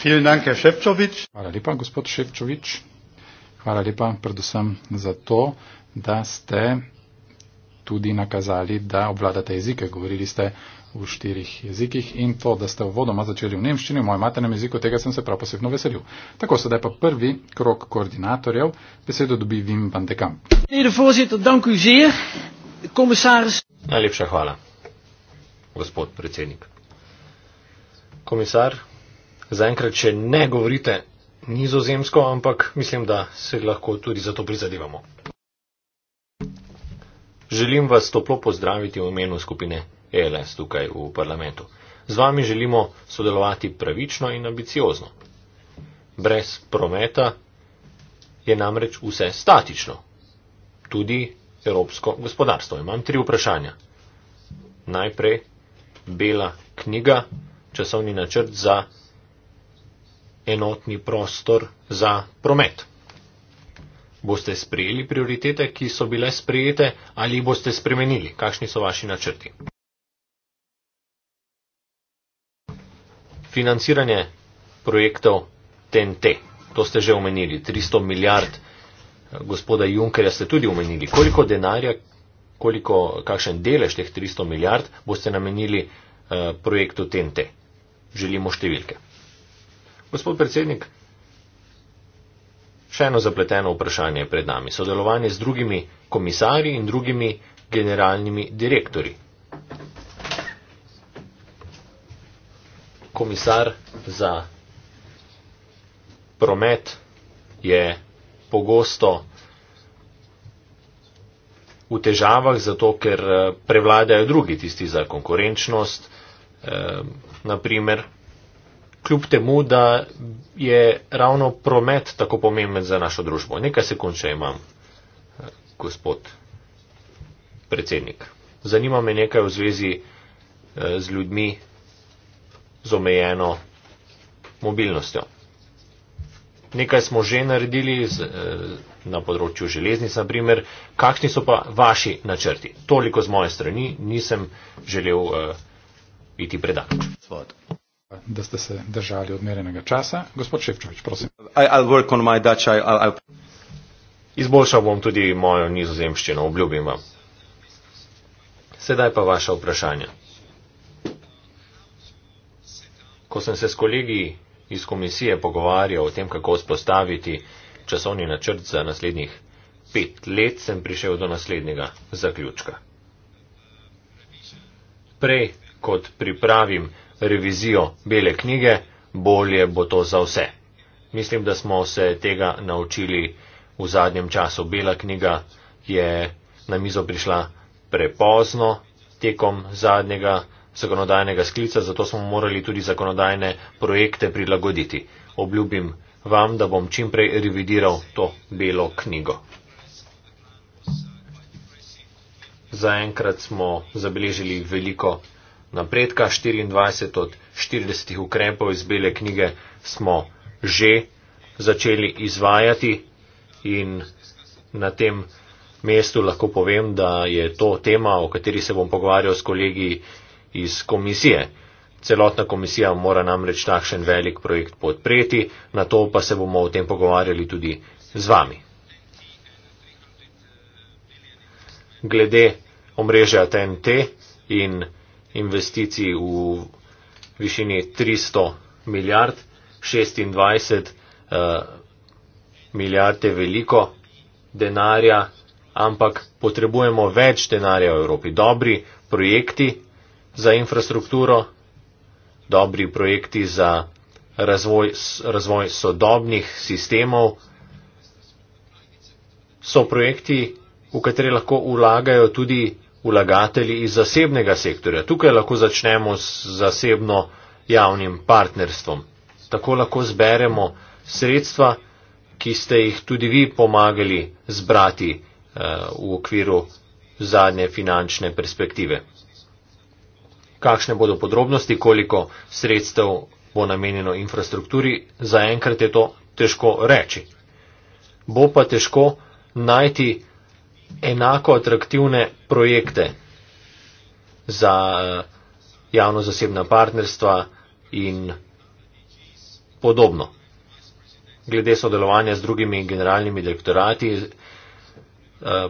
Vielen Dank, Herr Šepčovič. Hvala lepa, gospod Šepčovič. Hvala lepa predvsem za to, da ste tudi nakazali, da obvladate jezike. Govorili ste v štirih jezikih in to, da ste vodoma začeli v nemščini, v mojem maternem jeziku, tega sem se prav posebno veselil. Tako sedaj pa prvi krok koordinatorjev. Besedo dobi Vim van de Kamp. Najlepša hvala, gospod predsednik. Komisar, zaenkrat še ne govorite nizozemsko, ampak mislim, da se lahko tudi za to prizadevamo. Želim vas toplo pozdraviti v imenu skupine ELS tukaj v parlamentu. Z vami želimo sodelovati pravično in ambiciozno. Brez prometa je namreč vse statično. Tudi evropsko gospodarstvo. Imam tri vprašanja. Najprej bela knjiga, časovni načrt za enotni prostor za promet. Boste sprejeli prioritete, ki so bile sprejete, ali boste spremenili? Kakšni so vaši načrti? Financiranje projektov TNT. To ste že omenili. 300 milijard. Eh, gospoda Junkerja ste tudi omenili. Koliko denarja, koliko, kakšen delež teh 300 milijard boste namenili uh, projektu TNT? Želimo številke. Gospod predsednik, še eno zapleteno vprašanje je pred nami. Sodelovanje z drugimi komisarji in drugimi generalnimi direktori. Komisar za promet je pogosto v težavah, zato ker eh, prevladajo drugi, tisti za konkurenčnost, eh, naprimer, kljub temu, da je ravno promet tako pomemben za našo družbo. Nekaj sekund še imam, gospod predsednik. Zanima me nekaj v zvezi eh, z ljudmi z omejeno mobilnostjo. Nekaj smo že naredili z, eh, na področju železnic, na primer, kakšni so pa vaši načrti. Toliko z moje strani, nisem želel uh, iti predaleč da ste se držali odmerenega časa. Gospod Ševčovič, prosim. Dutch, I'll, I'll... Izboljšal bom tudi mojo nizozemščino, obljubim vam. Sedaj pa vaše vprašanje. Ko sem se s kolegi iz komisije pogovarjal o tem, kako spostaviti časovni načrt za naslednjih pet let, sem prišel do naslednjega zaključka. Prej, kot pripravim revizijo bele knjige, bolje bo to za vse. Mislim, da smo se tega naučili v zadnjem času. Bela knjiga je na mizo prišla prepozno tekom zadnjega zakonodajnega sklica, zato smo morali tudi zakonodajne projekte prilagoditi. Obljubim vam, da bom čim prej revidiral to belo knjigo. Zaenkrat smo zabeležili veliko napredka. 24 od 40 ukrepov iz bele knjige smo že začeli izvajati in na tem mestu lahko povem, da je to tema, o kateri se bom pogovarjal s kolegi iz komisije. Celotna komisija mora namreč takšen velik projekt podpreti, na to pa se bomo o tem pogovarjali tudi z vami. Glede omrežja TNT in investicij v višini 300 milijard, 26 uh, eh, milijard je veliko denarja, ampak potrebujemo več denarja v Evropi. Dobri projekti za infrastrukturo, dobri projekti za razvoj, razvoj sodobnih sistemov so projekti, v katere lahko vlagajo tudi vlagatelji iz zasebnega sektorja. Tukaj lahko začnemo s zasebno javnim partnerstvom. Tako lahko zberemo sredstva, ki ste jih tudi vi pomagali zbrati eh, v okviru zadnje finančne perspektive. Kakšne bodo podrobnosti, koliko sredstev bo namenjeno infrastrukturi, zaenkrat je to težko reči. Bo pa težko najti enako atraktivne projekte za eh, javno-zasebna partnerstva in podobno. Glede sodelovanja z drugimi generalnimi direktorati, eh,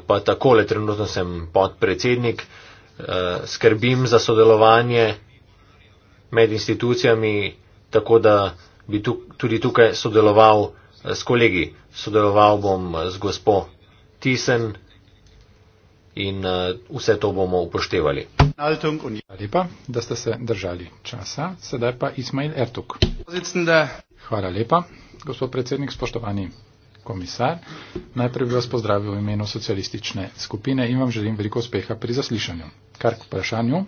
pa takole, trenutno sem podpredsednik, eh, skrbim za sodelovanje med institucijami, tako da bi tudi tukaj sodeloval s kolegi. Sodeloval bom z gospo Tisen, in uh, vse to bomo upoštevali. Hvala lepa, da ste se držali časa. Sedaj pa Ismail Ertuk. Hvala lepa, gospod predsednik, spoštovani komisar. Najprej bi vas pozdravil v imenu socialistične skupine in vam želim veliko uspeha pri zaslišanju. Kar k vprašanju,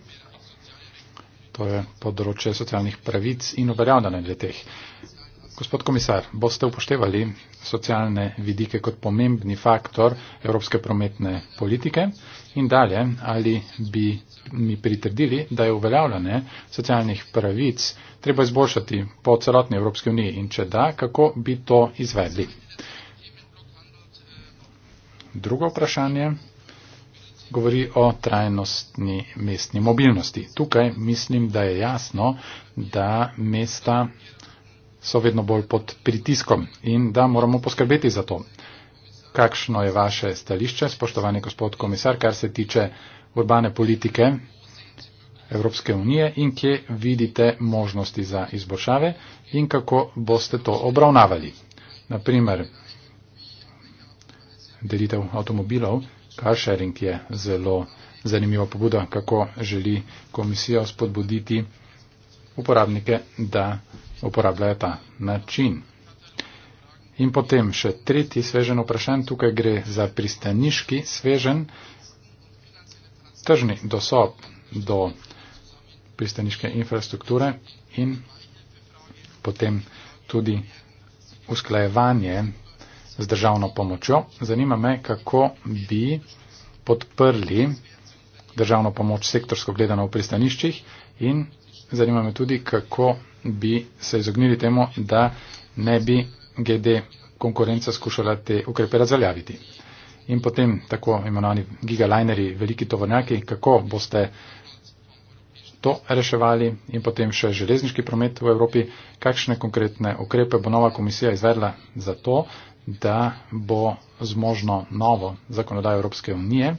to je področje socialnih pravic in uveljavljanja le teh. Uh, Gospod komisar, boste upoštevali socialne vidike kot pomembni faktor evropske prometne politike in dalje, ali bi mi pritrdili, da je uveljavljanje socialnih pravic treba izboljšati po celotni Evropski uniji in če da, kako bi to izvedli? Drugo vprašanje govori o trajnostni mestni mobilnosti. Tukaj mislim, da je jasno, da mesta so vedno bolj pod pritiskom in da moramo poskrbeti za to. Kakšno je vaše stališče, spoštovani gospod komisar, kar se tiče urbane politike Evropske unije in kje vidite možnosti za izboljšave in kako boste to obravnavali? Naprimer, delitev avtomobilov, car sharing je zelo zanimiva pobuda, kako želi komisija spodbuditi uporabnike, da uporabljajo ta način. In potem še tretji svežen vprašan, tukaj gre za pristaniški svežen tržni dosob do pristaniške infrastrukture in potem tudi usklajevanje z državno pomočjo. Zanima me, kako bi podprli državno pomoč sektorsko gledano v pristaniščih in zanima me tudi, kako bi se izognili temu, da ne bi GD konkurenca skušala te ukrepe razveljaviti. In potem tako imenovani gigalineri, veliki tovornjaki, kako boste to reševali in potem še železniški promet v Evropi, kakšne konkretne ukrepe bo nova komisija izvedla za to, da bo zmožno novo zakonodajo Evropske unije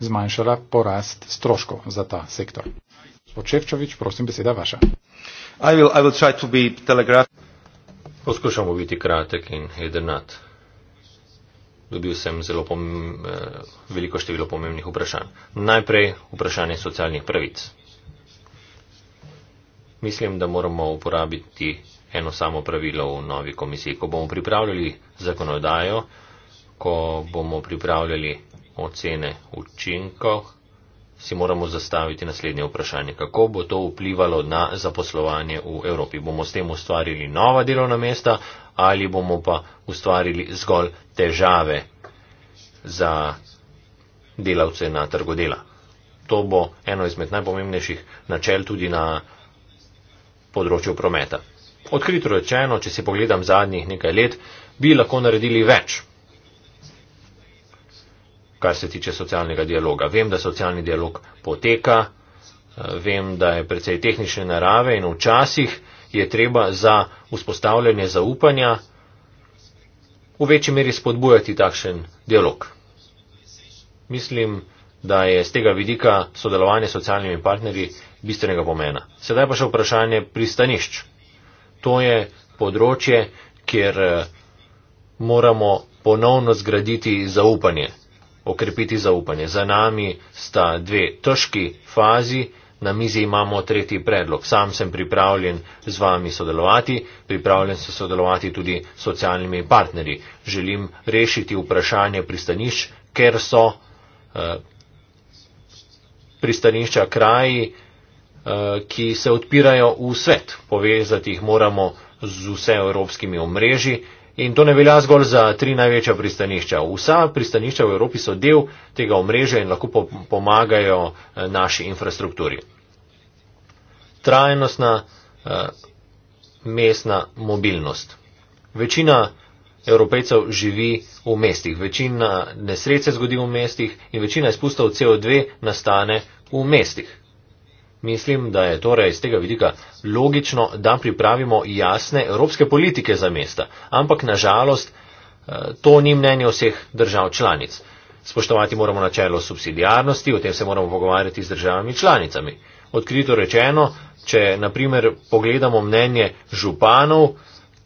zmanjšala porast stroškov za ta sektor. Gospod Ševčovič, prosim, beseda vaša. I will, I will try to be Poskušam biti kratek in jedrnat. Dobil sem zelo eh, veliko število pomembnih vprašanj. Najprej vprašanje socialnih pravic. Mislim, da moramo uporabiti eno samo pravilo v novi komisiji. Ko bomo pripravljali zakonodajo, ko bomo pripravljali ocene učinkov, si moramo zastaviti naslednje vprašanje. Kako bo to vplivalo na zaposlovanje v Evropi? Bomo s tem ustvarili nova delovna mesta ali bomo pa ustvarili zgolj težave za delavce na trgu dela? To bo eno izmed najpomembnejših načel tudi na področju prometa. Odkrito rečeno, če si pogledam zadnjih nekaj let, bi lahko naredili več kar se tiče socialnega dialoga. Vem, da socialni dialog poteka, eh, vem, da je precej tehnične narave in včasih je treba za vzpostavljanje zaupanja v večji meri spodbujati takšen dialog. Mislim, da je z tega vidika sodelovanje s socialnimi partnerji bistvenega pomena. Sedaj pa še vprašanje pristanišč. To je področje, kjer eh, moramo ponovno zgraditi zaupanje okrepiti zaupanje. Za nami sta dve težki fazi, na mizi imamo tretji predlog. Sam sem pripravljen z vami sodelovati, pripravljen sem sodelovati tudi s socialnimi partnerji. Želim rešiti vprašanje pristanišč, ker so uh, pristanišča kraji, uh, ki se odpirajo v svet. Povezati jih moramo z vse evropskimi omrežji In to ne velja zgolj za tri največja pristanišča. Vsa pristanišča v Evropi so del tega omrežja in lahko pomagajo eh, naši infrastrukturi. Trajnostna eh, mestna mobilnost. Večina evropejcev živi v mestih, večina nesreče zgodi v mestih in večina izpustov CO2 nastane v mestih. Mislim, da je torej iz tega vidika logično, da pripravimo jasne evropske politike za mesta, ampak nažalost eh, to ni mnenje vseh držav članic. Spoštovati moramo načelo subsidijarnosti, o tem se moramo pogovarjati z državami članicami. Odkrito rečeno, če naprimer pogledamo mnenje županov,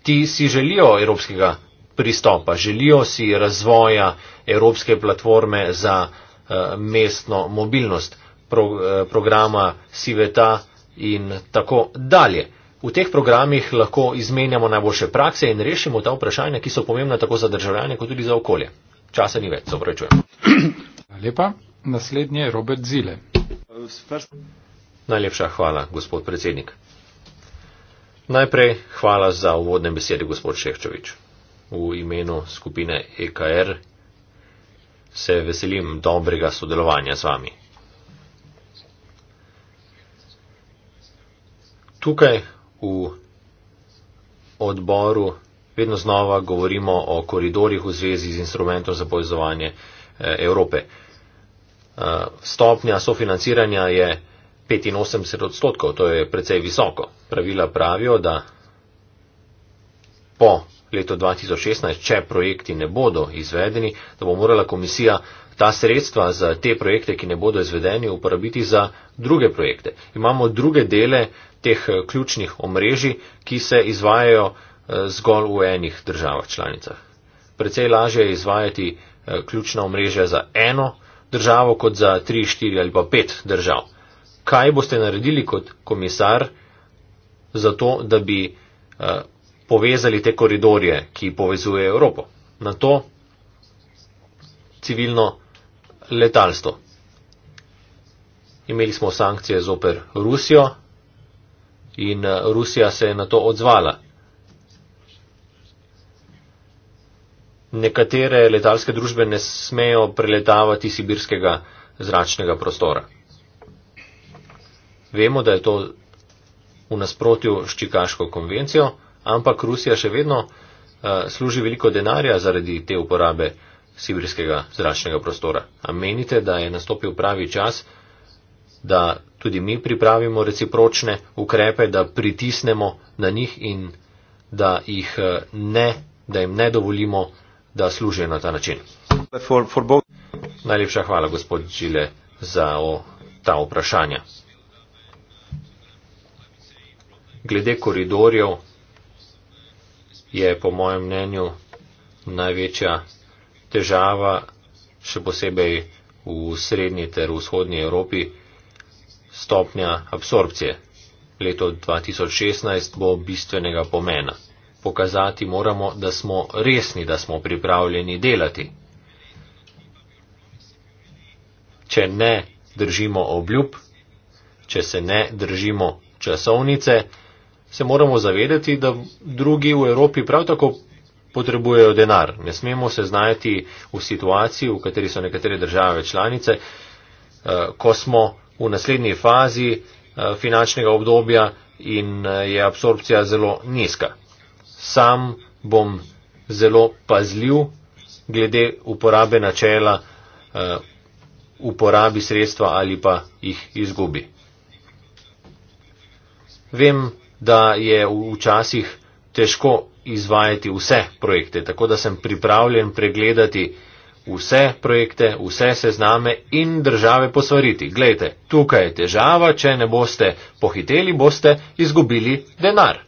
ti si želijo evropskega pristopa, želijo si razvoja evropske platforme za eh, mestno mobilnost pro, eh, programa Siveta in tako dalje. V teh programih lahko izmenjamo najboljše prakse in rešimo ta vprašanja, ki so pomembna tako za državljane, kot tudi za okolje. Časa ni več, se vračujem. Lepa, naslednji je Robert Zile. Najlepša hvala, gospod predsednik. Najprej hvala za uvodne besede, gospod Šehčovič. V imenu skupine EKR se veselim dobrega sodelovanja z vami. tukaj v odboru vedno znova govorimo o koridorjih v zvezi z instrumentom za povezovanje eh, Evrope. Eh, stopnja sofinanciranja je 85 odstotkov, to je precej visoko. Pravila pravijo, da po letu 2016, če projekti ne bodo izvedeni, da bo morala komisija ta sredstva za te projekte, ki ne bodo izvedeni, uporabiti za druge projekte. Imamo druge dele teh eh, ključnih omrežij, ki se izvajajo eh, zgolj v enih državah članicah. Predvsej lažje je izvajati eh, ključna omrežja za eno državo kot za tri, štiri ali pa pet držav. Kaj boste naredili kot komisar za to, da bi povezali te koridorje, ki povezujejo Evropo? Na to civilno letalstvo. Imeli smo sankcije zoper Rusijo, in eh, Rusija se je na to odzvala. Nekatere letalske družbe ne smejo preletavati sibirskega zračnega prostora. Vemo, da je to v nasprotju s Čikaško konvencijo, ampak Rusija še vedno uh, služi veliko denarja zaradi te uporabe sibirskega zračnega prostora. A menite, da je nastopil pravi čas, da tudi mi pripravimo recipročne ukrepe, da pritisnemo na njih in da, eh, ne, da jim ne dovolimo, da služijo na ta način. For, for Najlepša hvala, gospod Žile, za o, ta vprašanja. Glede koridorjev je po mojem mnenju največja težava, še posebej v srednji ter vzhodnji Evropi stopnja absorpcije. Leto 2016 bo bistvenega pomena. Pokazati moramo, da smo resni, da smo pripravljeni delati. Če ne držimo obljub, če se ne držimo časovnice, se moramo zavedati, da drugi v Evropi prav tako potrebujejo denar. Ne smemo se znajti v situaciji, v kateri so nekatere države članice, eh, ko smo v naslednji fazi eh, finančnega obdobja in eh, je absorpcija zelo nizka. Sam bom zelo pazljiv glede uporabe načela eh, uporabi sredstva ali pa jih izgubi. Vem, da je včasih težko izvajati vse projekte, tako da sem pripravljen pregledati vse projekte, vse sezname in države posvariti. Glejte, tukaj je težava, če ne boste pohiteli, boste izgubili denar.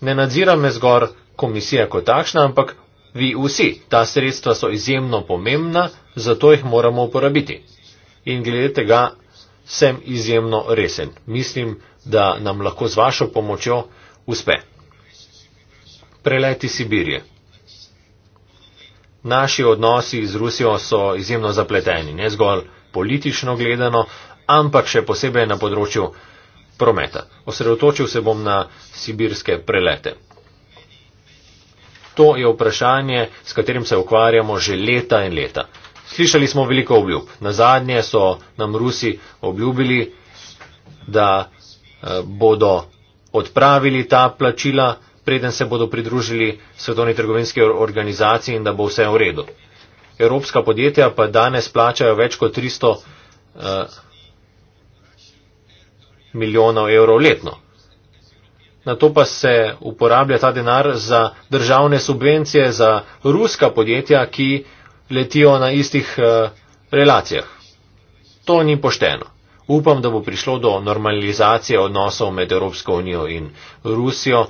Ne nadzira me zgor komisija kot takšna, ampak vi vsi. Ta sredstva so izjemno pomembna, zato jih moramo uporabiti. In glede tega sem izjemno resen. Mislim, da nam lahko z vašo pomočjo uspe. Preleti Sibirije naši odnosi z Rusijo so izjemno zapleteni, ne zgolj politično gledano, ampak še posebej na področju prometa. Osredotočil se bom na sibirske prelete. To je vprašanje, s katerim se ukvarjamo že leta in leta. Slišali smo veliko obljub. Na zadnje so nam Rusi obljubili, da eh, bodo odpravili ta plačila, preden se bodo pridružili svetovni trgovinski organizaciji in da bo vse v redu. Evropska podjetja pa danes plačajo več kot 300 uh, eh, milijonov evrov letno. Na to pa se uporablja ta denar za državne subvencije za ruska podjetja, ki letijo na istih uh, relacijah. To ni pošteno. Upam, da bo prišlo do normalizacije odnosov med Evropsko unijo in Rusijo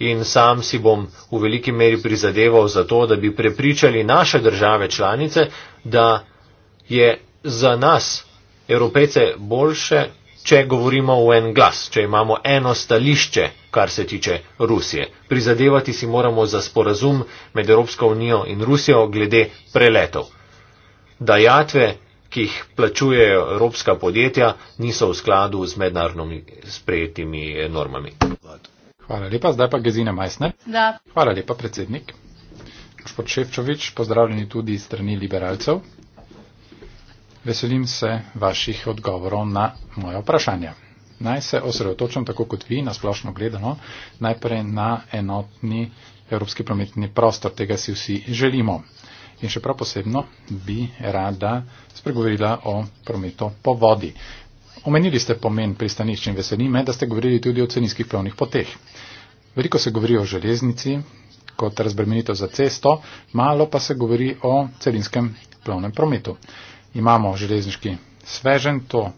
in sam si bom v veliki meri prizadeval za to, da bi prepričali naše države članice, da je za nas, evropejce, boljše, če govorimo v en glas, če imamo eno stališče, kar se tiče Rusije. Prizadevati si moramo za sporazum med Evropsko unijo in Rusijo glede preletov. Dajatve, ki jih plačujejo evropska podjetja, niso v skladu z mednarodnimi sprejetimi normami. Hvala lepa, zdaj pa Gezina Majsne. Da. Hvala lepa, predsednik. Gospod Ševčovič, pozdravljeni tudi strani liberalcev. Veselim se vaših odgovorov na moje vprašanja. Naj se osredotočam, tako kot vi, na splošno gledano, najprej na enotni evropski prometni prostor. Tega si vsi želimo. In še prav posebno bi rada spregovorila o prometu po vodi. Omenili ste pomen pristanišč in veseli me, da ste govorili tudi o cenijskih plovnih poteh. Veliko se govori o železnici kot razbremenitev za cesto, malo pa se govori o celinskem plovnem prometu. Imamo železniški svežen, to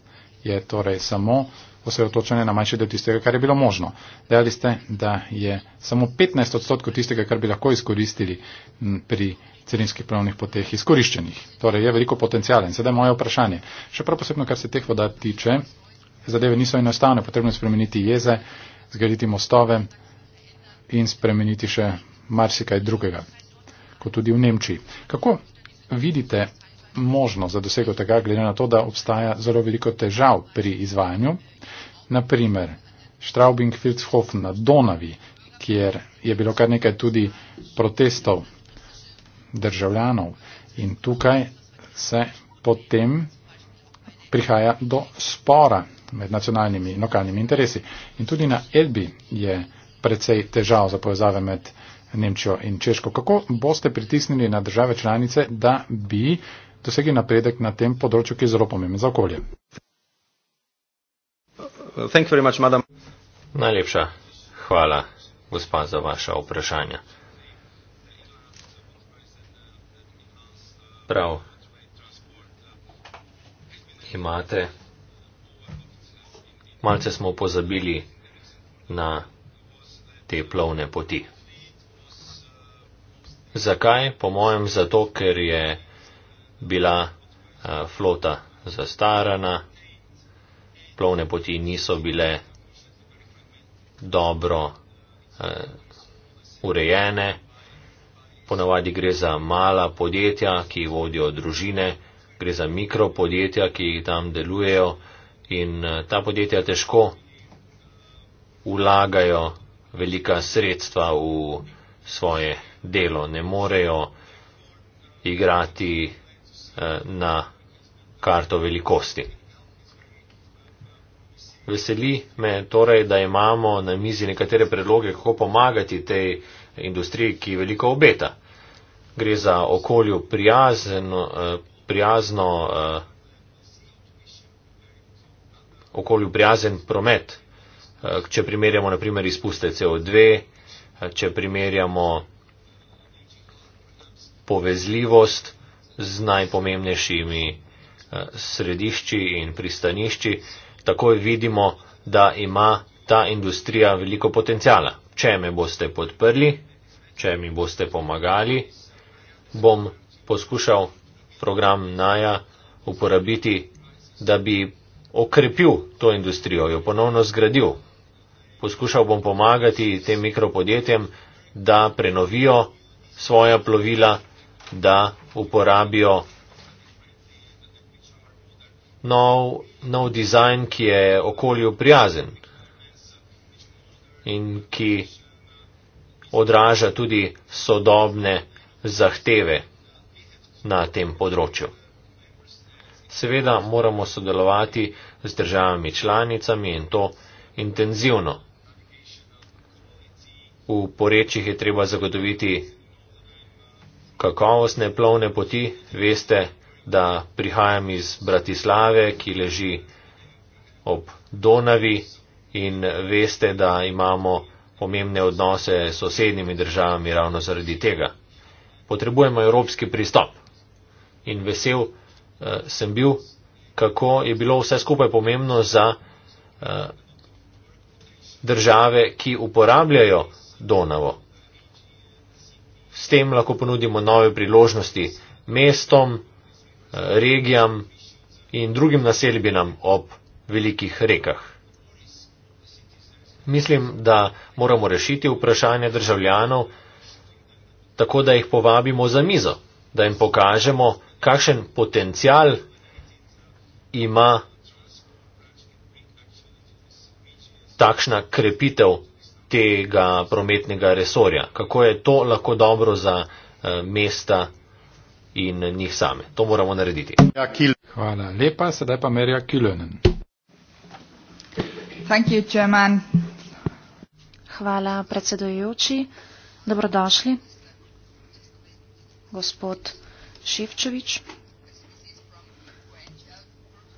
je torej samo osredotočanje na manjši del tistega, kar je bilo možno. Dejali ste, da je samo 15 odstotkov tistega, kar bi lahko izkoristili pri carinskih plovnih poteh izkoriščenih. Torej je veliko potencijala in sedaj moje vprašanje. Še prav posebno, kar se teh voda tiče, zadeve niso enostavne, potrebno je spremeniti jeze, zgraditi mostove in spremeniti še marsikaj drugega, kot tudi v Nemčiji. Kako vidite možno za dosego tega, glede na to, da obstaja zelo veliko težav pri izvajanju? Naprimer, Straubing-Filzhofen na Donavi, kjer je bilo kar nekaj tudi protestov državljanov. In tukaj se potem prihaja do spora med nacionalnimi in lokalnimi interesi. In tudi na Edbi je precej težav za povezave med Nemčijo in Češko. Kako boste pritisnili na države članice, da bi dosegli napredek na tem področju, ki je zelo pomemben za okolje? Much, Najlepša hvala, gospa, za vaša vprašanja. prav. Imate. Malce smo pozabili na te plovne poti. Zakaj? Po mojem, zato, ker je bila eh, flota zastarana, plovne poti niso bile dobro eh, urejene. Ponavadi gre za mala podjetja, ki vodijo družine, gre za mikropodjetja, ki tam delujejo in eh, ta podjetja težko vlagajo velika sredstva v svoje delo. Ne morejo igrati eh, na karto velikosti. Veseli me torej, da imamo na mizi nekatere predloge, kako pomagati tej industriji, ki veliko obeta gre za okolju prijazen, prijazno, eh, eh, okolju prijazen promet. Eh, če primerjamo naprimer izpuste CO2, če primerjamo povezljivost z najpomembnejšimi središči in pristanišči, takoj vidimo, da ima ta industrija veliko potencijala. Če me boste podprli, če mi boste pomagali, bom poskušal program Naja uporabiti, da bi okrepil to industrijo, jo ponovno zgradil. Poskušal bom pomagati tem mikropodjetjem, da prenovijo svoja plovila, da uporabijo nov, nov dizajn, ki je okolju prijazen in ki odraža tudi sodobne zahteve na tem področju. Seveda moramo sodelovati z državami članicami in to intenzivno. V porečjih je treba zagotoviti kakovostne plovne poti. Veste, da prihajam iz Bratislave, ki leži ob Donavi in veste, da imamo pomembne odnose s sosednjimi državami ravno zaradi tega potrebujemo evropski pristop. In vesel eh, sem bil, kako je bilo vse skupaj pomembno za eh, države, ki uporabljajo Donavo. S tem lahko ponudimo nove priložnosti mestom, eh, regijam in drugim naselbinam ob velikih rekah. Mislim, da moramo rešiti vprašanje državljanov, tako da jih povabimo za mizo, da jim pokažemo, kakšen potencial ima takšna krepitev tega prometnega resorja, kako je to lahko dobro za eh, mesta in njih same. To moramo narediti. Ja, Hvala lepa, sedaj pa Merja Kilonen. Hvala predsedujoči, dobrodošli gospod Šivčevič.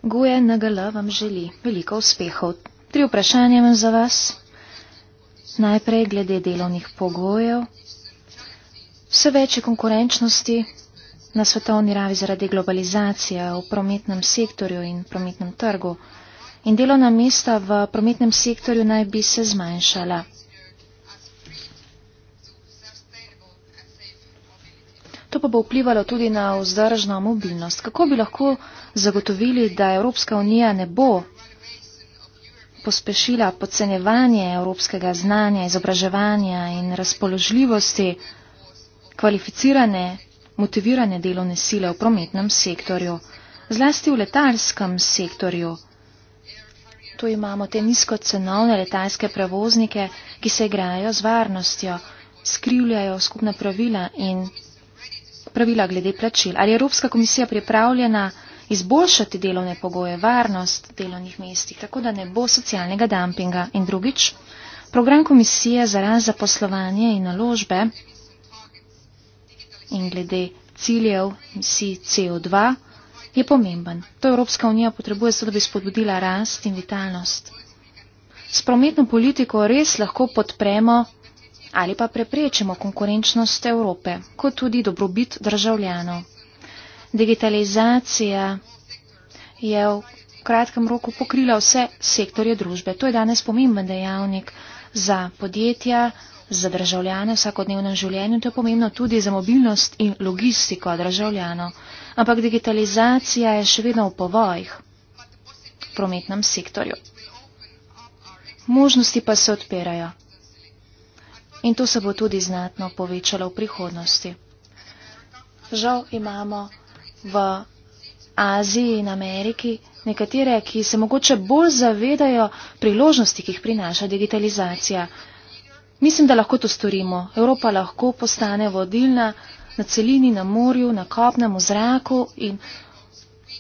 Guje NGL vam želi veliko uspehov. Tri vprašanja imam za vas. Najprej glede delovnih pogojev. Vse večje konkurenčnosti na svetovni ravi zaradi globalizacije v prometnem sektorju in prometnem trgu. In delovna mesta v prometnem sektorju naj bi se zmanjšala. To pa bo vplivalo tudi na vzdržno mobilnost. Kako bi lahko zagotovili, da Evropska unija ne bo pospešila podcenjevanje evropskega znanja, izobraževanja in razpoložljivosti kvalificirane, motivirane delovne sile v prometnem sektorju, zlasti v letalskem sektorju. Tu imamo te nizkocenovne letalske prevoznike, ki se igrajo z varnostjo, skrivljajo skupna pravila in pravila glede plačil. Ali je Evropska komisija pripravljena izboljšati delovne pogoje, varnost delovnih mesti, tako da ne bo socialnega dampinga. In drugič, program komisije za raz za poslovanje in naložbe in glede ciljev misij CO2 je pomemben. To Evropska unija potrebuje, da bi spodbudila rast in vitalnost. S prometno politiko res lahko podpremo ali pa preprečimo konkurenčnost Evrope, kot tudi dobrobit državljanov. Digitalizacija je v kratkem roku pokrila vse sektorje družbe. To je danes pomemben dejavnik za podjetja, za državljane v vsakodnevnem življenju, to je pomembno tudi za mobilnost in logistiko državljanov. Ampak digitalizacija je še vedno v povojih prometnem sektorju. Možnosti pa se odpirajo in to se bo tudi znatno povečalo v prihodnosti. Žal imamo v Aziji in Ameriki nekatere, ki se mogoče bolj zavedajo priložnosti, ki jih prinaša digitalizacija. Mislim, da lahko to storimo. Evropa lahko postane vodilna na celini, na morju, na kopnem, v zraku in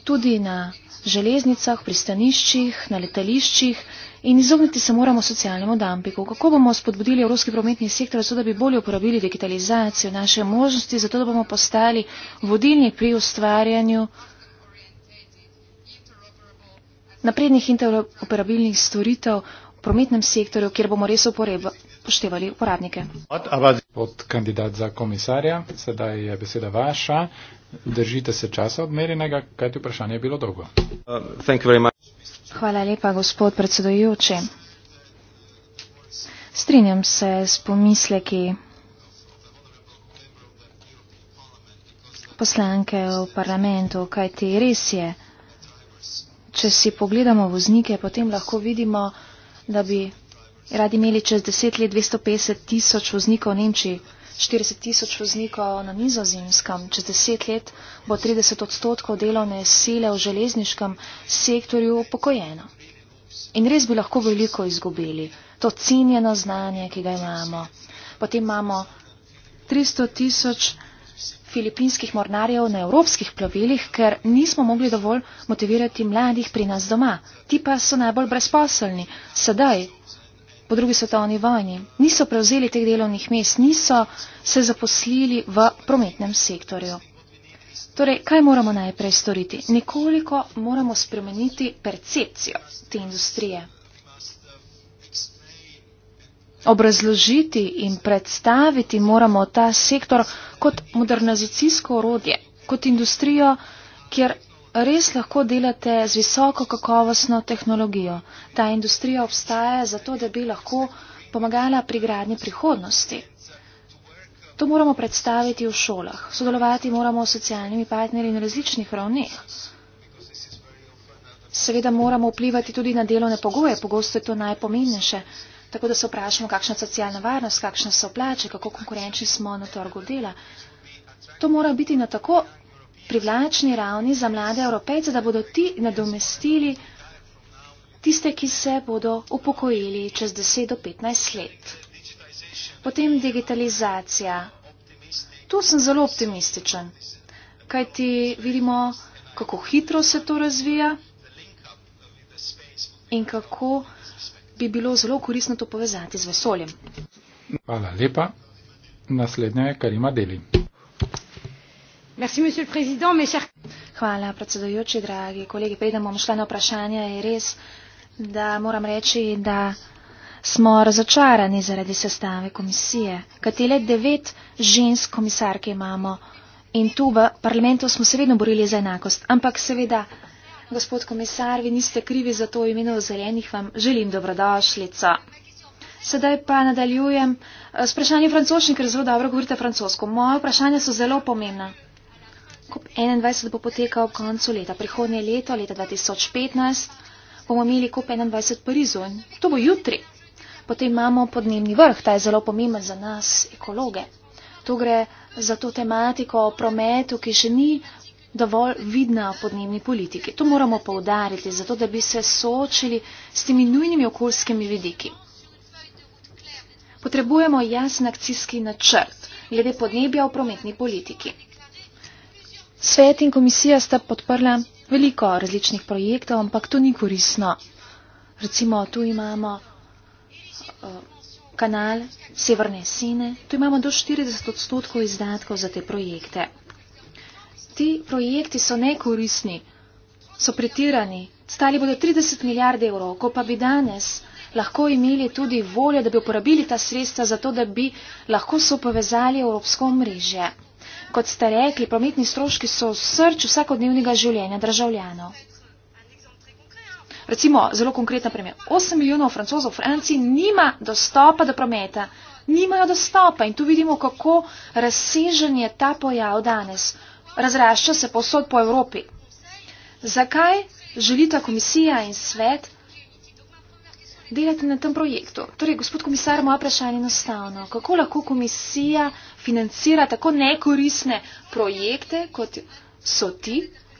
tudi na železnicah, pristaniščih, na letališčih in izogniti se moramo socialnemu dampiku. Kako bomo spodbudili evropski prometni sektor, zato da bi bolje uporabili digitalizacijo naše možnosti, zato da bomo postali vodilni pri ustvarjanju naprednih interoperabilnih storitev v prometnem sektorju, kjer bomo res uporabili upoštevali uporabnike. Od kandidat za komisarja, sedaj je beseda vaša. Držite se časa odmerjenega, kajti vprašanje je bilo dolgo. Hvala lepa, gospod predsedojoči. Strinjam se s pomisleki poslanke v parlamentu, kajti res je, če si pogledamo voznike, potem lahko vidimo, da bi radi imeli čez deset let 250 tisoč voznikov v Nemčiji, 40 tisoč voznikov na nizozemskem, čez deset let bo 30 odstotkov delovne sile v železniškem sektorju upokojeno. In res bi lahko veliko izgubili, to cenjeno znanje, ki ga imamo. Potem imamo 300 tisoč filipinskih mornarjev na evropskih plovilih, ker nismo mogli dovolj motivirati mladih pri nas doma. Ti pa so najbolj brezposelni. Sedaj po drugi svetovni vojni. Niso prevzeli teh delovnih mest, niso se zaposlili v prometnem sektorju. Torej, kaj moramo najprej storiti? Nekoliko moramo spremeniti percepcijo te industrije. Obrazložiti in predstaviti moramo ta sektor kot modernizacijsko orodje, kot industrijo, kjer res lahko delate z visoko kakovostno tehnologijo. Ta industrija obstaja zato, da bi lahko pomagala pri gradni prihodnosti. To moramo predstaviti v šolah. Sodelovati moramo s socialnimi partnerji na različnih ravneh. Seveda moramo vplivati tudi na delovne pogoje, pogosto je to najpomembnejše. Tako da se vprašamo, kakšna je socialna varnost, kakšne so plače, kako konkurenčni smo na trgu dela. To mora biti na tako privlačni ravni za mlade evropejce, da bodo ti nadomestili tiste, ki se bodo upokojili čez 10 do 15 let. Potem digitalizacija. Tu sem zelo optimističen, kajti vidimo, kako hitro se to razvija in kako bi bilo zelo koristno to povezati z vesoljem. Hvala lepa. Naslednja je Karima Deli. Hvala, predsedujoči, dragi kolegi. Preden bom šla na vprašanje, je res, da moram reči, da smo razočarani zaradi sestave komisije, katere devet žensk komisarke imamo. In tu v parlamentu smo se vedno borili za enakost. Ampak seveda, gospod komisar, vi niste krivi za to imeno zelenih, vam želim dobrodošlico. Sedaj pa nadaljujem eh, s vprašanjem francoščin, ker zelo dobro govorite francosko. Moje vprašanja so zelo pomembna. COP21 bo potekal ob koncu leta. Prihodnje leto, leta 2015, bomo imeli COP21 v Parizu in to bo jutri. Potem imamo podnebni vrh, ta je zelo pomemben za nas, ekologe. Tu gre za to tematiko o prometu, ki še ni dovolj vidna v podnebni politiki. To moramo poudariti, zato da bi se soočili s temi nujnimi okoljskimi vidiki. Potrebujemo jasen akcijski načrt glede podnebja v prometni politiki. Svet in komisija sta podprla veliko različnih projektov, ampak to ni korisno. Recimo, tu imamo eh, kanal Severne Sine, tu imamo do 40 odstotkov izdatkov za te projekte. Ti projekti so nekorisni, so pretirani, stali bodo 30 milijard evrov, ko pa bi danes lahko imeli tudi voljo, da bi uporabili ta sredstva za to, da bi lahko so povezali Evropsko mrežje kot ste rekli, prometni stroški so srč vsakodnevnega življenja državljanov. Recimo, zelo konkretna premija. 8 milijonov francozov v Franciji nima dostopa do prometa. Nimajo dostopa in tu vidimo, kako razsežen je ta pojav danes. Razrašča se posod po Evropi. Zakaj želita komisija in svet delati na tem projektu? Torej, gospod komisar, moja vprašanje je enostavno. Kako lahko komisija financira tako nekorisne projekte, kot so ti,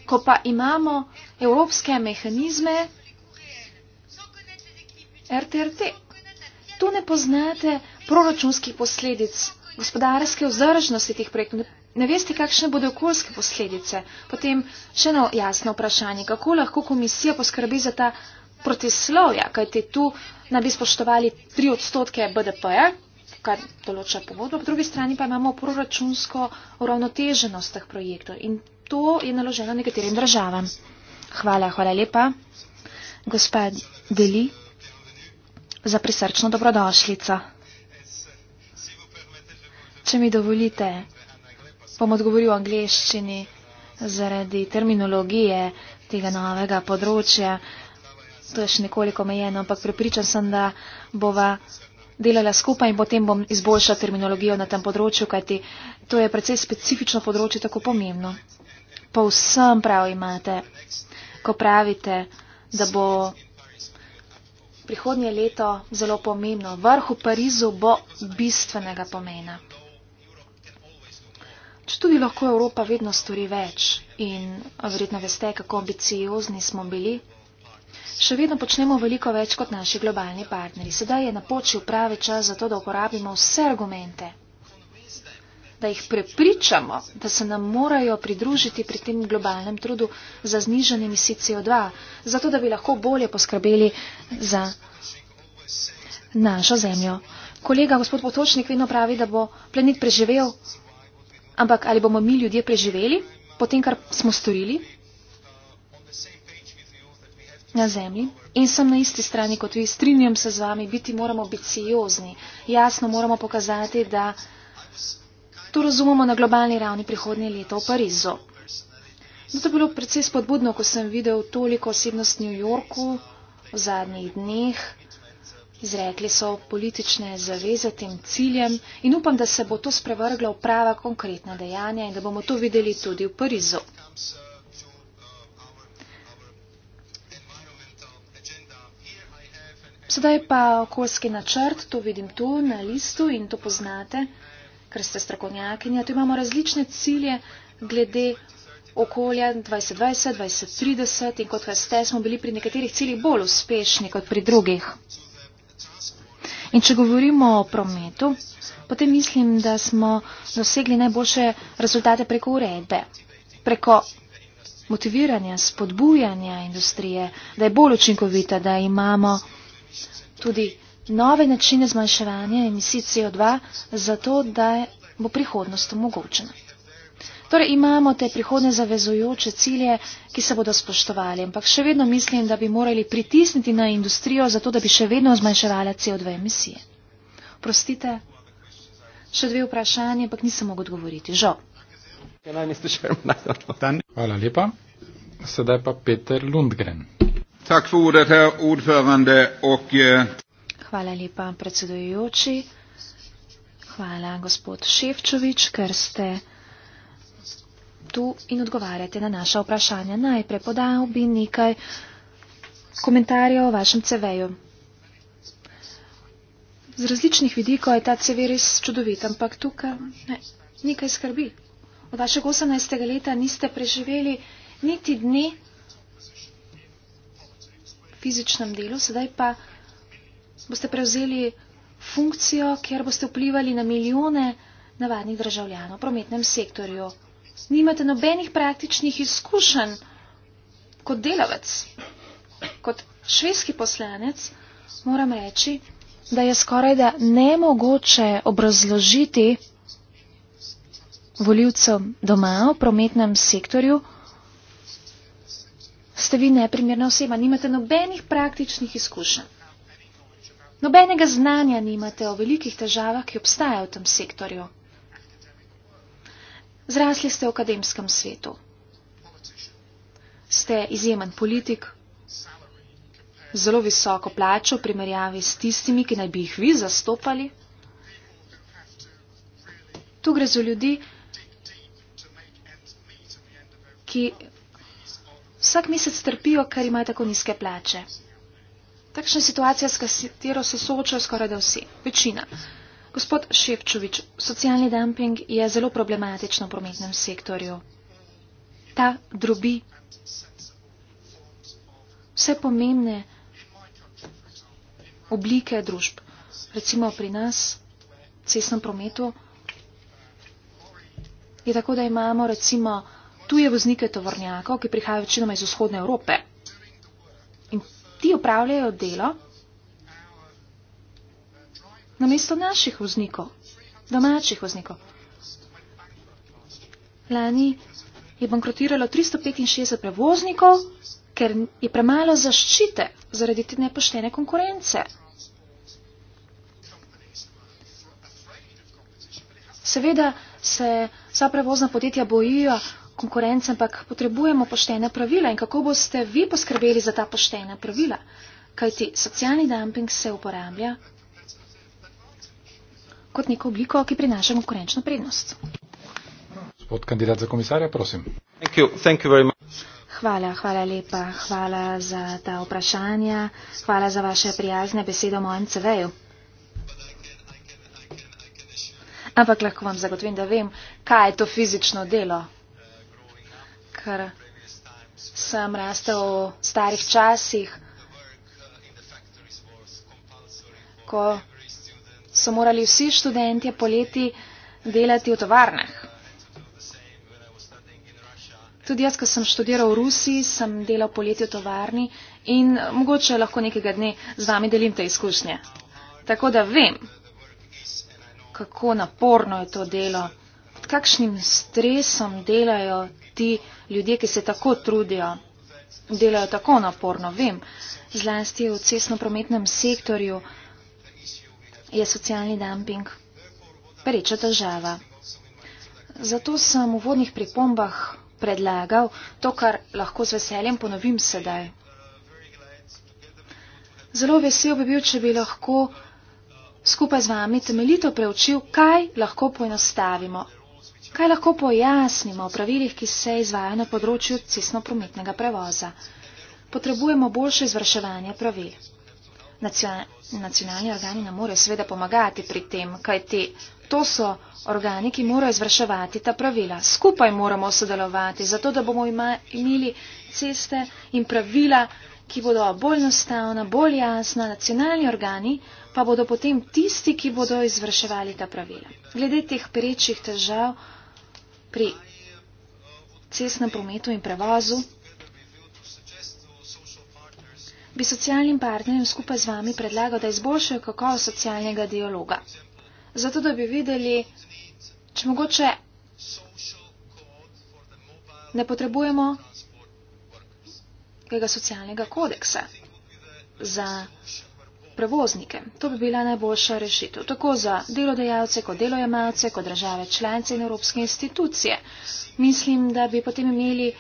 ko pa imamo evropske mehanizme RTRT. Tu ne poznate proračunskih posledic, gospodarske vzdržnosti teh projektov. Ne veste, kakšne bodo okoljske posledice. Potem še eno jasno vprašanje, kako lahko komisija poskrbi za ta protislovja, kajte tu naj bi spoštovali 3 odstotke BDP-ja, kar določa pogodbo, po drugi strani pa imamo proračunsko uravnoteženost teh projektov in to je naloženo nekaterim državam. Hvala, hvala lepa, gospa Deli, za prisrčno dobrodošljico. Če mi dovolite, bom odgovoril v angleščini zaradi terminologije tega novega področja. To je še nekoliko omejeno, ampak prepričan sem, da bova delala skupaj in potem bom izboljšala terminologijo na tem področju, kajti to je precej specifično področje, tako pomembno. Povsem prav imate, ko pravite, da bo prihodnje leto zelo pomembno. Vrh v Parizu bo bistvenega pomena. Če tudi lahko Evropa vedno stori več in verjetno veste, kako ambiciozni smo bili Še vedno počnemo veliko več kot naši globalni partneri. Sedaj je napočil pravi čas za to, da uporabimo vse argumente, da jih prepričamo, da se nam morajo pridružiti pri tem globalnem trudu za znižanje emisij CO2, zato da bi lahko bolje poskrbeli za našo zemljo. Kolega gospod Potočnik vedno pravi, da bo planet preživel, ampak ali bomo mi ljudje preživeli po tem, kar smo storili? na zemlji in sem na isti strani kot vi, strinjam se z vami, biti moramo ambiciozni, jasno moramo pokazati, da to razumemo na globalni ravni prihodnje leto v Parizu. Zato je bilo predvsej spodbudno, ko sem videl toliko osebnost v New Yorku v zadnjih dneh, izrekli so politične zaveze tem ciljem in upam, da se bo to sprevrglo v prava konkretna dejanja in da bomo to videli tudi v Parizu. Sedaj pa okoljski načrt, to vidim tu na listu in to poznate, ker ste strakonjakinja. Tu imamo različne cilje glede okolja 2020, 2030 in kot veste, smo bili pri nekaterih ciljih bolj uspešni kot pri drugih. In če govorimo o prometu, potem mislim, da smo dosegli najboljše rezultate preko uredbe, preko motiviranja, spodbujanja industrije, da je bolj učinkovita, da imamo tudi nove načine zmanjševanja emisij CO2, zato da bo prihodnost omogočena. Torej imamo te prihodne zavezujoče cilje, ki se bodo spoštovali, ampak še vedno mislim, da bi morali pritisniti na industrijo, zato da bi še vedno zmanjševala CO2 emisije. Prostite, še dve vprašanje, ampak nisem mogel odgovoriti. Žal. Hvala lepa. Sedaj pa Peter Lundgren. Tak för ordet, herr ordförande. Och, eh... Hvala lepa, predsedujoči. Hvala, gospod Ševčovič, ker ste tu in odgovarjate na naša vprašanja. Najprej podal bi nekaj komentarjev o vašem CV-ju. Z različnih vidikov je ta CV res čudovit, ampak tukaj ne, nekaj skrbi. Od vašega 18. leta niste preživeli niti dne, fizičnem delu, sedaj pa boste prevzeli funkcijo, kjer boste vplivali na milijone navadnih državljanov v prometnem sektorju. Nimate nobenih praktičnih izkušenj kot delavec, kot švedski poslanec, moram reči, da je skoraj da nemogoče obrazložiti voljivcem doma v prometnem sektorju, ste vi neprimerna oseba, nimate nobenih praktičnih izkušenj. Nobenega znanja nimate o velikih težavah, ki obstajajo v tem sektorju. Zrasli ste v akademskem svetu. Ste izjemen politik, zelo visoko plačo v primerjavi s tistimi, ki naj bi jih vi zastopali. Tu gre za ljudi, ki Vsak mesec trpijo, ker imajo tako nizke plače. Takšna situacija, s katero se soočajo skoraj da vsi, večina. Gospod Ševčovič, socialni dumping je zelo problematičen v prometnem sektorju. Ta drobi vse pomembne oblike družb. Recimo pri nas, cestnem prometu, je tako, da imamo recimo tuje voznike tovornjakov, ki prihajajo večinoma iz vzhodne Evrope. In ti upravljajo delo na mesto naših voznikov, domačih voznikov. Lani je bankrotiralo 365 prevoznikov, ker je premalo zaščite zaradi te nepoštene konkurence. Seveda se vsa prevozna podjetja bojijo konkurence, ampak potrebujemo poštene pravila in kako boste vi poskrbeli za ta poštena pravila, kajti socialni dumping se uporablja kot neko obliko, ki prinaša konkurenčno prednost. Gospod kandidat za komisarja, prosim. Thank you. Thank you hvala, hvala lepa, hvala za ta vprašanja, hvala za vaše prijazne besede o mojem CV-ju. Ampak lahko vam zagotovim, da vem, kaj je to fizično delo kar sem rastel v starih časih, ko so morali vsi študentje poleti delati v tovarnah. Tudi jaz, ko sem študiral v Rusiji, sem delal poleti v tovarni in mogoče lahko nekega dne z vami delim te izkušnje. Tako da vem, kako naporno je to delo kakšnim stresom delajo ti ljudje, ki se tako trudijo, delajo tako naporno. Vem, zlasti v cestno-prometnem sektorju je socialni dumping pereča težava. Zato sem v vodnih pripombah predlagal to, kar lahko z veseljem ponovim sedaj. Zelo vesel bi bil, če bi lahko skupaj z vami temeljito preučil, kaj lahko poenostavimo Kaj lahko pojasnimo o pravilih, ki se izvajajo na področju cestno-prometnega prevoza? Potrebujemo boljše izvrševanje pravil. Nacionalni organi nam morajo seveda pomagati pri tem, kaj ti. To so organi, ki morajo izvrševati ta pravila. Skupaj moramo sodelovati, zato da bomo imeli ceste in pravila, ki bodo bolj enostavna, bolj jasna. Nacionalni organi pa bodo potem tisti, ki bodo izvrševali ta pravila. Glede teh prečih težav pri cestnem prometu in prevozu, bi socialnim partnerjem skupaj z vami predlagal, da izboljšajo kakovost socialnega dialoga. Zato, da bi videli, če mogoče ne potrebujemo tega socialnega kodeksa za prevoznike. To bi bila najboljša rešitev, tako za delodajalce, kot delojemalce, kot države članice in evropske institucije. Mislim, da bi potem imeli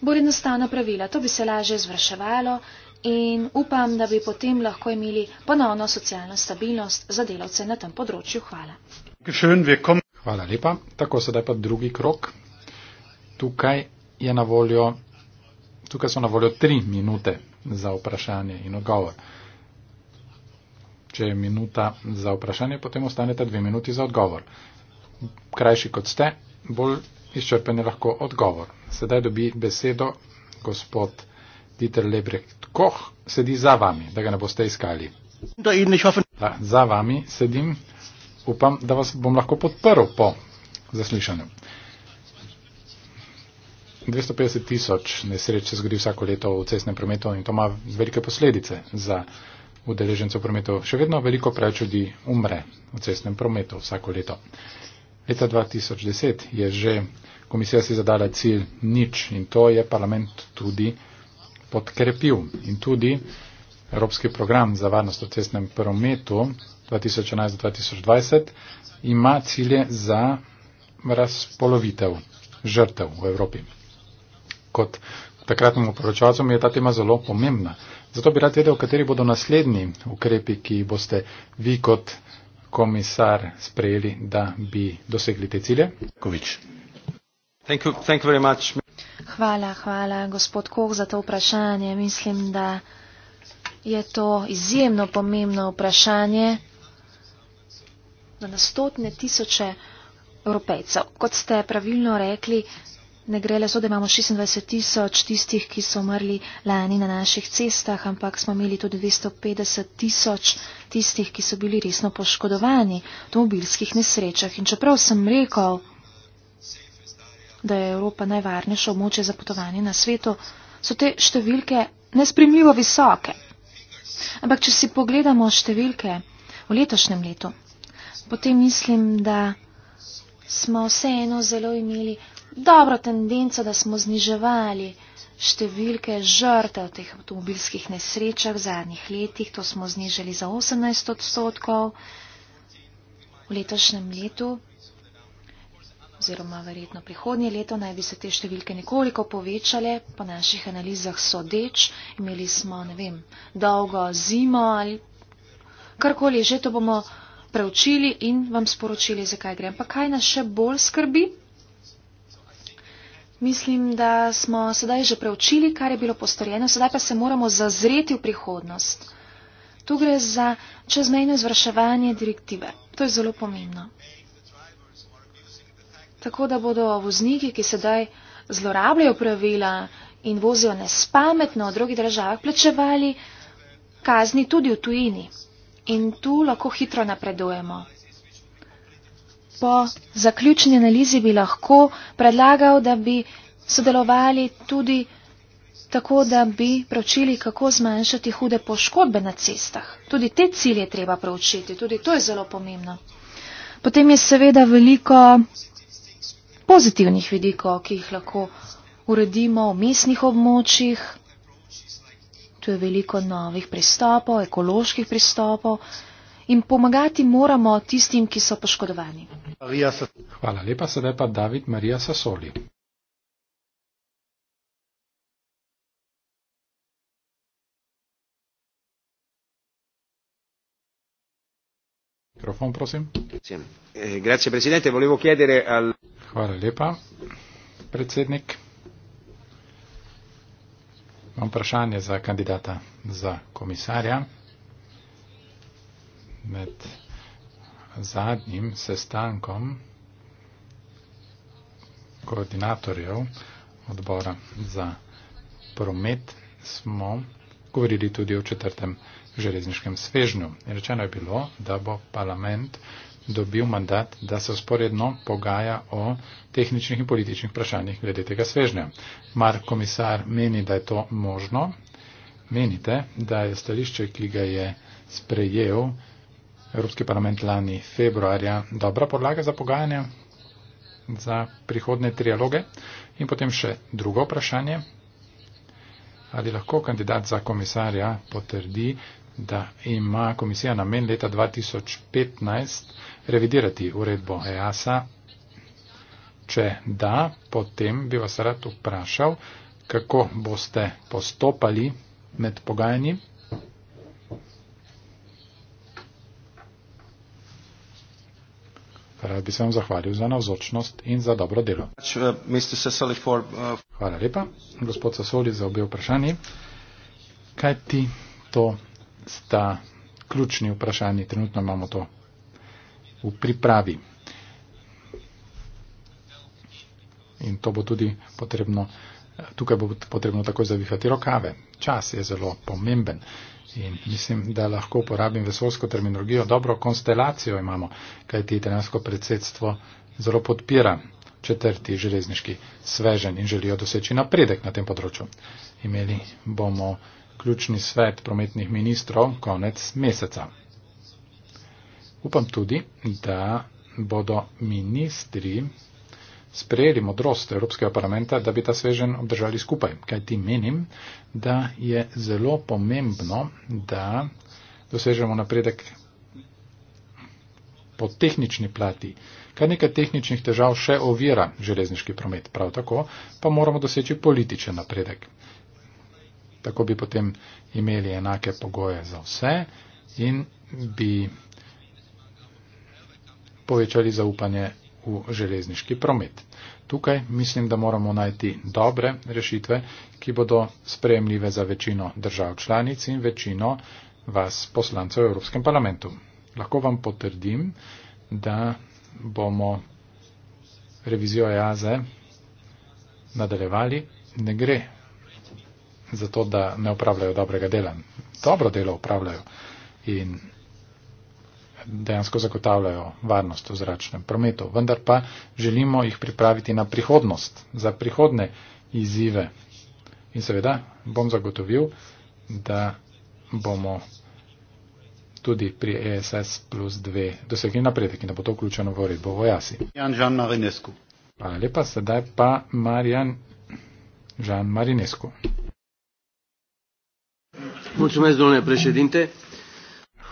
bolj enostavna pravila, to bi se lažje izvrševalo in upam, da bi potem lahko imeli ponovno socialno stabilnost za delavce na tem področju. Hvala. Hvala lepa. Tako sedaj pa drugi krok. Tukaj, je na voljo, tukaj so na voljo tri minute za vprašanje in odgovor. Če je minuta za vprašanje, potem ostaneta dve minuti za odgovor. Krajši kot ste, bolj izčrpen je lahko odgovor. Sedaj dobi besedo gospod Dieter Lebrecht Koch, sedi za vami, da ga ne boste iskali. Da, za vami sedim, upam, da vas bom lahko podprl po zaslišanju. 250 tisoč nesreč se zgodi vsako leto v cestnem prometu in to ima velike posledice za udeležencev prometu. Še vedno veliko preveč ljudi umre v cestnem prometu vsako leto. Leta 2010 je že komisija si zadala cilj nič in to je parlament tudi podkrepil. In tudi Evropski program za varnost v cestnem prometu 2011-2020 ima cilje za razpolovitev žrtev v Evropi. Kot takratnemu poročavcu mi je ta tema zelo pomembna. Zato bi rad vedel, kateri bodo naslednji ukrepi, ki boste vi kot komisar sprejeli, da bi dosegli te cilje. Kovič. Thank you, thank you hvala, hvala, gospod Koh, za to vprašanje. Mislim, da je to izjemno pomembno vprašanje na stotne tisoče Evropejcev. Kot ste pravilno rekli, Ne gre le so, da imamo 26 tisoč tistih, ki so umrli lani na naših cestah, ampak smo imeli tudi 250 tisoč tistih, ki so bili resno poškodovani v avtomobilskih nesrečah. In čeprav sem rekel, da je Evropa najvarnejše območje za potovanje na svetu, so te številke nespremljivo visoke. Ampak, če si pogledamo številke v letošnjem letu, potem mislim, da smo vseeno zelo imeli dobro tendenco, da smo zniževali številke žrtev teh avtomobilskih nesrečah v zadnjih letih. To smo znižali za 18 odstotkov v letošnjem letu oziroma verjetno prihodnje leto naj bi se te številke nekoliko povečale. Po naših analizah sodeč imeli smo, ne vem, dolgo zimo ali karkoli že, to bomo preučili in vam sporočili, zakaj gre. Pa kaj nas še bolj skrbi? Mislim, da smo sedaj že preučili, kar je bilo postorjeno, sedaj pa se moramo zazreti v prihodnost. Tu gre za čezmejno izvrševanje direktive. To je zelo pomembno. Tako da bodo vozniki, ki sedaj zlorabljajo pravila in vozijo nespametno v drugih državah, plačevali kazni tudi v tujini. In tu lahko hitro napredujemo po zaključni analizi bi lahko predlagal, da bi sodelovali tudi tako, da bi pročili, kako zmanjšati hude poškodbe na cestah. Tudi te cilje treba pročiti, tudi to je zelo pomembno. Potem je seveda veliko pozitivnih vidikov, ki jih lahko uredimo v mestnih območjih. Tu je veliko novih pristopov, ekoloških pristopov, in pomagati moramo tistim, ki so poškodovani. Hvala lepa, sedaj pa David Marija Sasoli. Mikrofon, prosim. Eh, Hvala lepa, predsednik. Imam vprašanje za kandidata za komisarja med zadnjim sestankom koordinatorjev odbora za promet smo govorili tudi o četrtem železniškem svežnju. Rečeno je bilo, da bo parlament dobil mandat, da se usporedno pogaja o tehničnih in političnih vprašanjih glede tega svežnja. Mark komisar meni, da je to možno. Menite, da je stališče, ki ga je sprejel Evropski parlament lani februarja dobra podlaga za pogajanja za prihodne trialoge. In potem še drugo vprašanje. Ali lahko kandidat za komisarja potrdi, da ima komisija namen leta 2015 revidirati uredbo EASA? Če da, potem bi vas rad vprašal, kako boste postopali med pogajanji. Rad bi se vam zahvalil za navzočnost in za dobro delo. Uh, uh, Hvala lepa, gospod Sasoli, za obe vprašanji. Kaj ti to sta ključni vprašanji? Trenutno imamo to v pripravi. In to bo tudi potrebno, tukaj bo potrebno takoj zavihati rokave. Čas je zelo pomemben. In mislim, da lahko uporabim vesolsko terminologijo. Dobro konstelacijo imamo, kaj ti italijansko predsedstvo zelo podpira četrti železniški svežen in želijo doseči napredek na tem področju. Imeli bomo ključni svet prometnih ministrov konec meseca. Upam tudi, da bodo ministri sprejeli modrost Evropskega parlamenta, da bi ta svežen obdržali skupaj. Kaj ti menim, da je zelo pomembno, da dosežemo napredek po tehnični plati. Kar nekaj tehničnih težav še ovira železniški promet, prav tako pa moramo doseči političen napredek. Tako bi potem imeli enake pogoje za vse in bi povečali zaupanje v železniški promet. Tukaj mislim, da moramo najti dobre rešitve, ki bodo sprejemljive za večino držav članic in večino vas poslancev v Evropskem parlamentu. Lahko vam potrdim, da bomo revizijo jaze e nadaljevali. Ne gre za to, da ne upravljajo dobrega dela. Dobro delo upravljajo in dejansko zagotavljajo varnost v zračnem prometu. Vendar pa želimo jih pripraviti na prihodnost, za prihodne izzive. In seveda bom zagotovil, da bomo tudi pri ESS plus 2 dosegli napredek in da bo to vključeno v uredbo o jasi. Hvala lepa, sedaj pa Marjan Žan Marinescu.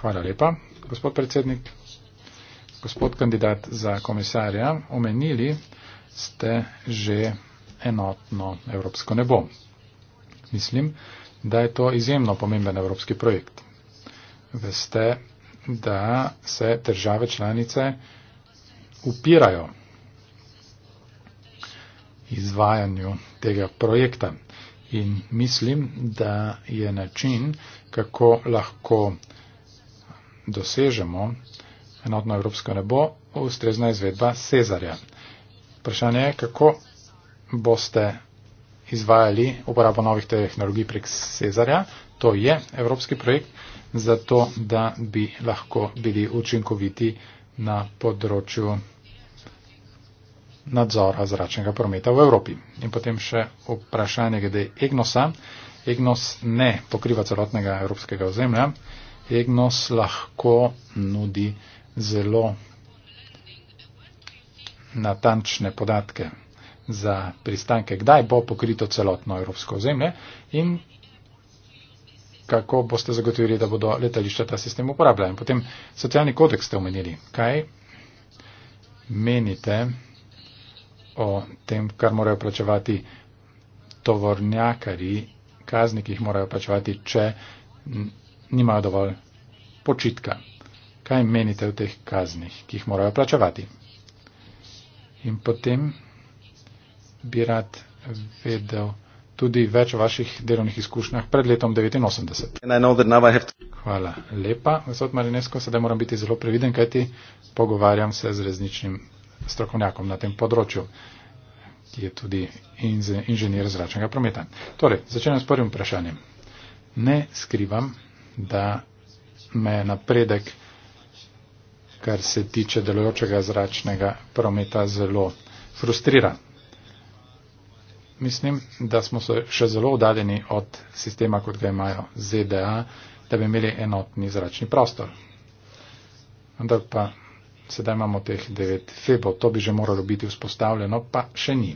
Hvala lepa gospod predsednik, gospod kandidat za komisarja, omenili ste že enotno evropsko nebo. Mislim, da je to izjemno pomemben evropski projekt. Veste, da se države članice upirajo izvajanju tega projekta. In mislim, da je način, kako lahko dosežemo enotno evropsko nebo, ustrezna izvedba Cezarja. Vprašanje je, kako boste izvajali uporabo novih tehnologij prek Cezarja. To je evropski projekt, zato da bi lahko bili učinkoviti na področju nadzora zračnega prometa v Evropi. In potem še vprašanje glede EGNOS-a. EGNOS ne pokriva celotnega evropskega ozemlja. Egnos lahko nudi zelo natančne podatke za pristanke, kdaj bo pokrito celotno evropsko zemlje in kako boste zagotovili, da bodo letališča ta sistem uporabljali. Potem socialni kodeks ste omenili. Kaj menite o tem, kar morajo plačevati tovornjakari, kazni, ki jih morajo plačevati, če nima dovolj počitka. Kaj menite o teh kaznih, ki jih morajo plačevati? In potem bi rad vedel tudi več o vaših delovnih izkušnjah pred letom 1989. To... Hvala lepa, gospod Marinesko, sedaj moram biti zelo previden, kajti pogovarjam se z rezničnim strokovnjakom na tem področju, ki je tudi inženir zračnega prometa. Torej, začenjam s prvim vprašanjem. Ne skrivam, da me napredek, kar se tiče delojočega zračnega prometa, zelo frustrira. Mislim, da smo se še zelo oddaljeni od sistema, kot ga imajo ZDA, da bi imeli enotni zračni prostor. Vendar pa sedaj imamo teh devet febov, to bi že moralo biti vzpostavljeno, pa še ni.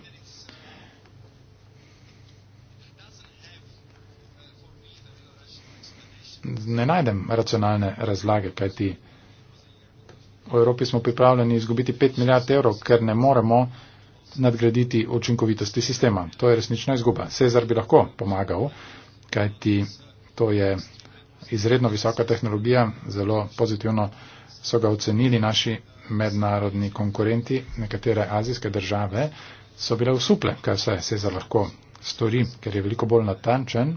ne najdem racionalne razlage, kaj ti. V Evropi smo pripravljeni izgubiti 5 milijard evrov, ker ne moremo nadgraditi učinkovitosti sistema. To je resnična izguba. Cezar bi lahko pomagal, kaj ti to je izredno visoka tehnologija, zelo pozitivno so ga ocenili naši mednarodni konkurenti, nekatere azijske države so bile usuple, kaj se Cezar lahko stori, ker je veliko bolj natančen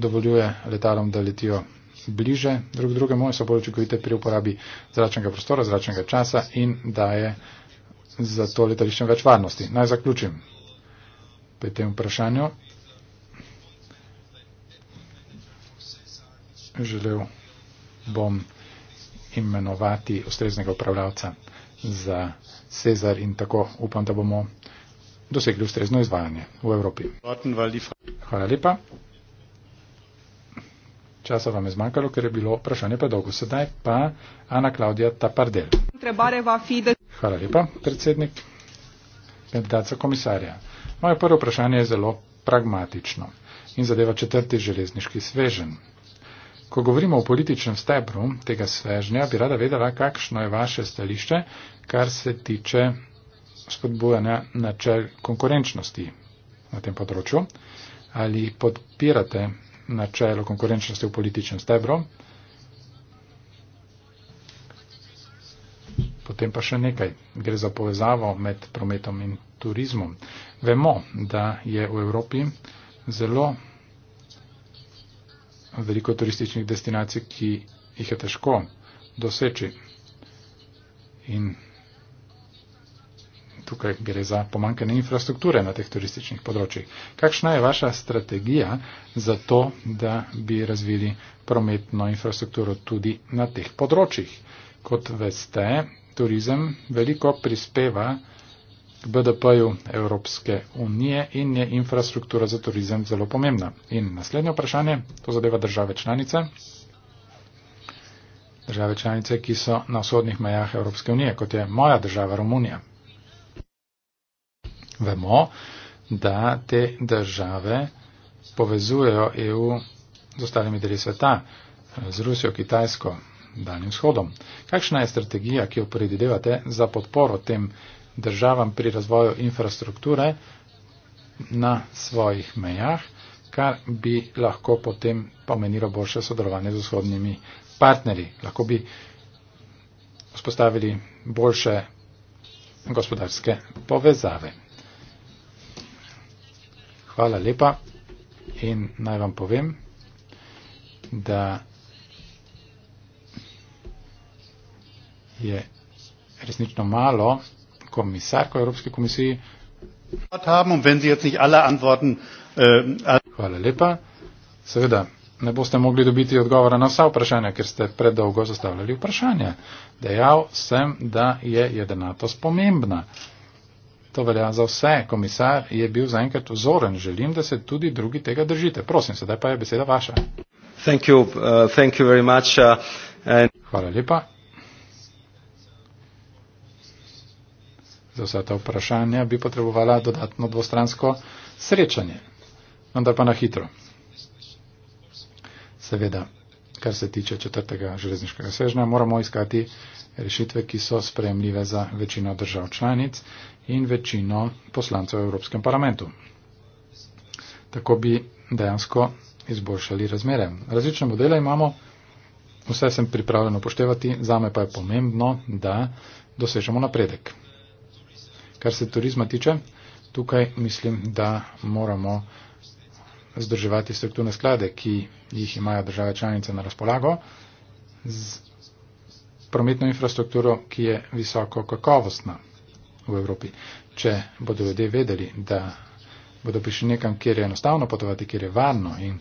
dovoljuje letalom, da letijo bliže drug drugemu in so bolj učinkovite pri uporabi zračnega prostora, zračnega časa in daje za to letališče več varnosti. Naj zaključim pri tem vprašanju. Želel bom imenovati ustreznega upravljavca za Cezar in tako upam, da bomo dosegli ustrezno izvajanje v Evropi. Hvala lepa časa vam je zmanjkalo, ker je bilo vprašanje pa dolgo. Sedaj pa Ana Klaudija Tapardel. Hvala lepa, predsednik, kandidat za komisarja. Moje prvo vprašanje je zelo pragmatično in zadeva četrti železniški svežen. Ko govorimo o političnem stebru tega svežnja, bi rada vedela, kakšno je vaše stališče, kar se tiče spodbujanja načel konkurenčnosti na tem področju. Ali podpirate načelo konkurenčnosti v političnem stebru. Potem pa še nekaj. Gre za povezavo med prometom in turizmom. Vemo, da je v Evropi zelo veliko turističnih destinacij, ki jih je težko doseči. In tukaj gre za pomankanje infrastrukture na teh turističnih področjih. Kakšna je vaša strategija za to, da bi razvili prometno infrastrukturo tudi na teh področjih? Kot veste, turizem veliko prispeva k BDP-ju Evropske unije in je infrastruktura za turizem zelo pomembna. In naslednje vprašanje, to zadeva države članice. Države članice, ki so na vzhodnih mejah Evropske unije, kot je moja država Romunija vemo, da te države povezujejo EU z ostalimi deli sveta, z Rusijo, Kitajsko, Daljnim shodom. Kakšna je strategija, ki jo predidevate za podporo tem državam pri razvoju infrastrukture na svojih mejah, kar bi lahko potem pomenilo boljše sodelovanje z vzhodnimi partnerji? Lahko bi vzpostavili boljše gospodarske povezave. Hvala lepa in naj vam povem, da je resnično malo komisarko Evropske komisije. Äh, äh, Hvala lepa. Seveda, ne boste mogli dobiti odgovora na vsa vprašanja, ker ste predolgo zastavljali vprašanja. Dejal sem, da je jedenatost pomembna. To velja za vse. Komisar je bil zaenkrat vzoren. Želim, da se tudi drugi tega držite. Prosim, sedaj pa je beseda vaša. Thank you, uh, thank you much, uh, and... Hvala lepa za vsa ta vprašanja. Bi potrebovala dodatno dvostransko srečanje. Vendar pa na hitro. Seveda kar se tiče četrtega železniškega sežnja, moramo iskati rešitve, ki so spremljive za večino držav članic in večino poslancev v Evropskem parlamentu. Tako bi dejansko izboljšali razmere. Različne modele imamo, vse sem pripravljen upoštevati, zame pa je pomembno, da dosežemo napredek. Kar se turizma tiče, tukaj mislim, da moramo vzdrževati strukturne sklade, ki jih imajo države članice na razpolago, z prometno infrastrukturo, ki je visoko kakovostna v Evropi. Če bodo ljudje vedeli, da bodo prišli nekam, kjer je enostavno potovati, kjer je varno in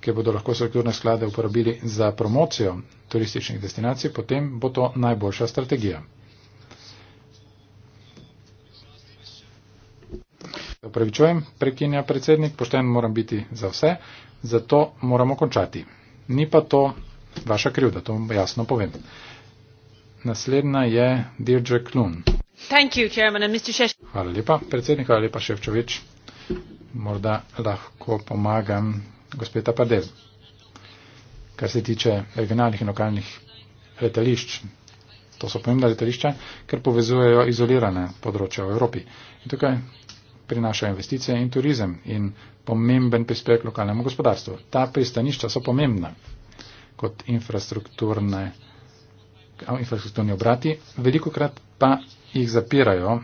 kjer bodo lahko strukturne sklade uporabili za promocijo turističnih destinacij, potem bo to najboljša strategija. se upravičujem, prekinja predsednik, pošten moram biti za vse, zato moramo končati. Ni pa to vaša krivda, to jasno povem. Naslednja je Dirdre Klun. Hvala lepa, predsednik, hvala lepa, Ševčovič. Morda lahko pomagam gospeta Pardez. Kar se tiče regionalnih in lokalnih letališč, to so pomembna letališča, ker povezujejo izolirane področja v Evropi. In tukaj prinašajo investicije in turizem in pomemben prispevek lokalnemu gospodarstvu. Ta pristanišča so pomembna kot infrastrukturni obrati, veliko krat pa jih zapirajo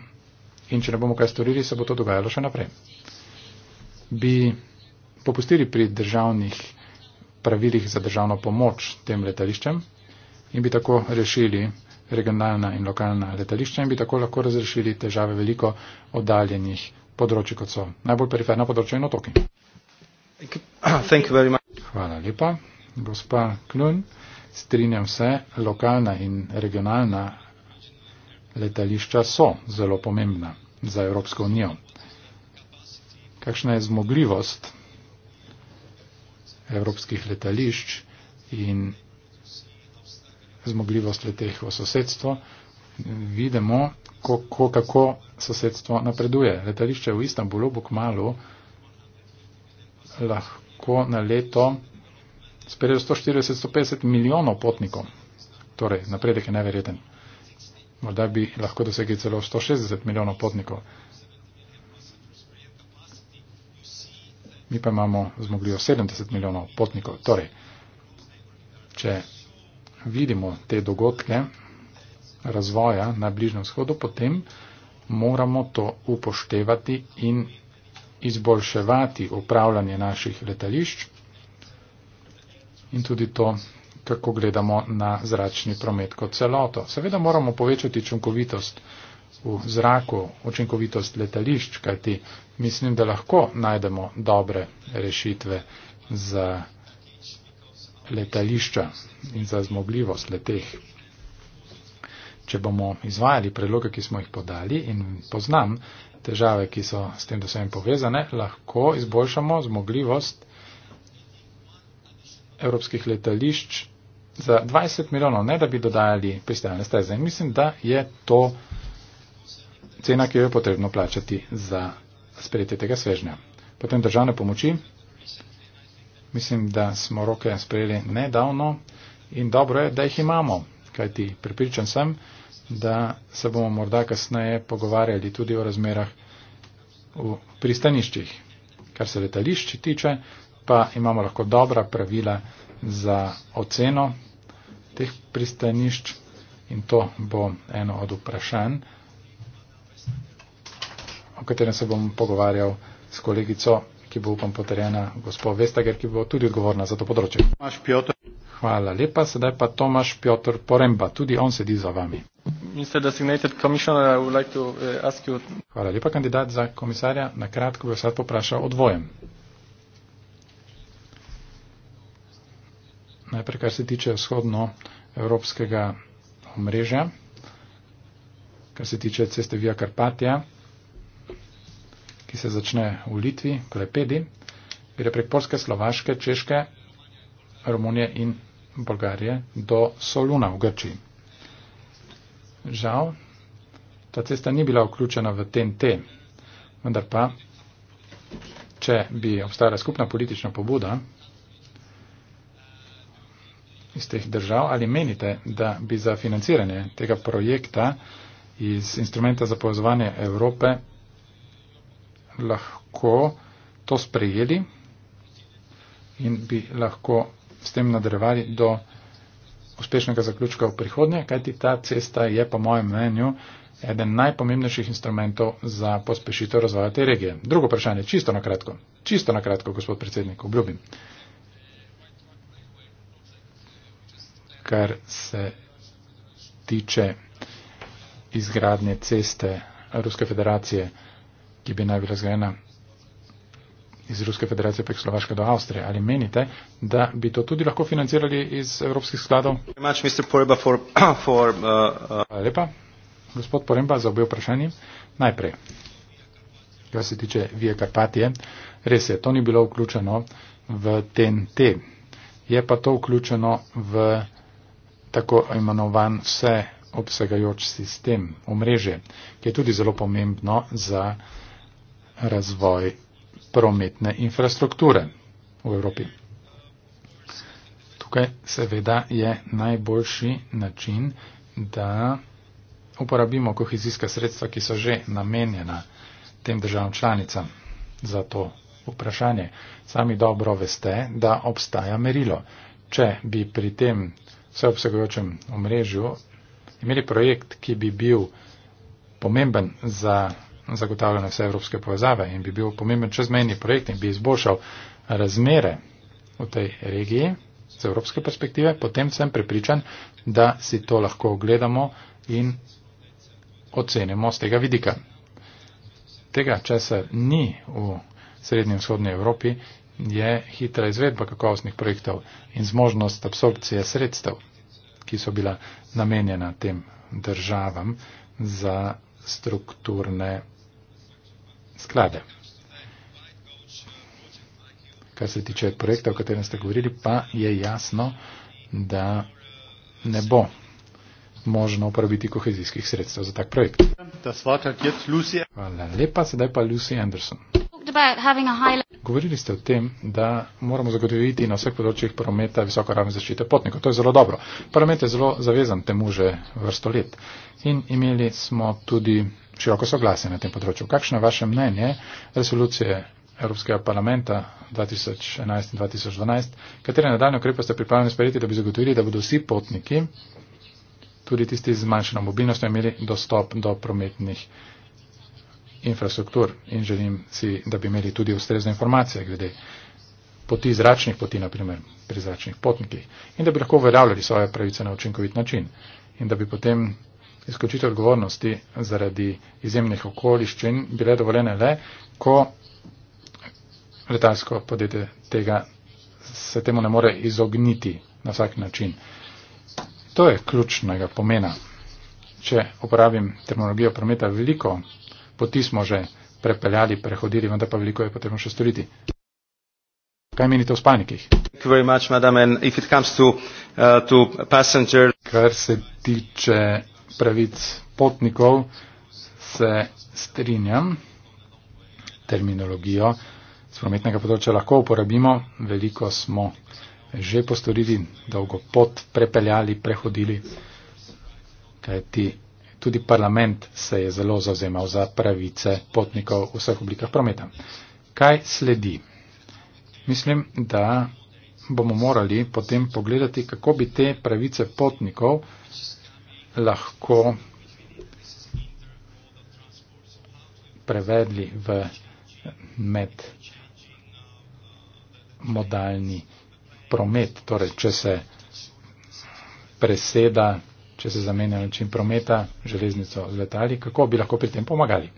in če ne bomo kaj storili, se bo to dogajalo še naprej. Bi popustili pri državnih pravilih za državno pomoč tem letališčem in bi tako rešili regionalna in lokalna letališča in bi tako lahko razrešili težave veliko oddaljenih področji, kot so najbolj periferna področja in otoki. Hvala lepa, gospa Knun. Strinjam se, lokalna in regionalna letališča so zelo pomembna za Evropsko unijo. Kakšna je zmogljivost evropskih letališč in zmogljivost leteh v sosedstvo? Vidimo kako, kako sosedstvo napreduje. Letališče v Istanbulu bo kmalo lahko na leto sprejelo 140-150 milijonov potnikov. Torej, napredek je neverjeten. Morda bi lahko dosegli celo 160 milijonov potnikov. Mi pa imamo zmogljivo 70 milijonov potnikov. Torej, če vidimo te dogodke, razvoja na Bližnem vzhodu, potem moramo to upoštevati in izboljševati upravljanje naših letališč in tudi to, kako gledamo na zračni promet kot celoto. Seveda moramo povečati učinkovitost v zraku, učinkovitost letališč, kajti mislim, da lahko najdemo dobre rešitve za letališča in za zmogljivost leteh če bomo izvajali predloge, ki smo jih podali in poznam težave, ki so s tem dosajem povezane, lahko izboljšamo zmogljivost evropskih letališč za 20 milijonov, ne da bi dodajali pristajalne steze. Mislim, da je to cena, ki jo je potrebno plačati za sprejetje tega svežnja. Potem državne pomoči. Mislim, da smo roke sprejeli nedavno in dobro je, da jih imamo kajti pripričan sem, da se bomo morda kasneje pogovarjali tudi o razmerah v pristaniščih. Kar se letališči tiče, pa imamo lahko dobra pravila za oceno teh pristanišč in to bo eno od vprašanj, o katerem se bom pogovarjal s kolegico, ki bo upam potrjena, gospod Vestager, ki bo tudi odgovorna za to področje. Hvala lepa, sedaj pa Tomaš Piotr Poremba, tudi on sedi za vami. Eh, Hvala lepa, kandidat za komisarja. Na kratko bi vsaj poprašal o dvojem. Najprej, kar se tiče vzhodno evropskega omrežja, kar se tiče ceste Via Carpatia, ki se začne v Litvi, Klepedi, gre prek Polske, Slovaške, Češke, Romunije in Bolgarije do Soluna v Grčiji. Žal, ta cesta ni bila vključena v TNT, vendar pa, če bi obstajala skupna politična pobuda iz teh držav, ali menite, da bi za financiranje tega projekta iz instrumenta za povezovanje Evrope lahko to sprejeli in bi lahko s tem nadaljevali do uspešnega zaključka v prihodnje, kajti ta cesta je po mojem mnenju eden najpomembnejših instrumentov za pospešitev razvoja te regije. Drugo vprašanje, čisto na kratko, čisto na kratko, gospod predsednik, obljubim. Kar se tiče izgradnje ceste Ruske federacije, ki bi naj bila zgrajena iz Ruske federacije prek Slovaške do Avstrije. Ali menite, da bi to tudi lahko financirali iz evropskih skladov? Uh, uh, Hvala lepa, gospod Poremba, za obe vprašanji. Najprej, kar se tiče Vije Karpatije, res je, to ni bilo vključeno v TNT. Je pa to vključeno v tako imenovan vse obsegajoč sistem, omrežje, ki je tudi zelo pomembno za razvoj prometne infrastrukture v Evropi. Tukaj seveda je najboljši način, da uporabimo kohezijska sredstva, ki so že namenjena tem državam članicam za to vprašanje. Sami dobro veste, da obstaja merilo. Če bi pri tem vseobsegajočem omrežju imeli projekt, ki bi bil pomemben za zagotavljene vse evropske povezave in bi bil pomemben čezmejni projekt in bi izboljšal razmere v tej regiji z evropske perspektive, potem sem prepričan, da si to lahko ogledamo in ocenimo z tega vidika. Tega, česar ni v srednji in vzhodni Evropi, je hitra izvedba kakovostnih projektov in zmožnost absorpcije sredstev, ki so bila namenjena tem državam za strukturne sklade. Kar se tiče projekta, o katerem ste govorili, pa je jasno, da ne bo možno uporabiti kohezijskih sredstev za tak projekt. Hvala lepa, sedaj pa Lucy Anderson. Govorili ste o tem, da moramo zagotoviti na vseh področjih prometa visoko raven zaščite potnikov. To je zelo dobro. Parlament je zelo zavezan temu že vrsto let. In imeli smo tudi široko soglasje na tem področju. Kakšno je vaše mnenje resolucije Evropskega parlamenta 2011 in 2012, katere nadaljne ukrepe ste pripravljeni sprejeti, da bi zagotovili, da bodo vsi potniki, tudi tisti z manjšo mobilnostjo, imeli dostop do prometnih infrastruktur in želim si, da bi imeli tudi ustrezne informacije glede poti zračnih poti, naprimer pri zračnih potnikih in da bi lahko uveljavljali svoje pravice na učinkovit način in da bi potem izključitev odgovornosti zaradi izjemnih okoliščin bile dovoljene le, ko letalsko podjetje tega se temu ne more izogniti na vsak način. To je ključnega pomena. Če uporabim terminologijo prometa, veliko poti smo že prepeljali, prehodili, vendar pa veliko je potrebno še storiti. Kaj menite o spalnikih? Much, madam, to, uh, to passenger... Kar se tiče pravic potnikov se strinjam. Terminologijo z prometnega področja lahko uporabimo, veliko smo že postorili, dolgo pot prepeljali, prehodili, kajti tudi parlament se je zelo zauzemal za pravice potnikov v vseh oblikah prometa. Kaj sledi? Mislim, da bomo morali potem pogledati, kako bi te pravice potnikov lahko prevedli v medmodalni promet. Torej, če se preseda, če se zamenja način prometa, železnico z letali, kako bi lahko pri tem pomagali.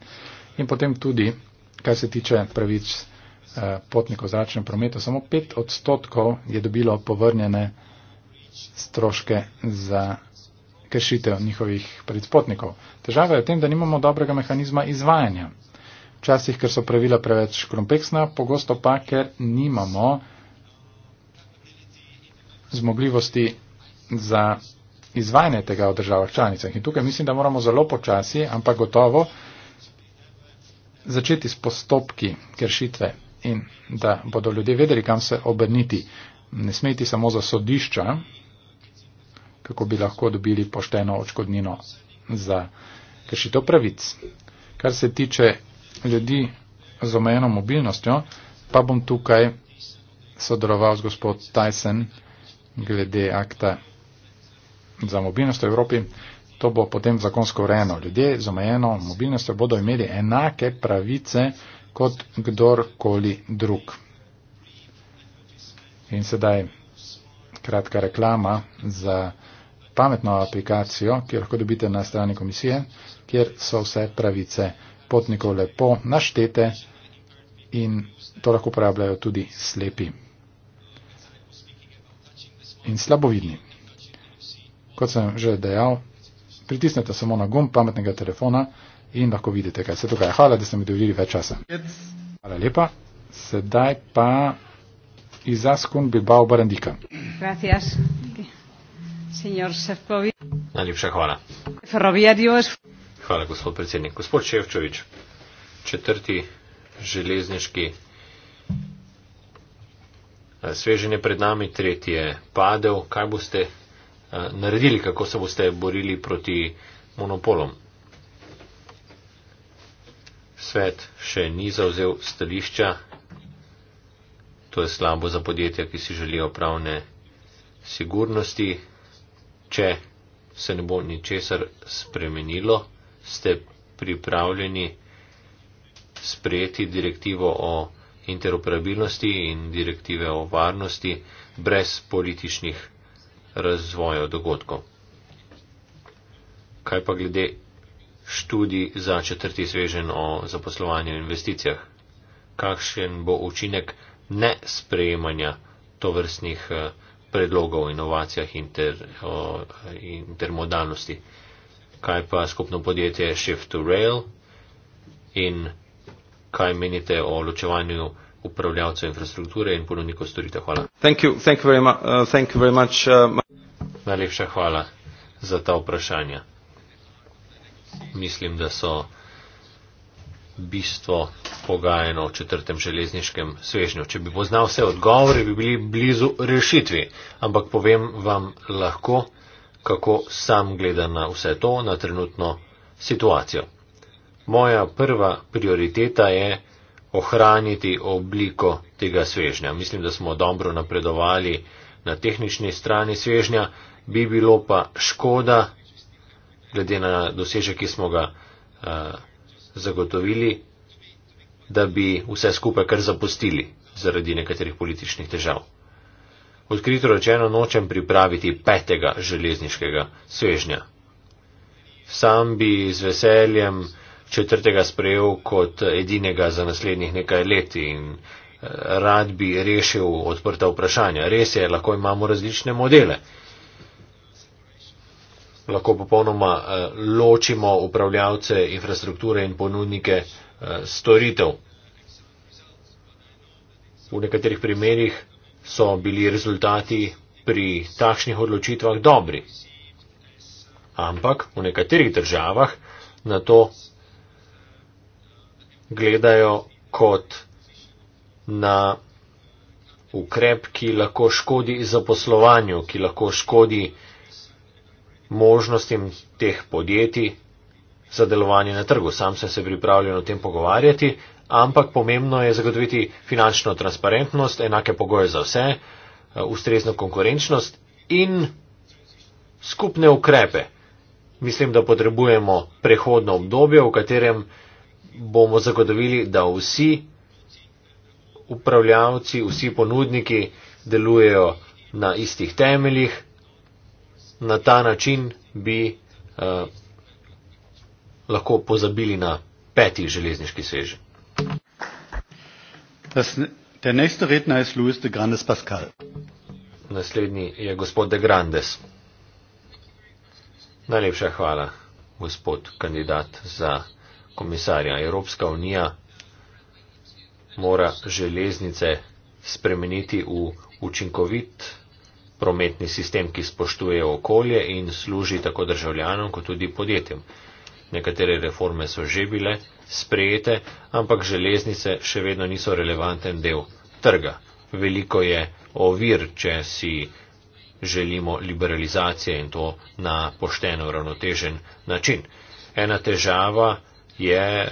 In potem tudi, kar se tiče pravic eh, potnikov v zračnem prometu, samo pet odstotkov je dobilo povrnjene stroške za kršitev njihovih predpotnikov. Težava je v tem, da nimamo dobrega mehanizma izvajanja. Včasih, ker so pravila preveč kompleksna, pogosto pa, ker nimamo zmogljivosti za izvajanje tega v državah članicah. In tukaj mislim, da moramo zelo počasi, ampak gotovo začeti s postopki kršitve in da bodo ljudje vedeli, kam se obrniti. Ne smeti samo za sodišča, kako bi lahko dobili pošteno očkodnino za kršitev pravic. Kar se tiče ljudi z omejeno mobilnostjo, pa bom tukaj sodeloval z gospod Tyson glede akta za mobilnost v Evropi. To bo potem zakonsko urejeno. Ljudje z omejeno mobilnostjo bodo imeli enake pravice kot kdorkoli drug. In sedaj kratka reklama za pametno aplikacijo, ki jo lahko dobite na strani komisije, kjer so vse pravice potnikov lepo naštete in to lahko uporabljajo tudi slepi in slabovidni. Kot sem že dejal, pritisnete samo na gumb pametnega telefona in lahko vidite, kaj se dogaja. Hvala, da ste mi dovolili več časa. Hvala lepa. Sedaj pa izaskun Bilbao Barandika. Gracias. Najlepša hvala. Hvala, gospod predsednik. Gospod Ševčovič, četrti železniški eh, svežen je pred nami, tretji je padel. Kaj boste eh, naredili, kako se boste borili proti monopolom? Svet še ni zauzel stališča. To je slabo za podjetja, ki si želijo pravne sigurnosti če se ne bo ničesar spremenilo, ste pripravljeni sprejeti direktivo o interoperabilnosti in direktive o varnosti brez političnih razvojev dogodkov. Kaj pa glede študij za četrti svežen o zaposlovanju in investicijah? Kakšen bo učinek ne sprejemanja tovrstnih uh, predlogov o inovacijah in ter, intermodalnosti. Kaj pa skupno podjetje Shift to Rail in kaj menite o ločevanju upravljavcev infrastrukture in ponudnikov storitev? Hvala. Thank you, thank you very uh, thank you very much, uh, Najlepša hvala za ta vprašanja. Mislim, da so bistvo pogajeno o četrtem železniškem svežnju. Če bi poznal vse odgovore, bi bili blizu rešitvi, ampak povem vam lahko, kako sam gleda na vse to, na trenutno situacijo. Moja prva prioriteta je ohraniti obliko tega svežnja. Mislim, da smo dobro napredovali na tehnični strani svežnja, bi bilo pa škoda, glede na dosežek, ki smo ga uh, zagotovili, da bi vse skupaj kar zapustili zaradi nekaterih političnih težav. Odkrito rečeno nočem pripraviti petega železniškega svežnja. Sam bi z veseljem četrtega sprejel kot edinega za naslednjih nekaj let in eh, rad bi rešil odprta vprašanja. Res je, lahko imamo različne modele lahko popolnoma eh, ločimo upravljavce infrastrukture in ponudnike eh, storitev. V nekaterih primerjih so bili rezultati pri takšnih odločitvah dobri, ampak v nekaterih državah na to gledajo kot na ukrep, ki lahko škodi zaposlovanju, ki lahko škodi možnostim teh podjetij za delovanje na trgu. Sam sem se pripravljen o tem pogovarjati, ampak pomembno je zagotoviti finančno transparentnost, enake pogoje za vse, eh, ustrezno konkurenčnost in skupne ukrepe. Mislim, da potrebujemo prehodno obdobje, v katerem bomo zagotovili, da vsi upravljavci, vsi ponudniki delujejo na istih temeljih, na ta način bi eh, lahko pozabili na peti železniški sveže. Naslednji je gospod De Grandes. Najlepša hvala, gospod kandidat za komisarja. Evropska unija mora železnice spremeniti v učinkovit prometni sistem, ki spoštuje okolje in služi tako državljanom, kot tudi podjetjem. Nekatere reforme so že bile sprejete, ampak železnice še vedno niso relevanten del trga. Veliko je ovir, če si želimo liberalizacije in to na pošteno, ravnotežen način. Ena težava je eh,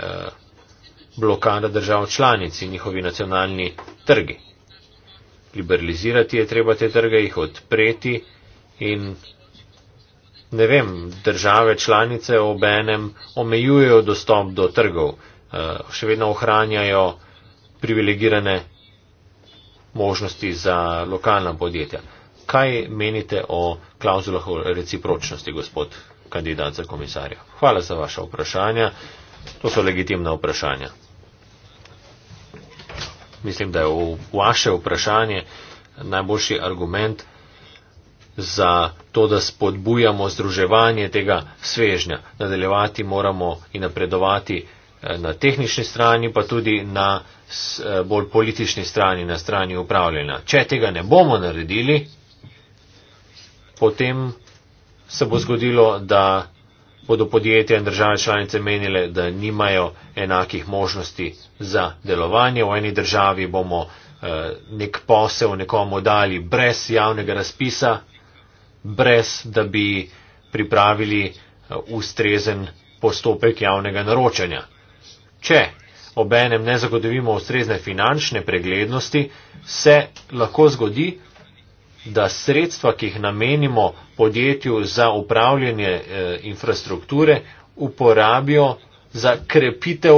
blokada držav članic in njihovi nacionalni trgi liberalizirati je treba te trge, jih odpreti in ne vem, države članice ob enem omejujejo dostop do trgov, eh, še vedno ohranjajo privilegirane možnosti za lokalna podjetja. Kaj menite o klauzulah o recipročnosti, gospod kandidat za komisarja? Hvala za vaša vprašanja. To so legitimna vprašanja mislim, da je vaše vprašanje najboljši argument za to, da spodbujamo združevanje tega svežnja. Nadaljevati moramo in napredovati eh, na tehnični strani, pa tudi na eh, bolj politični strani, na strani upravljanja. Če tega ne bomo naredili, potem se bo zgodilo, da bodo podjetja in države članice menile, da nimajo enakih možnosti za delovanje. V eni državi bomo eh, nek posel nekomu dali brez javnega razpisa, brez da bi pripravili eh, ustrezen postopek javnega naročanja. Če ob enem ne zagotovimo ustrezne finančne preglednosti, se lahko zgodi, da sredstva, ki jih namenimo podjetju za upravljanje eh, infrastrukture, uporabijo za krepitev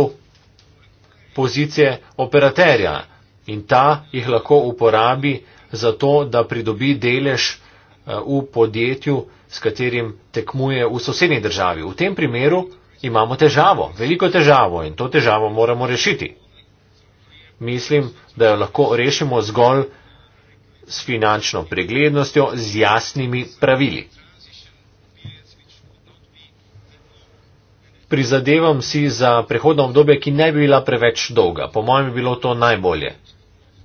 pozicije operaterja in ta jih lahko uporabi za to, da pridobi delež eh, v podjetju, s katerim tekmuje v sosednji državi. V tem primeru imamo težavo, veliko težavo in to težavo moramo rešiti. Mislim, da jo lahko rešimo zgolj s finančno preglednostjo, z jasnimi pravili. Prizadevam si za prehodno obdobje, ki ne bi bila preveč dolga. Po mojem bi bilo to najbolje.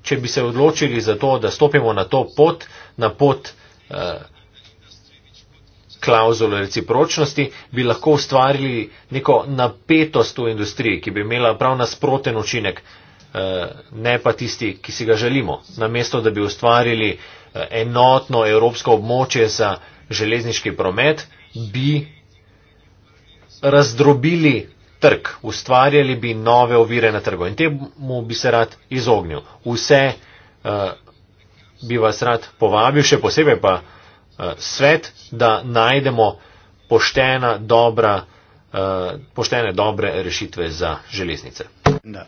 Če bi se odločili za to, da stopimo na to pot, na pot eh, klauzulo recipročnosti, bi lahko ustvarili neko napetost v industriji, ki bi imela prav nasproten učinek, Eh, ne pa tisti, ki si ga želimo. Namesto, da bi ustvarili eh, enotno evropsko območje za železniški promet, bi razdrobili trg, ustvarjali bi nove ovire na trgu in temu bi se rad izognil. Vse eh, bi vas rad povabil, še posebej pa svet, da najdemo poštena, dobra, poštene dobre rešitve za železnice. Da.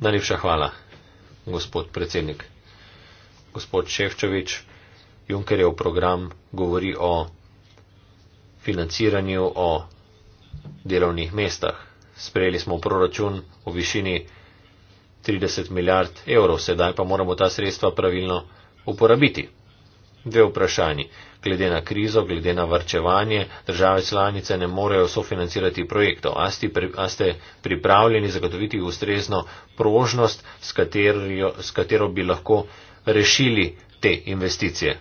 Najlepša hvala, gospod predsednik. Gospod Ševčevič, Junkerjev program govori o financiranju, o delovnih mestah. Sprejeli smo proračun v višini 30 milijard evrov, sedaj pa moramo ta sredstva pravilno uporabiti. Dve vprašanji glede na krizo, glede na vrčevanje, države članice ne morejo sofinancirati projektov. A, pri, a ste pripravljeni zagotoviti ustrezno prožnost, s katero, s katero bi lahko rešili te investicije?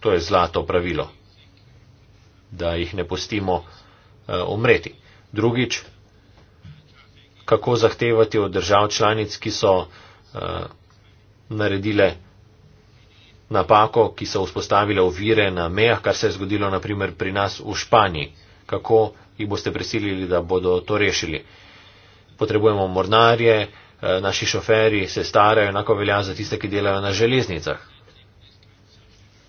To je zlato pravilo, da jih ne pustimo uh, umreti. Drugič, kako zahtevati od držav članic, ki so uh, naredile napako, ki so vzpostavile ovire na mejah, kar se je zgodilo naprimer pri nas v Španiji. Kako jih boste presilili, da bodo to rešili? Potrebujemo mornarje, eh, naši šoferi se starajo, enako velja za tiste, ki delajo na železnicah.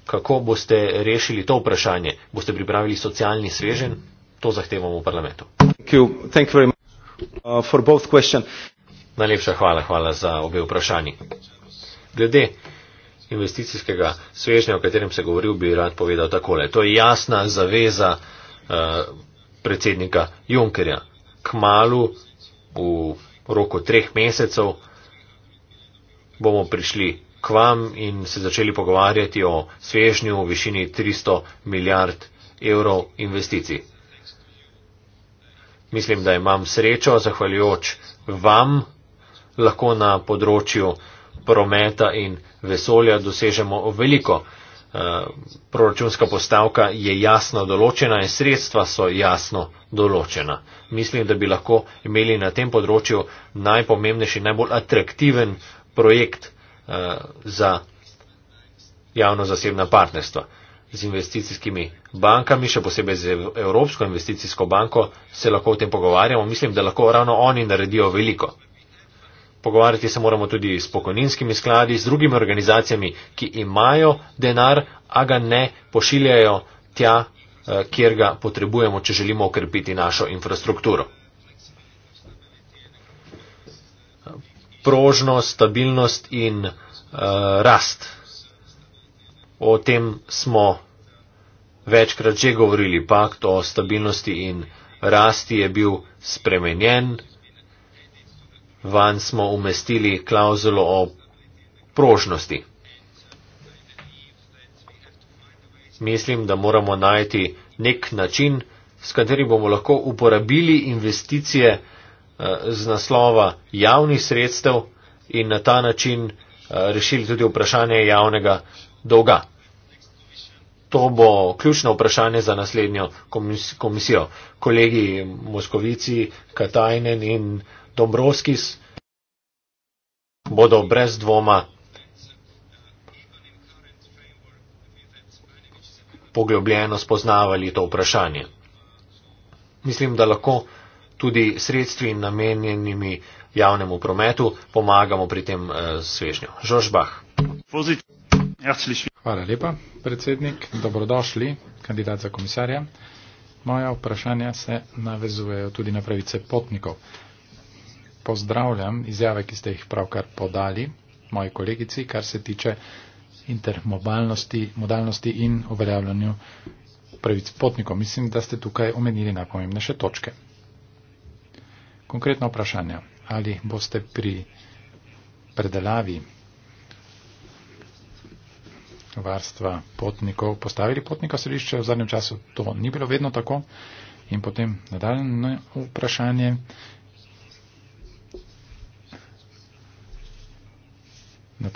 Kako boste rešili to vprašanje? Boste pripravili socialni svežen? To zahtevamo v parlamentu. Thank you. Thank you uh, Najlepša hvala, hvala za obe vprašanji. Glede investicijskega svežnja, o katerem se govoril, bi rad povedal takole. To je jasna zaveza uh, predsednika Junkerja. Kmalu, v roku treh mesecev, bomo prišli k vam in se začeli pogovarjati o svežnju v višini 300 milijard evrov investicij. Mislim, da imam srečo, zahvaljujoč vam, lahko na področju prometa in vesolja dosežemo veliko. Eh, proračunska postavka je jasno določena in sredstva so jasno določena. Mislim, da bi lahko imeli na tem področju najpomembnejši, najbolj atraktiven projekt eh, za javno-zasebna partnerstva. Z investicijskimi bankami, še posebej z Evropsko investicijsko banko, se lahko o tem pogovarjamo. Mislim, da lahko ravno oni naredijo veliko pogovarjati se moramo tudi s pokojninskimi skladi, z drugimi organizacijami, ki imajo denar, a ga ne pošiljajo tja, eh, kjer ga potrebujemo, če želimo okrepiti našo infrastrukturo. Prožnost, stabilnost in uh, rast. O tem smo večkrat že govorili. Pakt o stabilnosti in rasti je bil spremenjen van smo umestili klauzulo o prožnosti. Mislim, da moramo najti nek način, s katerim bomo lahko uporabili investicije eh, z naslova javnih sredstev in na ta način eh, rešili tudi vprašanje javnega dolga. To bo ključno vprašanje za naslednjo komisijo. Kolegi Moskovici, Katajnen in uh, Dombrovskis bodo brez dvoma poglobljeno spoznavali to vprašanje. Mislim, da lahko tudi sredstvi namenjenimi javnemu prometu pomagamo pri tem eh, svežnju. Žorž Bah. Hvala lepa, predsednik. Dobrodošli, kandidat za komisarja. Moja vprašanja se navezujejo tudi na pravice potnikov pozdravljam izjave, ki ste jih pravkar podali, moji kolegici, kar se tiče intermodalnosti in uveljavljanju pravic potnikov. Mislim, da ste tukaj omenili najpomembnejše točke. Konkretno vprašanje. Ali boste pri predelavi varstva potnikov postavili potnika v središče? V zadnjem času to ni bilo vedno tako. In potem nadaljne vprašanje.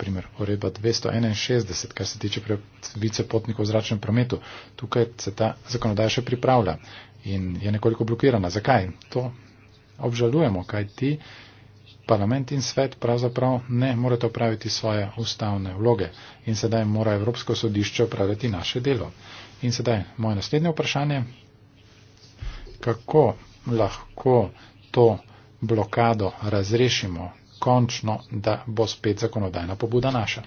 primer uredba 261, kar se tiče vice potnikov v zračnem prometu. Tukaj se ta zakonodaja še pripravlja in je nekoliko blokirana. Zakaj? To obžalujemo, kaj ti parlament in svet pravzaprav ne morete opraviti svoje ustavne vloge in sedaj mora Evropsko sodišče opraviti naše delo. In sedaj moje naslednje vprašanje. Kako lahko to blokado razrešimo končno, da bo spet zakonodajna pobuda naša.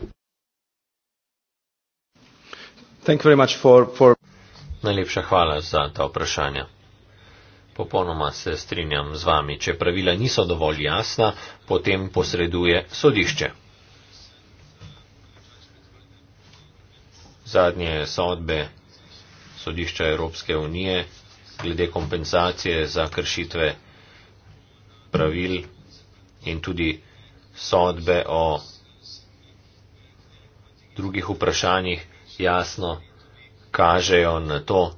For, for... Najlepša hvala za ta vprašanja. Popolnoma se strinjam z vami. Če pravila niso dovolj jasna, potem posreduje sodišče. Zadnje sodbe sodišča Evropske unije glede kompenzacije za kršitve pravil in tudi sodbe o drugih vprašanjih jasno kažejo na to,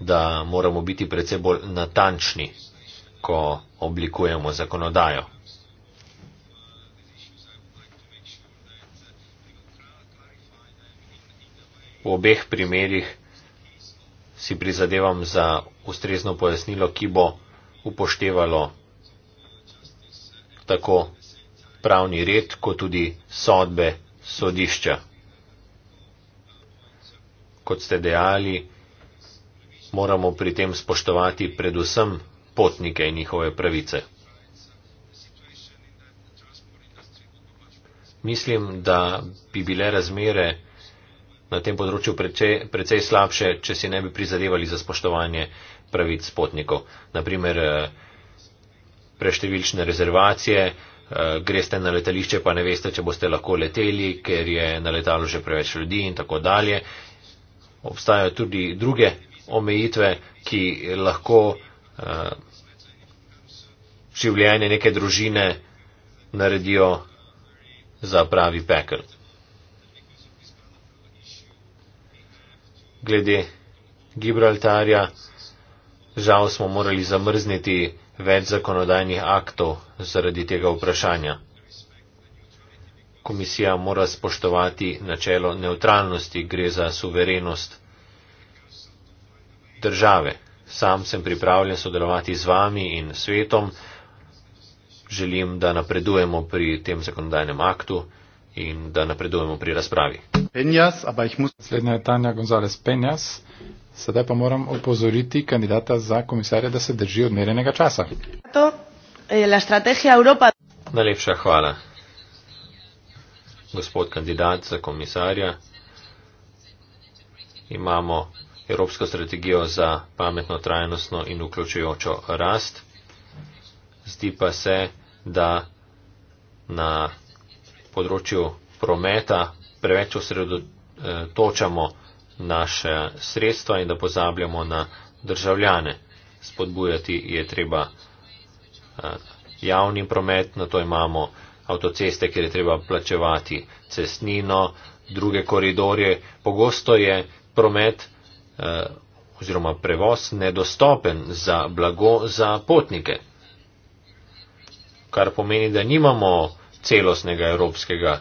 da moramo biti predvsem bolj natančni, ko oblikujemo zakonodajo. V obeh primerjih si prizadevam za ustrezno pojasnilo, ki bo upoštevalo tako pravni red, kot tudi sodbe sodišča. Kot ste dejali, moramo pri tem spoštovati predvsem potnike in njihove pravice. Mislim, da bi bile razmere na tem področju precej, precej slabše, če si ne bi prizadevali za spoštovanje pravic potnikov. Naprimer, eh, preštevilčne rezervacije, eh, greste na letališče, pa ne veste, če boste lahko leteli, ker je na letalu že preveč ljudi in tako dalje. Obstajajo tudi druge omejitve, ki lahko uh, življenje neke družine naredijo za pravi pekel. Glede Gibraltarja, žal smo morali zamrzniti več zakonodajnih aktov zaradi tega vprašanja. Komisija mora spoštovati načelo neutralnosti, gre za suverenost države. Sam sem pripravljen sodelovati z vami in svetom. Želim, da napredujemo pri tem zakonodajnem aktu in da napredujemo pri razpravi. Penjas, a pa jih musim. Naslednja je Tanja Gonzales Penjas. Sedaj pa moram opozoriti kandidata za komisarja, da se drži odmerenega časa. To je eh, la strategija Evropa. Najlepša hvala. Gospod kandidat za komisarja, imamo Evropsko strategijo za pametno, trajnostno in vključujočo rast. Zdi pa se, da na področju prometa preveč osredotočamo naše sredstva in da pozabljamo na državljane. Spodbujati je treba eh, javni promet, na to imamo avtoceste, kjer je treba plačevati cestnino, druge koridorje. Pogosto je promet eh, oziroma prevoz nedostopen za blago za potnike, kar pomeni, da nimamo celostnega evropskega eh,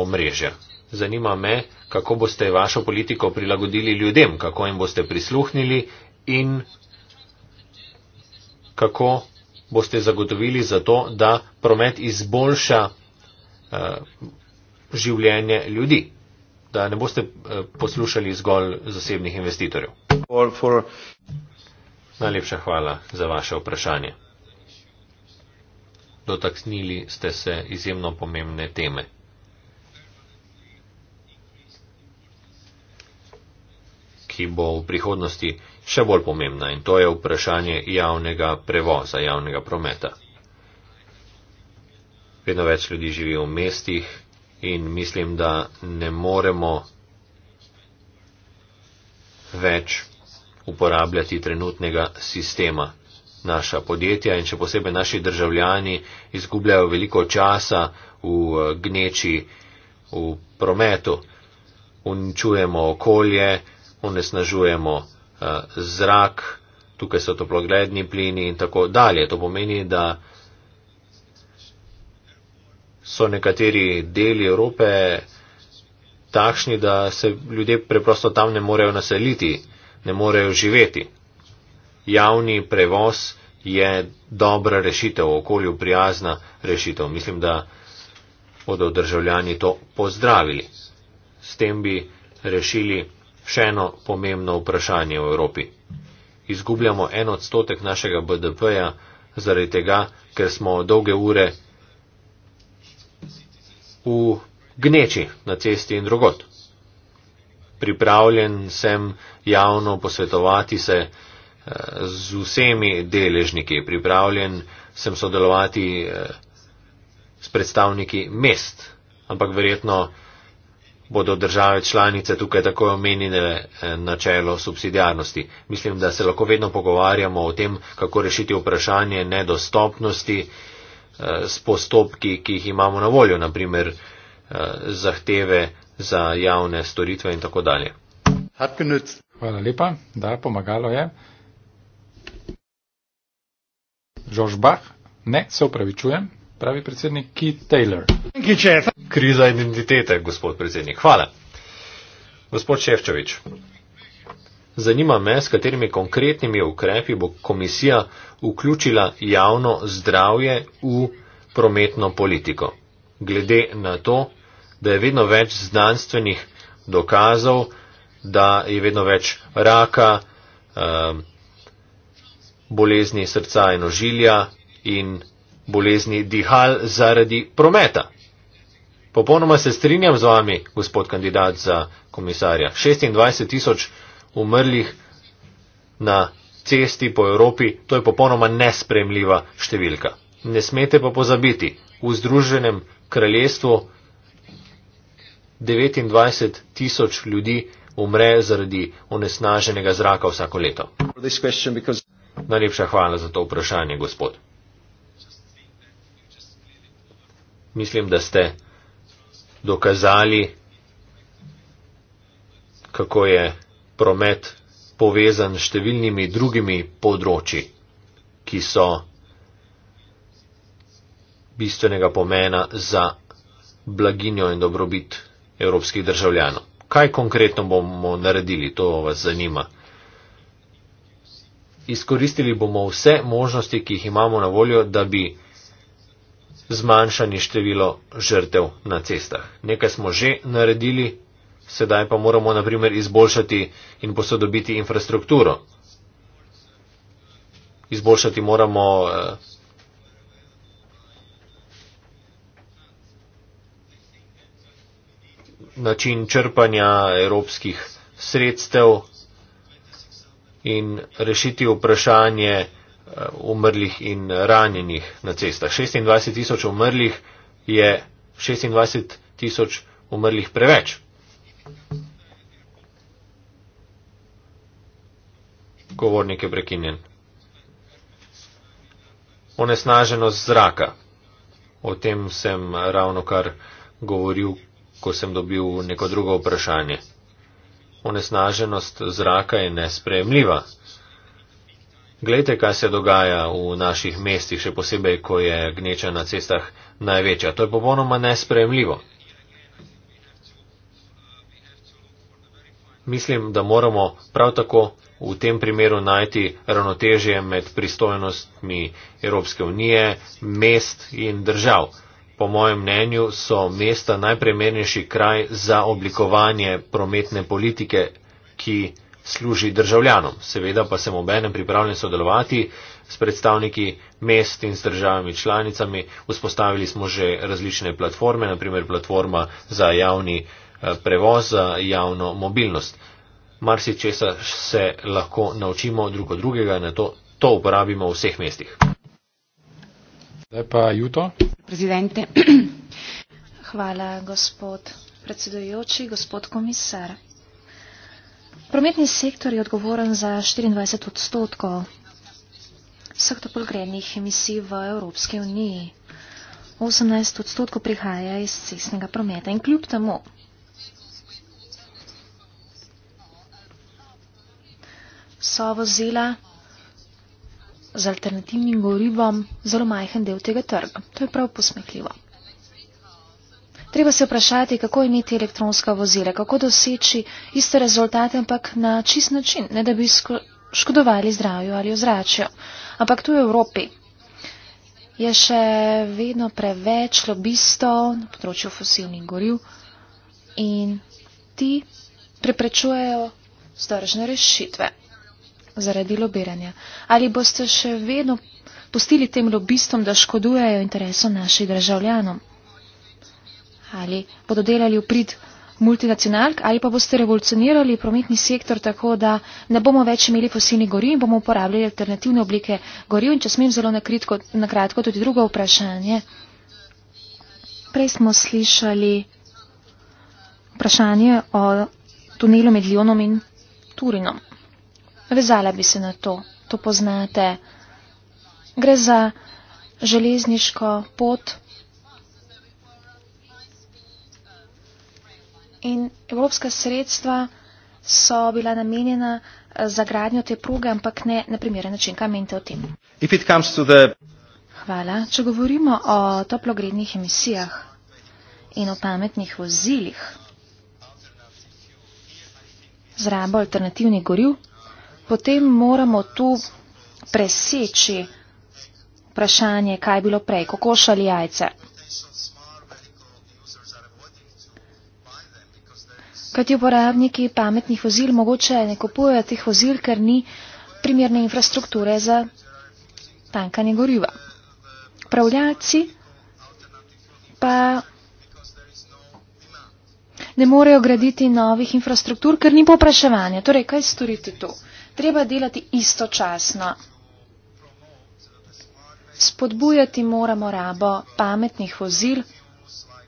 omrežja. Zanima me, kako boste vašo politiko prilagodili ljudem, kako jim boste prisluhnili in kako boste zagotovili za to, da promet izboljša uh, življenje ljudi, da ne boste uh, poslušali zgolj zasebnih investitorjev. For... Najlepša hvala za vaše vprašanje dotaknili ste se izjemno pomembne teme. ki bo v prihodnosti še bolj pomembna in to je vprašanje javnega prevoza, javnega prometa. Vedno več ljudi živi v mestih in mislim, da ne moremo več uporabljati trenutnega sistema, naša podjetja in še posebej naši državljani izgubljajo veliko časa v eh, gneči, v prometu. Uničujemo okolje, onesnažujemo eh, zrak, tukaj so toplogledni plini in tako dalje. To pomeni, da so nekateri deli Evrope takšni, da se ljudje preprosto tam ne morejo naseliti, ne morejo živeti javni prevoz je dobra rešitev, okolju prijazna rešitev. Mislim, da bodo državljani to pozdravili. S tem bi rešili še eno pomembno vprašanje v Evropi. Izgubljamo en odstotek našega BDP-ja zaradi tega, ker smo dolge ure v gneči na cesti in drugot. Pripravljen sem javno posvetovati se, z vsemi deležniki pripravljen sem sodelovati eh, s predstavniki mest, ampak verjetno bodo države članice tukaj tako omenjene eh, načelo subsidijarnosti. Mislim, da se lahko vedno pogovarjamo o tem, kako rešiti vprašanje nedostopnosti eh, s postopki, ki jih imamo na voljo, naprimer zahteve za javne storitve in tako dalje. Hvala lepa, da pomagalo je. Žorž Bach? Ne, se upravičujem, pravi predsednik Keith Taylor. Kriza identitete, gospod predsednik. Hvala. Gospod Ševčovič, zanima me, s katerimi konkretnimi ukrepi bo komisija vključila javno zdravje v prometno politiko. Glede na to, da je vedno več znanstvenih dokazov, da je vedno več raka, eh, bolezni srca in ožilja in bolezni dihal zaradi prometa. Popolnoma se strinjam z vami, gospod kandidat za komisarja. 26 tisoč umrlih na cesti po Evropi, to je popolnoma nespremljiva številka. Ne smete pa pozabiti, v Združenem kraljestvu 29 tisoč ljudi umre zaradi onesnaženega zraka vsako leto. Najlepša hvala za to vprašanje, gospod. Mislim, da ste dokazali, kako je promet povezan s številnimi drugimi področji, ki so bistvenega pomena za blaginjo in dobrobit evropskih državljanov. Kaj konkretno bomo naredili, to vas zanima izkoristili bomo vse možnosti, ki jih imamo na voljo, da bi zmanjšali število žrtev na cestah. Nekaj smo že naredili, sedaj pa moramo naprimer izboljšati in posodobiti infrastrukturo. Izboljšati moramo eh, način črpanja evropskih sredstev, in rešiti vprašanje eh, umrlih in ranjenih na cestah. 26 tisoč umrlih je 26 tisoč umrlih preveč. Govornik je prekinjen. Onesnaženost zraka. O tem sem ravno kar govoril, ko sem dobil neko drugo vprašanje onesnaženost zraka je nespremljiva. Glejte, kaj se dogaja v naših mestih, še posebej, ko je gneča na cestah največja. To je popolnoma nespremljivo. Mislim, da moramo prav tako v tem primeru najti ravnotežje med pristojnostmi Evropske unije, mest in držav. Po mojem mnenju so mesta najprimernejši kraj za oblikovanje prometne politike, ki služi državljanom. Seveda pa sem obenem pripravljen sodelovati s predstavniki mest in z državami članicami. Vzpostavili smo že različne platforme, naprimer platforma za javni eh, prevoz, za javno mobilnost. Marsi česa se lahko naučimo drugo drugega in na to, to uporabimo v vseh mestih. Hvala, gospod predsedujoči, gospod komisar. Prometni sektor je odgovoren za 24 odstotkov vseh topogrednih emisij v Evropski uniji. 18 odstotkov prihaja iz cestnega prometa in kljub temu so vozila z alternativnim gorivom zelo majhen del tega trga. To je prav posmehljivo. Treba se vprašati, kako imeti elektronska vozila, kako doseči iste rezultate, ampak na čist način, ne da bi škodovali zdravju ali ozračju. Ampak tu v Evropi je še vedno preveč lobistov na področju fosilnih goriv in ti preprečujejo zdržne rešitve zaradi lobiranja. Ali boste še vedno pustili tem lobistom, da škodujejo interesom naših državljanov? Ali bodo delali v prid multinacionalk, ali pa boste revolucionirali prometni sektor tako, da ne bomo več imeli fosilnih goriv in bomo uporabljali alternativne oblike goriv? In če smem zelo nakratko tudi drugo vprašanje. Prej smo slišali vprašanje o tunelu med Lionom in Turinom. Vezala bi se na to, to poznate. Gre za železniško pot. In evropska sredstva so bila namenjena eh, za gradnjo te proge, ampak ne na primeren način. Kaj menite o tem? The... Hvala. Če govorimo o toplogrednih emisijah in o pametnih vozilih z rabo alternativnih goriv, potem moramo tu preseči vprašanje, kaj je bilo prej, kokoš ali jajce. Kaj ti uporabniki pametnih vozil mogoče ne kupujejo teh vozil, ker ni primerne infrastrukture za tankanje goriva. Pravljalci pa ne morejo graditi novih infrastruktur, ker ni popraševanja. Torej, kaj storiti tu? To? treba delati istočasno. Spodbujati moramo rabo pametnih vozil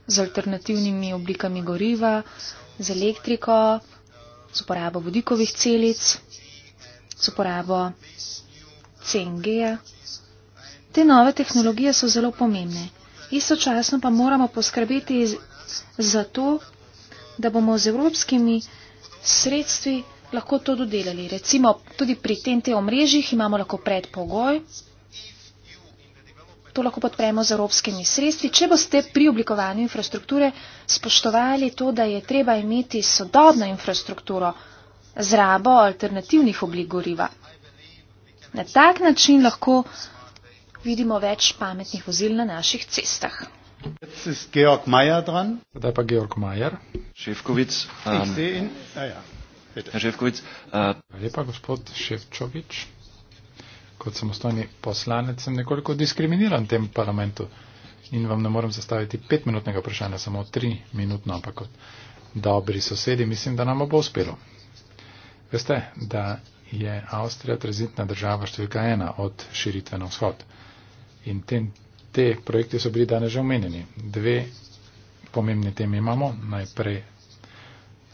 z alternativnimi oblikami goriva, z elektriko, z uporabo vodikovih celic, z uporabo CNG-ja. Te nove tehnologije so zelo pomembne. Istočasno pa moramo poskrbeti za to, da bomo z evropskimi sredstvi lahko to dodelali. Recimo, tudi pri TNT omrežjih imamo lahko predpogoj. To lahko podpremo z evropskimi sredstvi. Če boste pri oblikovanju infrastrukture spoštovali to, da je treba imeti sodobno infrastrukturo z rabo alternativnih oblik goriva. Na tak način lahko vidimo več pametnih vozil na naših cestah. Zdaj pa Georg Majer. Šefkovic. Um, Ševkovič. Eh, lepa gospod Ševčovič, kot samostojni poslanec sem nekoliko diskriminiran v tem parlamentu in vam ne morem zastaviti petminutnega vprašanja, samo tri minutno, ampak kot dobri sosedi mislim, da nam bo uspelo. Veste, da je Avstrija tranzitna država številka ena od širitve na vzhod in tem, te projekte so bili danes že omenjeni. Dve pomembne teme imamo, najprej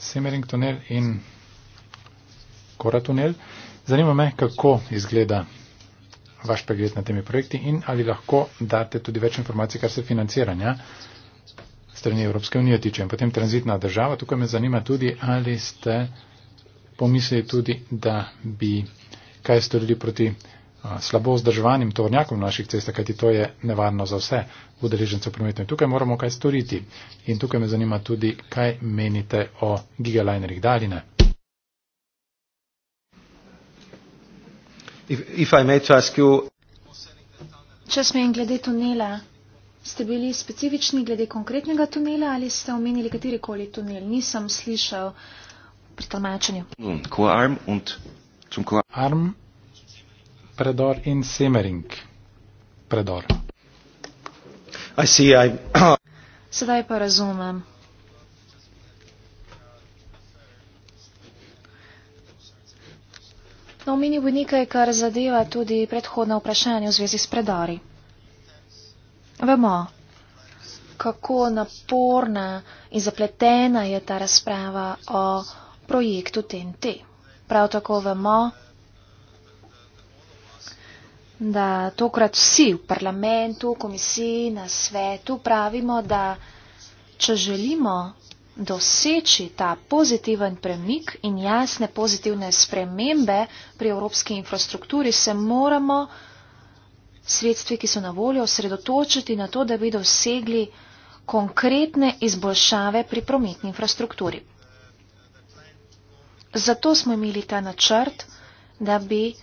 Semering tunel in Kora tunel. Zanima me, kako izgleda vaš pregled na temi projekti in ali lahko date tudi več informacij, kar se financiranja strani Evropske unije tiče. In potem tranzitna država. Tukaj me zanima tudi, ali ste pomislili tudi, da bi kaj storili proti slabo vzdrževanim tovornjakom na naših cestah, kajti to je nevarno za vse udeležence v prometu. In tukaj moramo kaj storiti. In tukaj me zanima tudi, kaj menite o gigalinerih daline. Da If, if you, Če smem glede tunela, ste bili specifični glede konkretnega tunela ali ste omenili katerikoli tunel? Nisem slišal pri tlmačenju. Arm, predor in semering. Predor. I see, I... Sedaj pa razumem. No, omenil bi nekaj, kar zadeva tudi predhodno vprašanje v zvezi s predari. Vemo, kako naporna in zapletena je ta razprava o projektu TNT. Prav tako vemo, da tokrat vsi v parlamentu, komisiji, na svetu pravimo, da če želimo doseči ta pozitiven premik in jasne pozitivne spremembe pri evropski infrastrukturi, se moramo sredstvi, ki so na voljo, osredotočiti na to, da bi dosegli konkretne izboljšave pri prometni infrastrukturi. Zato smo imeli ta načrt, da bi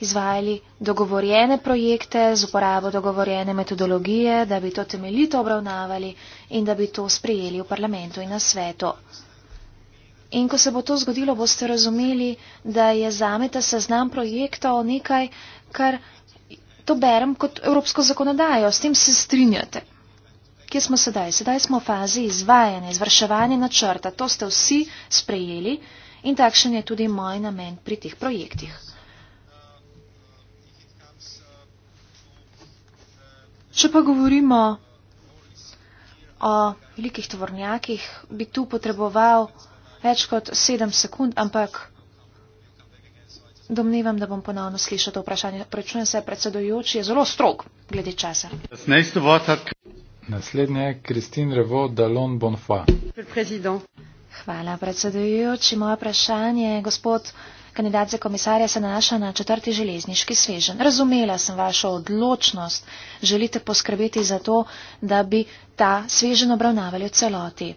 izvajali dogovorjene projekte z uporabo dogovorjene metodologije, da bi to temeljito obravnavali in da bi to sprejeli v parlamentu in na svetu. In ko se bo to zgodilo, boste razumeli, da je zame ta seznam projektov nekaj, kar to berem kot evropsko zakonodajo, s tem se strinjate. Kje smo sedaj? Sedaj smo v fazi izvajanja, izvrševanja načrta. To ste vsi sprejeli in takšen je tudi moj namen pri teh projektih. Če pa govorimo o velikih tovornjakih, bi tu potreboval več kot sedem sekund, ampak domnevam, da bom ponovno slišal to vprašanje. Prečujem se, predsedojoči je zelo strog glede časa. Naslednja je Kristin Revo, Dalon Bonfa. Hvala, predsedujoči. Moje vprašanje je, gospod kandidat za komisarja se nanaša na četrti železniški svežen. Razumela sem vašo odločnost, želite poskrbeti za to, da bi ta svežen obravnavali v celoti.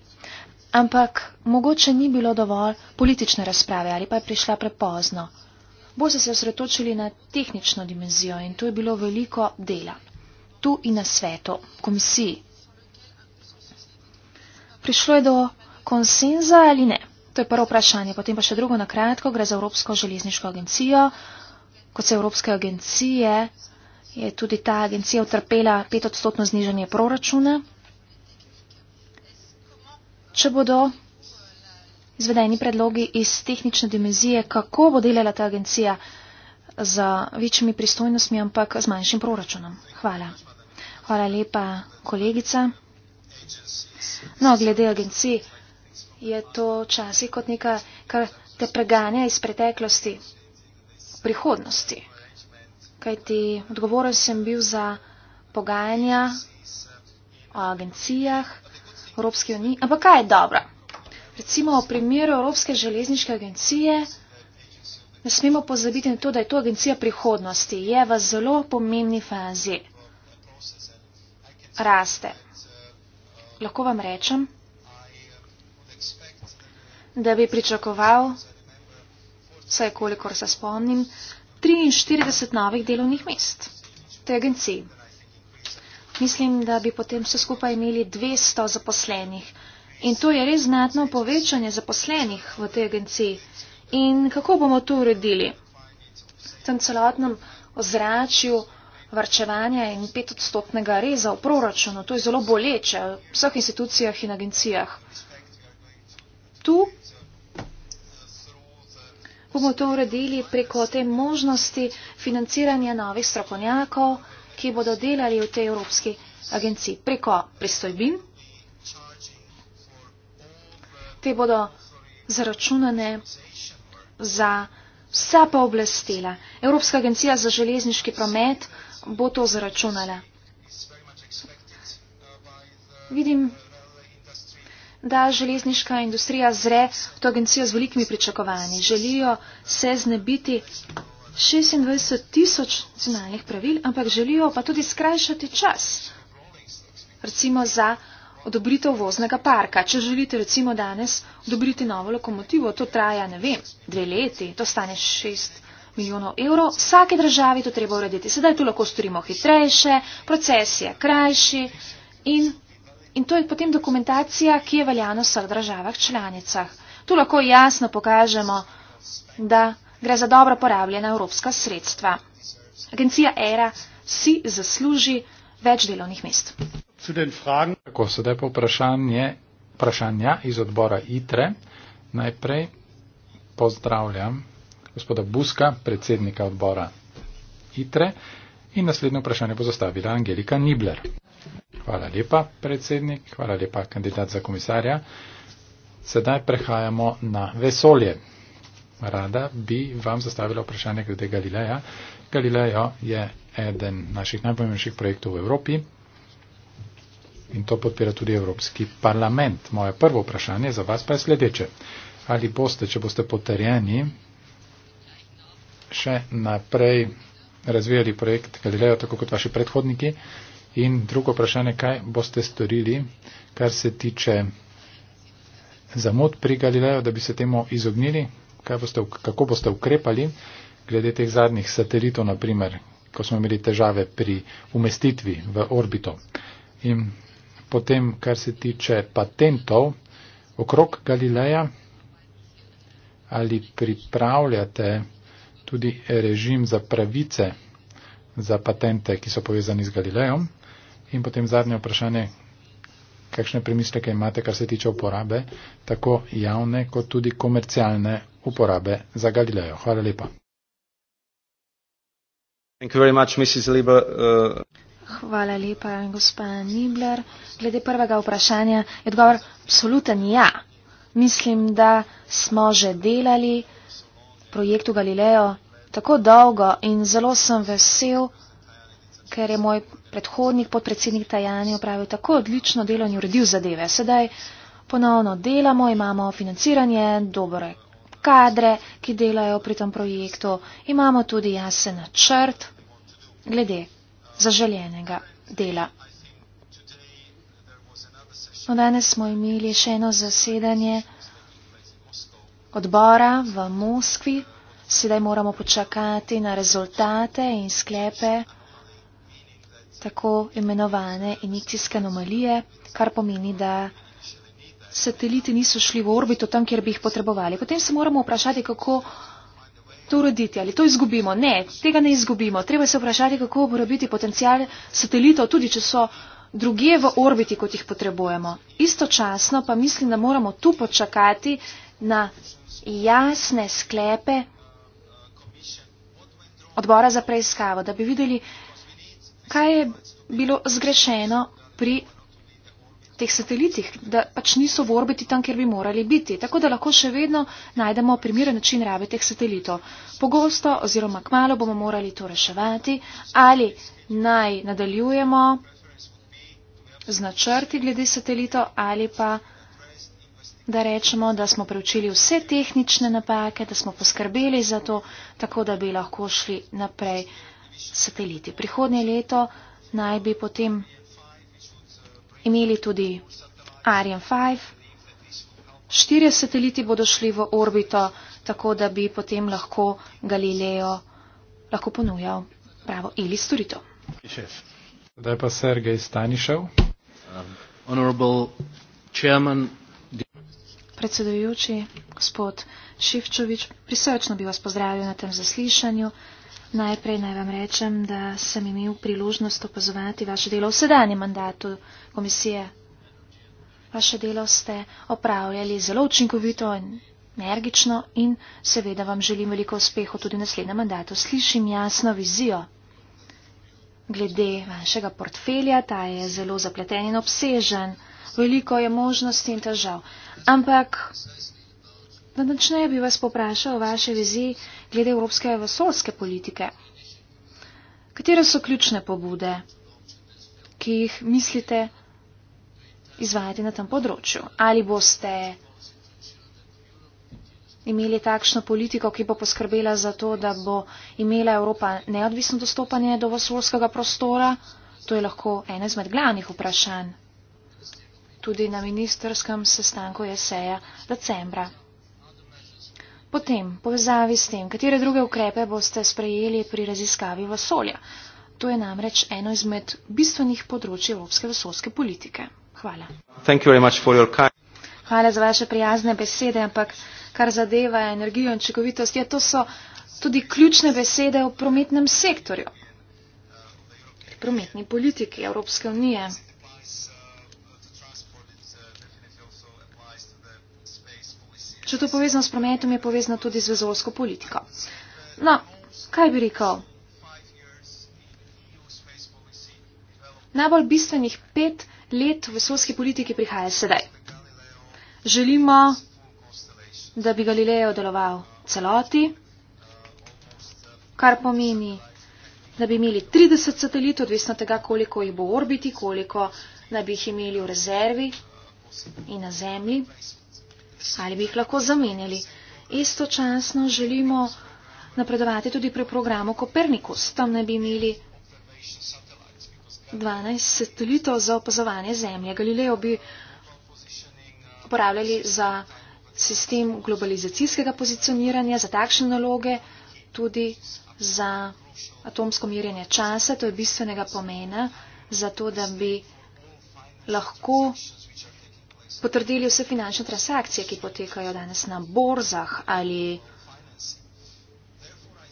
Ampak mogoče ni bilo dovolj politične razprave ali pa je prišla prepozno. Boste se osredotočili na tehnično dimenzijo in tu je bilo veliko dela. Tu in na svetu, komisiji. Prišlo je do konsenza ali ne? To je prvo vprašanje. Potem pa še drugo na kratko. Gre za Evropsko železniško agencijo. Kot se Evropske agencije, je tudi ta agencija utrpela petodstotno znižanje proračuna. Če bodo izvedeni predlogi iz tehnične dimenzije, kako bo delala ta agencija z večjimi pristojnostmi, ampak z manjšim proračunom. Hvala. Hvala lepa, kolegica. No, glede agencije je to včasih kot neka, kar te preganja iz preteklosti, prihodnosti. Kaj ti odgovoren sem bil za pogajanja o agencijah Evropske unije. Ampak kaj je dobro? Recimo v primeru Evropske železniške agencije ne smemo pozabiti na to, da je to agencija prihodnosti. Je v zelo pomembni fazi. Raste. Lahko vam rečem, da bi pričakoval, vsaj kolikor se spomnim, 43 novih delovnih mest te agenciji. Mislim, da bi potem vse skupaj imeli 200 zaposlenih. In to je res znatno povečanje zaposlenih v tej agenciji. In kako bomo to uredili? V tem celotnem ozračju varčevanja in petodstotnega reza v proračunu, to je zelo boleče v vseh institucijah in agencijah tu bomo to uredili preko te možnosti financiranja novih strokovnjakov, ki bodo delali v tej Evropski agenciji preko pristojbin. Te bodo zaračunane za vsa pooblastila. Evropska agencija za železniški promet bo to zaračunala. Vidim, da železniška industrija zre v to agencijo z velikimi pričakovanji. Želijo se znebiti 26 tisoč nacionalnih pravil, ampak želijo pa tudi skrajšati čas, recimo za odobritev voznega parka. Če želite recimo danes odobriti novo lokomotivo, to traja, ne vem, dve leti, to stane šest milijonov evrov. Vsake državi to treba urediti. Sedaj to lahko storimo hitrejše, proces je krajši in In to je potem dokumentacija, ki je veljana v vseh državah članicah. Tu lahko jasno pokažemo, da gre za dobro porabljena evropska sredstva. Agencija ERA si zasluži več delovnih mest. Tako sedaj pa vprašanje, vprašanja iz odbora ITRE. Najprej pozdravljam gospoda Buska, predsednika odbora ITRE. In naslednje vprašanje bo zastavila Angelika Nibler. Hvala lepa, predsednik. Hvala lepa, kandidat za komisarja. Sedaj prehajamo na vesolje. Rada bi vam zastavila vprašanje glede Galileja. Galilejo je eden naših najpomembnejših projektov v Evropi in to podpira tudi Evropski parlament. Moje prvo vprašanje za vas pa je sledeče. Ali boste, če boste potrjeni, še naprej razvijali projekt Galileja, tako kot vaši predhodniki? In drugo vprašanje, kaj boste storili, kar se tiče zamot pri Galileju, da bi se temu izognili, boste, kako boste ukrepali glede teh zadnjih satelitov, naprimer, ko smo imeli težave pri umestitvi v orbito. In potem, kar se tiče patentov okrog Galileja, ali pripravljate tudi režim za pravice za patente, ki so povezani z Galilejem. In potem zadnje vprašanje, kakšne premisleke imate, kar se tiče uporabe, tako javne kot tudi komercialne uporabe za Galilejo. Hvala lepa. Uh, Hvala lepa, gospa Nibler. Glede prvega vprašanja je odgovor absoluten ja. Mislim, da smo že delali projektu Galileo tako dolgo in zelo sem vesel, ker je moj predhodnik podpredsednik Tajani upravil tako odlično delo in uredil zadeve. Sedaj ponovno delamo, imamo financiranje, dobre kadre, ki delajo pri tem projektu, imamo tudi jasen načrt glede zaželjenega dela. No, danes smo imeli še eno zasedanje odbora v Moskvi. Sedaj moramo počakati na rezultate in sklepe tako imenovane injekcijske anomalije, kar pomeni, da sateliti niso šli v orbito tam, kjer bi jih potrebovali. Potem se moramo vprašati, kako to urediti. Ali to izgubimo? Ne, tega ne izgubimo. Treba se vprašati, kako uporabiti potencial satelitov, tudi če so druge v orbiti, kot jih potrebujemo. Istočasno pa mislim, da moramo tu počakati na jasne sklepe odbora za preiskavo, da bi videli, kaj je bilo zgrešeno pri teh satelitih, da pač niso v orbiti tam, kjer bi morali biti. Tako da lahko še vedno najdemo primeren način rabe teh satelitov. Pogosto oziroma kmalo bomo morali to reševati ali naj nadaljujemo z načrti glede satelitov ali pa da rečemo, da smo preučili vse tehnične napake, da smo poskrbeli za to, tako da bi lahko šli naprej sateliti. Prihodnje leto naj bi potem imeli tudi Ariane 5. Štirje sateliti bodo šli v orbito, tako da bi potem lahko Galileo lahko ponujal pravo ili storito. Zdaj pa Sergej Stanišev. Um, Predsedujoči gospod Šivčovič, prisrčno bi vas pozdravil na tem zaslišanju. Najprej naj vam rečem, da sem imel priložnost opazovati vaše delo v sedanjem mandatu komisije. Vaše delo ste opravljali zelo učinkovito in energično in seveda vam želim veliko uspehov tudi v naslednjem mandatu. Slišim jasno vizijo. Glede vašega portfelja, ta je zelo zapleten in obsežen. Veliko je možnosti in težav. Ampak Na načneje bi vas poprašal o vaše vizi glede evropske vesolske politike. Katere so ključne pobude, ki jih mislite izvajati na tem področju? Ali boste imeli takšno politiko, ki bo poskrbela za to, da bo imela Evropa neodvisno dostopanje do vesolskega prostora? To je lahko ena izmed glavnih vprašanj. Tudi na ministerskem sestanku je seja decembra. Potem, povezavi s tem, katere druge ukrepe boste sprejeli pri raziskavi vesolja. To je namreč eno izmed bistvenih področji evropske vesolske politike. Hvala. Hvala za vaše prijazne besede, ampak kar zadeva energijo in čekovitost, je ja, to so tudi ključne besede v prometnem sektorju, pri prometni politiki Evropske unije. Če to povezano s prometom, je povezano tudi z vezolsko politiko. No, kaj bi rekel? Najbolj bistvenih pet let v vesolski politiki prihaja sedaj. Želimo, da bi Galileo deloval celoti, kar pomeni, da bi imeli 30 satelitov, odvisno tega, koliko jih bo v orbiti, koliko da bi jih imeli v rezervi in na Zemlji ali bi jih lahko zamenjali. Istočasno želimo napredovati tudi pri programu Kopernikus. Tam ne bi imeli 12 satelitov za opazovanje Zemlje. Galileo bi uporabljali za sistem globalizacijskega pozicioniranja, za takšne naloge, tudi za atomsko mirjenje časa. To je bistvenega pomena, zato da bi lahko potrdili vse finančne transakcije, ki potekajo danes na borzah ali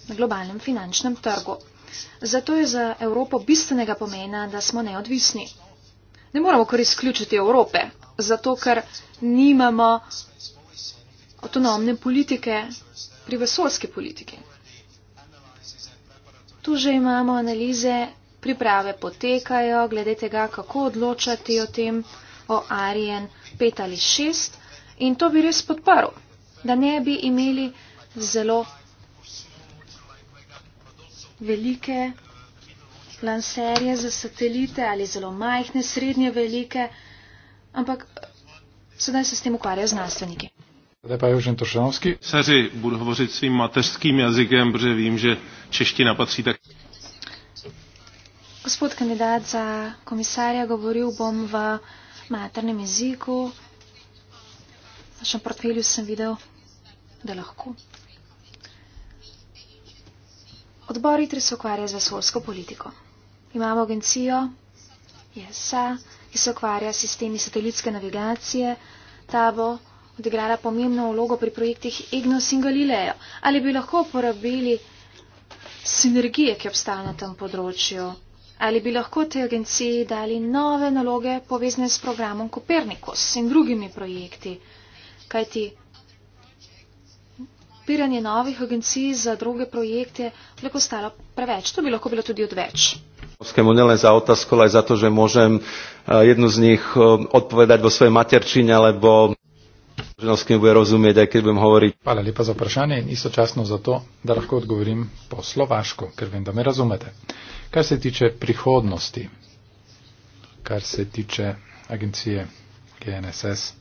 na globalnem finančnem trgu. Zato je za Evropo bistvenega pomena, da smo neodvisni. Ne moramo kar izključiti Evrope, zato ker nimamo avtonomne politike pri vesolski politiki. Tu že imamo analize, priprave potekajo, glede tega, kako odločati o tem, o Arjen pet ali šest in to bi res podparil, da ne bi imeli zelo velike lanserje za satelite ali zelo majhne, srednje velike, ampak sedaj se s tem ukvarjajo znanstveniki. Lepa je Jožen Tošanovski. Seři, budu hovořit svým mateřským jazykem, protože vím, že čeština patří tak. Gospod kandidat za komisarja, govoril bom v maternem jeziku. V našem portfelju sem videl, da lahko. Odbor jutri se ukvarja z vesolsko politiko. Imamo agencijo JSA, ki se ukvarja s sistemi satelitske navigacije. Ta bo odigrala pomembno vlogo pri projektih Ignos in Galileo. Ali bi lahko uporabili sinergije, ki obstajajo na tem področju? Ali bi lahko te agenciji dali nove naloge povezne s programom Kopernikus in drugimi projekti? Kajti piranje novih agencij za druge projekte bi lahko stalo preveč, to bi lahko bilo tudi odveč. Skemu nielen za otázku, ale aj za to, že môžem eh, jednu z nich eh, odpovedať vo svojej materčine, lebo Žinovským bude rozumieť, aj keď budem hovoriť. Hvala lepa za vprašanie in istočasno za to, da lahko odgovorím po slovášku, ker viem, da me razumete. Kar se tiče prihodnosti, kar se tiče agencije GNSS,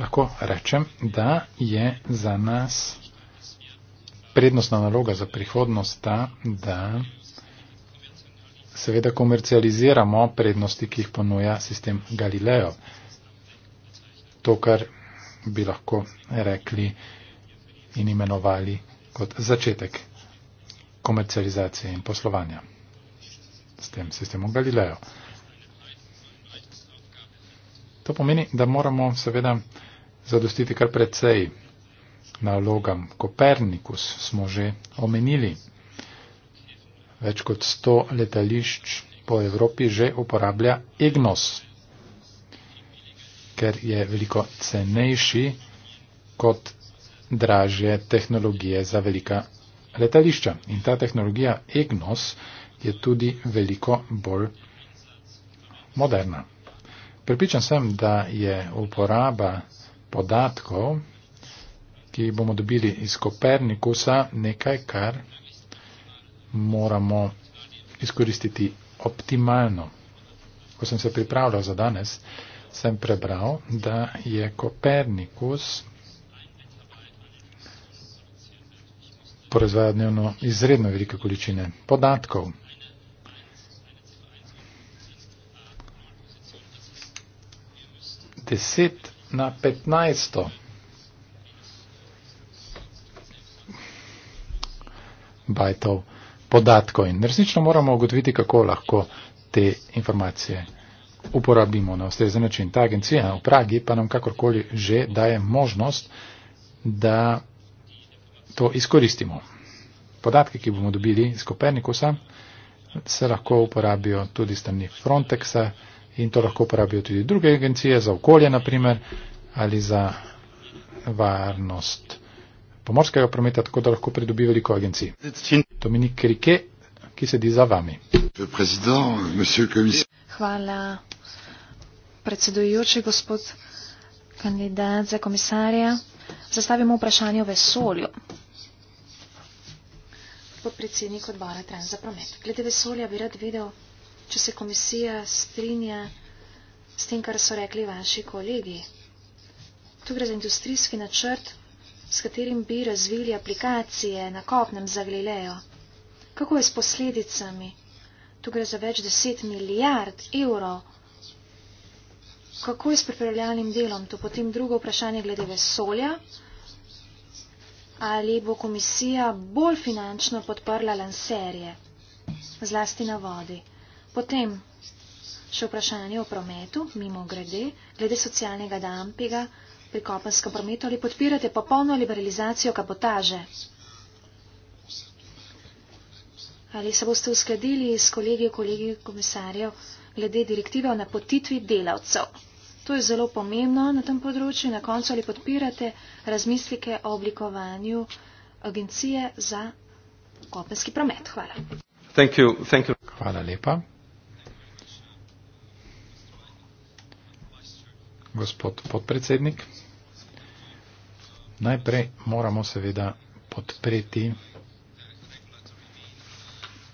lahko rečem, da je za nas prednostna naloga za prihodnost ta, da seveda komercializiramo prednosti, ki jih ponuja sistem Galileo. To, kar bi lahko rekli in imenovali kot začetek komercializacije in poslovanja s tem sistemom Galileo. To pomeni, da moramo seveda zadostiti kar precej nalogam. Kopernikus smo že omenili. Več kot sto letališč po Evropi že uporablja Ignos, ker je veliko cenejši kot dražje tehnologije za velika letališča. In ta tehnologija Ignos je tudi veliko bolj moderna. Pripričan sem, da je uporaba podatkov, ki jih bomo dobili iz Kopernikusa, nekaj, kar moramo izkoristiti optimalno. Ko sem se pripravljal za danes, sem prebral, da je Kopernikus proizvaja dnevno izredno velike količine podatkov. 10 na 15. bajtov podatkov in resnično moramo ugotoviti, kako lahko te informacije uporabimo na ustrezen način. Ta agencija v Pragi pa nam kakorkoli že daje možnost, da to izkoristimo. Podatke, ki bomo dobili iz Kopernikusa, se lahko uporabijo tudi strani Frontexa, in to lahko uporabijo tudi druge agencije za okolje, naprimer, ali za varnost pomorskega prometa, tako da lahko pridobi veliko agencij. Dominik Krike, ki sedi za vami. Hvala, predsedujoči gospod kandidat za komisarja. Zastavimo vprašanje o vesolju. Podpredsednik odbora Trans za promet. Glede vesolja bi rad videl če se komisija strinja s tem, kar so rekli vaši kolegi. Tu gre za industrijski načrt, s katerim bi razvili aplikacije na kopnem za Glileo. Kako je s posledicami? Tu gre za več deset milijard evrov. Kako je s pripravljalnim delom? To potem drugo vprašanje glede vesolja. Ali bo komisija bolj finančno podprla lanserje, zlasti na vodi? Potem še vprašanje o prometu, mimo grede, glede socialnega dampiga pri kopenskem prometu ali podpirate popolno liberalizacijo kapotaže. Ali se boste uskladili s kolegi in kolegi komisarjev glede direktive o napotitvi delavcev? To je zelo pomembno na tem področju. Na koncu ali podpirate razmislike o oblikovanju agencije za kopenski promet? Hvala. Thank you, thank you. Hvala lepa. gospod podpredsednik. Najprej moramo seveda podpreti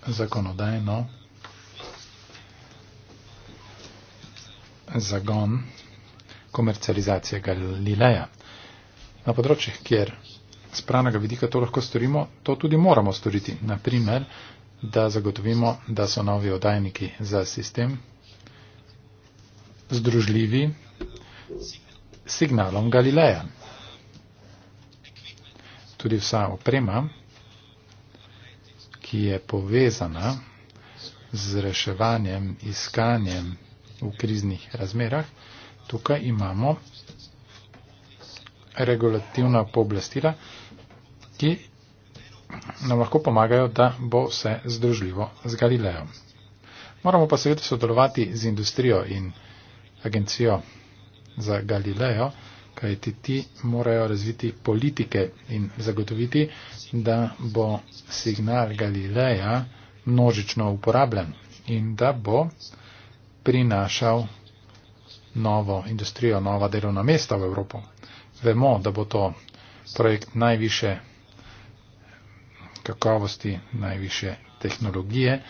zakonodajno zagon komercializacije Galileja. Na področjih, kjer z pravnega vidika to lahko storimo, to tudi moramo storiti. Naprimer, da zagotovimo, da so novi oddajniki za sistem združljivi signalom Galileja. Tudi vsa oprema, ki je povezana z reševanjem, iskanjem v kriznih razmerah, tukaj imamo regulativna pooblastila, ki nam lahko pomagajo, da bo vse združljivo z Galilejem. Moramo pa seveda sodelovati z industrijo in agencijo za Galilejo, kajti ti morajo razviti politike in zagotoviti, da bo signal Galileja množično uporabljen in da bo prinašal novo industrijo, nova delovna mesta v Evropo. Vemo, da bo to projekt najviše kakovosti, najviše tehnologije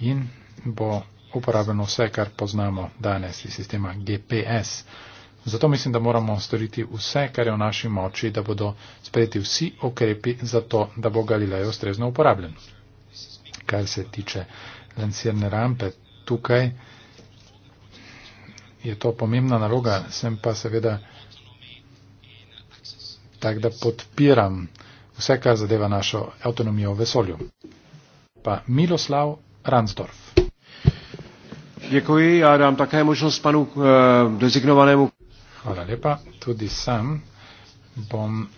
in bo uporabljeno vse, kar poznamo danes iz sistema GPS. Zato mislim, da moramo storiti vse, kar je v naši moči, da bodo sprejeti vsi okrepi za to, da bo Galilej ustrezno uporabljen. Kar se tiče lansirne rampe, tukaj je to pomembna naloga, sem pa seveda tak, da podpiram vse, kar zadeva našo avtonomijo v vesolju. Pa Miroslav Ransdorf. Děkuji, já dám také možnost panu eh, dezignovanému. Hvala lepa. Tudi sam bom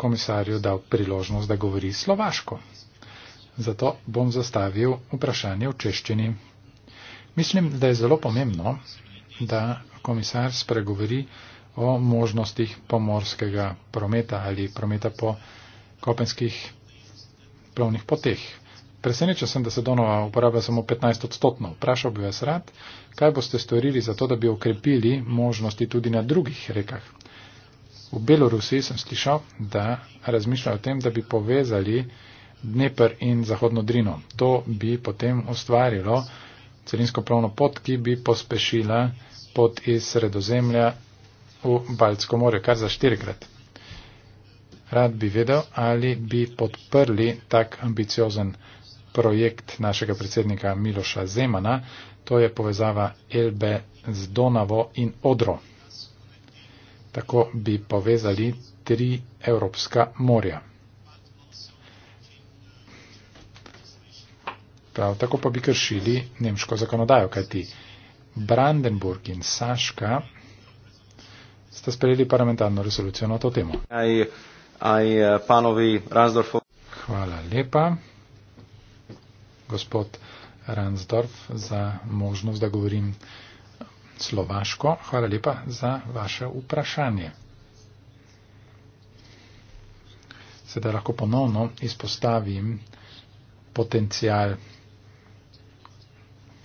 komisarju dal priložnost, da govori slovaško. Zato bom zastavil vprašanje v češčini. Mislim, da je zelo pomembno, da komisar spregovori o možnostih pomorskega prometa ali prometa po kopenskih plovnih poteh presenečen sem, da se Donova uporablja samo 15 odstotno. Vprašal bi vas rad, kaj boste storili za to, da bi okrepili možnosti tudi na drugih rekah. V Belorusiji sem slišal, da razmišljajo o tem, da bi povezali Dnepr in Zahodno Drino. To bi potem ustvarilo celinsko plovno pot, ki bi pospešila pot iz Sredozemlja v Baltsko more, kar za štirikrat. Rad bi vedel, ali bi podprli tak ambiciozen projekt projekt našega predsednika Miloša Zemana, to je povezava Elbe z Donavo in Odro. Tako bi povezali tri evropska morja. Prav tako pa bi kršili nemško zakonodajo, kajti Brandenburg in Saška sta sprejeli parlamentarno resolucijo na to temo. Aj, aj, eh, panovi Razdorfo. Hvala lepa gospod Ransdorf, za možnost, da govorim slovaško. Hvala lepa za vaše vprašanje. Sedaj lahko ponovno izpostavim potencijal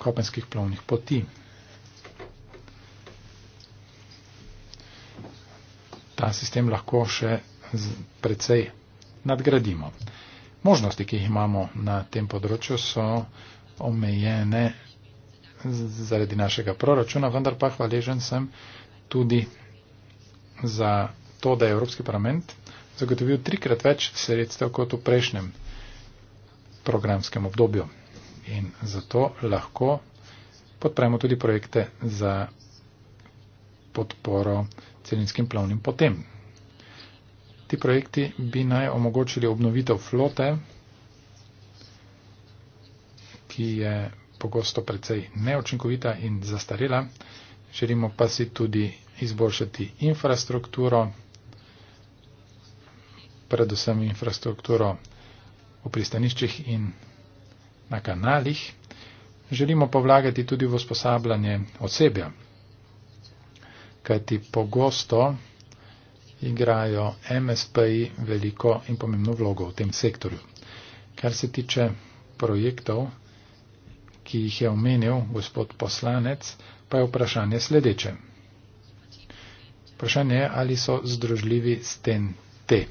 kopenskih plovnih poti. Ta sistem lahko še precej nadgradimo možnosti, ki jih imamo na tem področju, so omejene zaradi našega proračuna, vendar pa hvaležen sem tudi za to, da je Evropski parlament zagotovil trikrat več sredstev kot v prejšnjem programskem obdobju. In zato lahko podpremo tudi projekte za podporo celinskim plovnim potem. Ti projekti bi naj omogočili obnovitev flote, ki je pogosto precej neočinkovita in zastarela. Želimo pa si tudi izboljšati infrastrukturo, predvsem infrastrukturo v pristaniščih in na kanalih. Želimo pa vlagati tudi v usposabljanje osebja, kajti pogosto igrajo MSPI veliko in pomembno vlogo v tem sektorju. Kar se tiče projektov, ki jih je omenil gospod poslanec, pa je vprašanje sledeče. Vprašanje je, ali so združljivi s tem te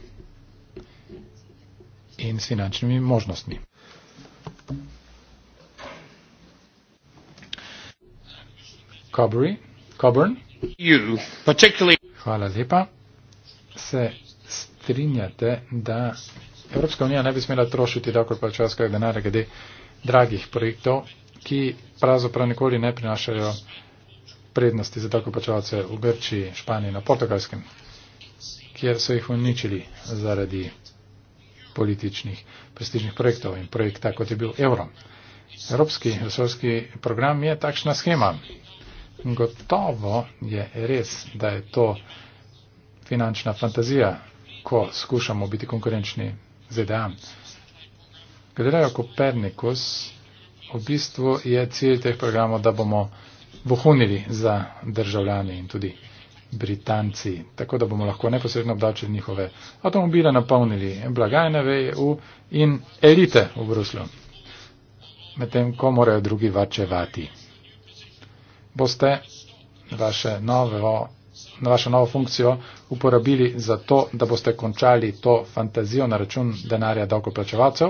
in s finančnimi možnostmi. Coburn. Hvala lepa se strinjate, da Evropska unija ne bi smela trošiti dokor plačevalskega denarja glede dragih projektov, ki pravzaprav nikoli ne prinašajo prednosti za tako plačevalce v Grčiji, Španiji, na Portugalskem, kjer so jih uničili zaradi političnih prestižnih projektov in projekta, kot je bil evro. Evropski vesoljski program je takšna schema. Gotovo je res, da je to finančna fantazija, ko skušamo biti konkurenčni z EDA. Gledajo Kopernikus, v bistvu je cilj teh programov, da bomo vohunili za državljani in tudi Britanci, tako da bomo lahko neposredno obdavčili njihove avtomobile, napolnili blagajne v EU in elite v Bruslju. Medtem, ko morajo drugi vačevati. Boste vaše novo na vašo novo funkcijo uporabili za to, da boste končali to fantazijo na račun denarja davkoplačevalcev.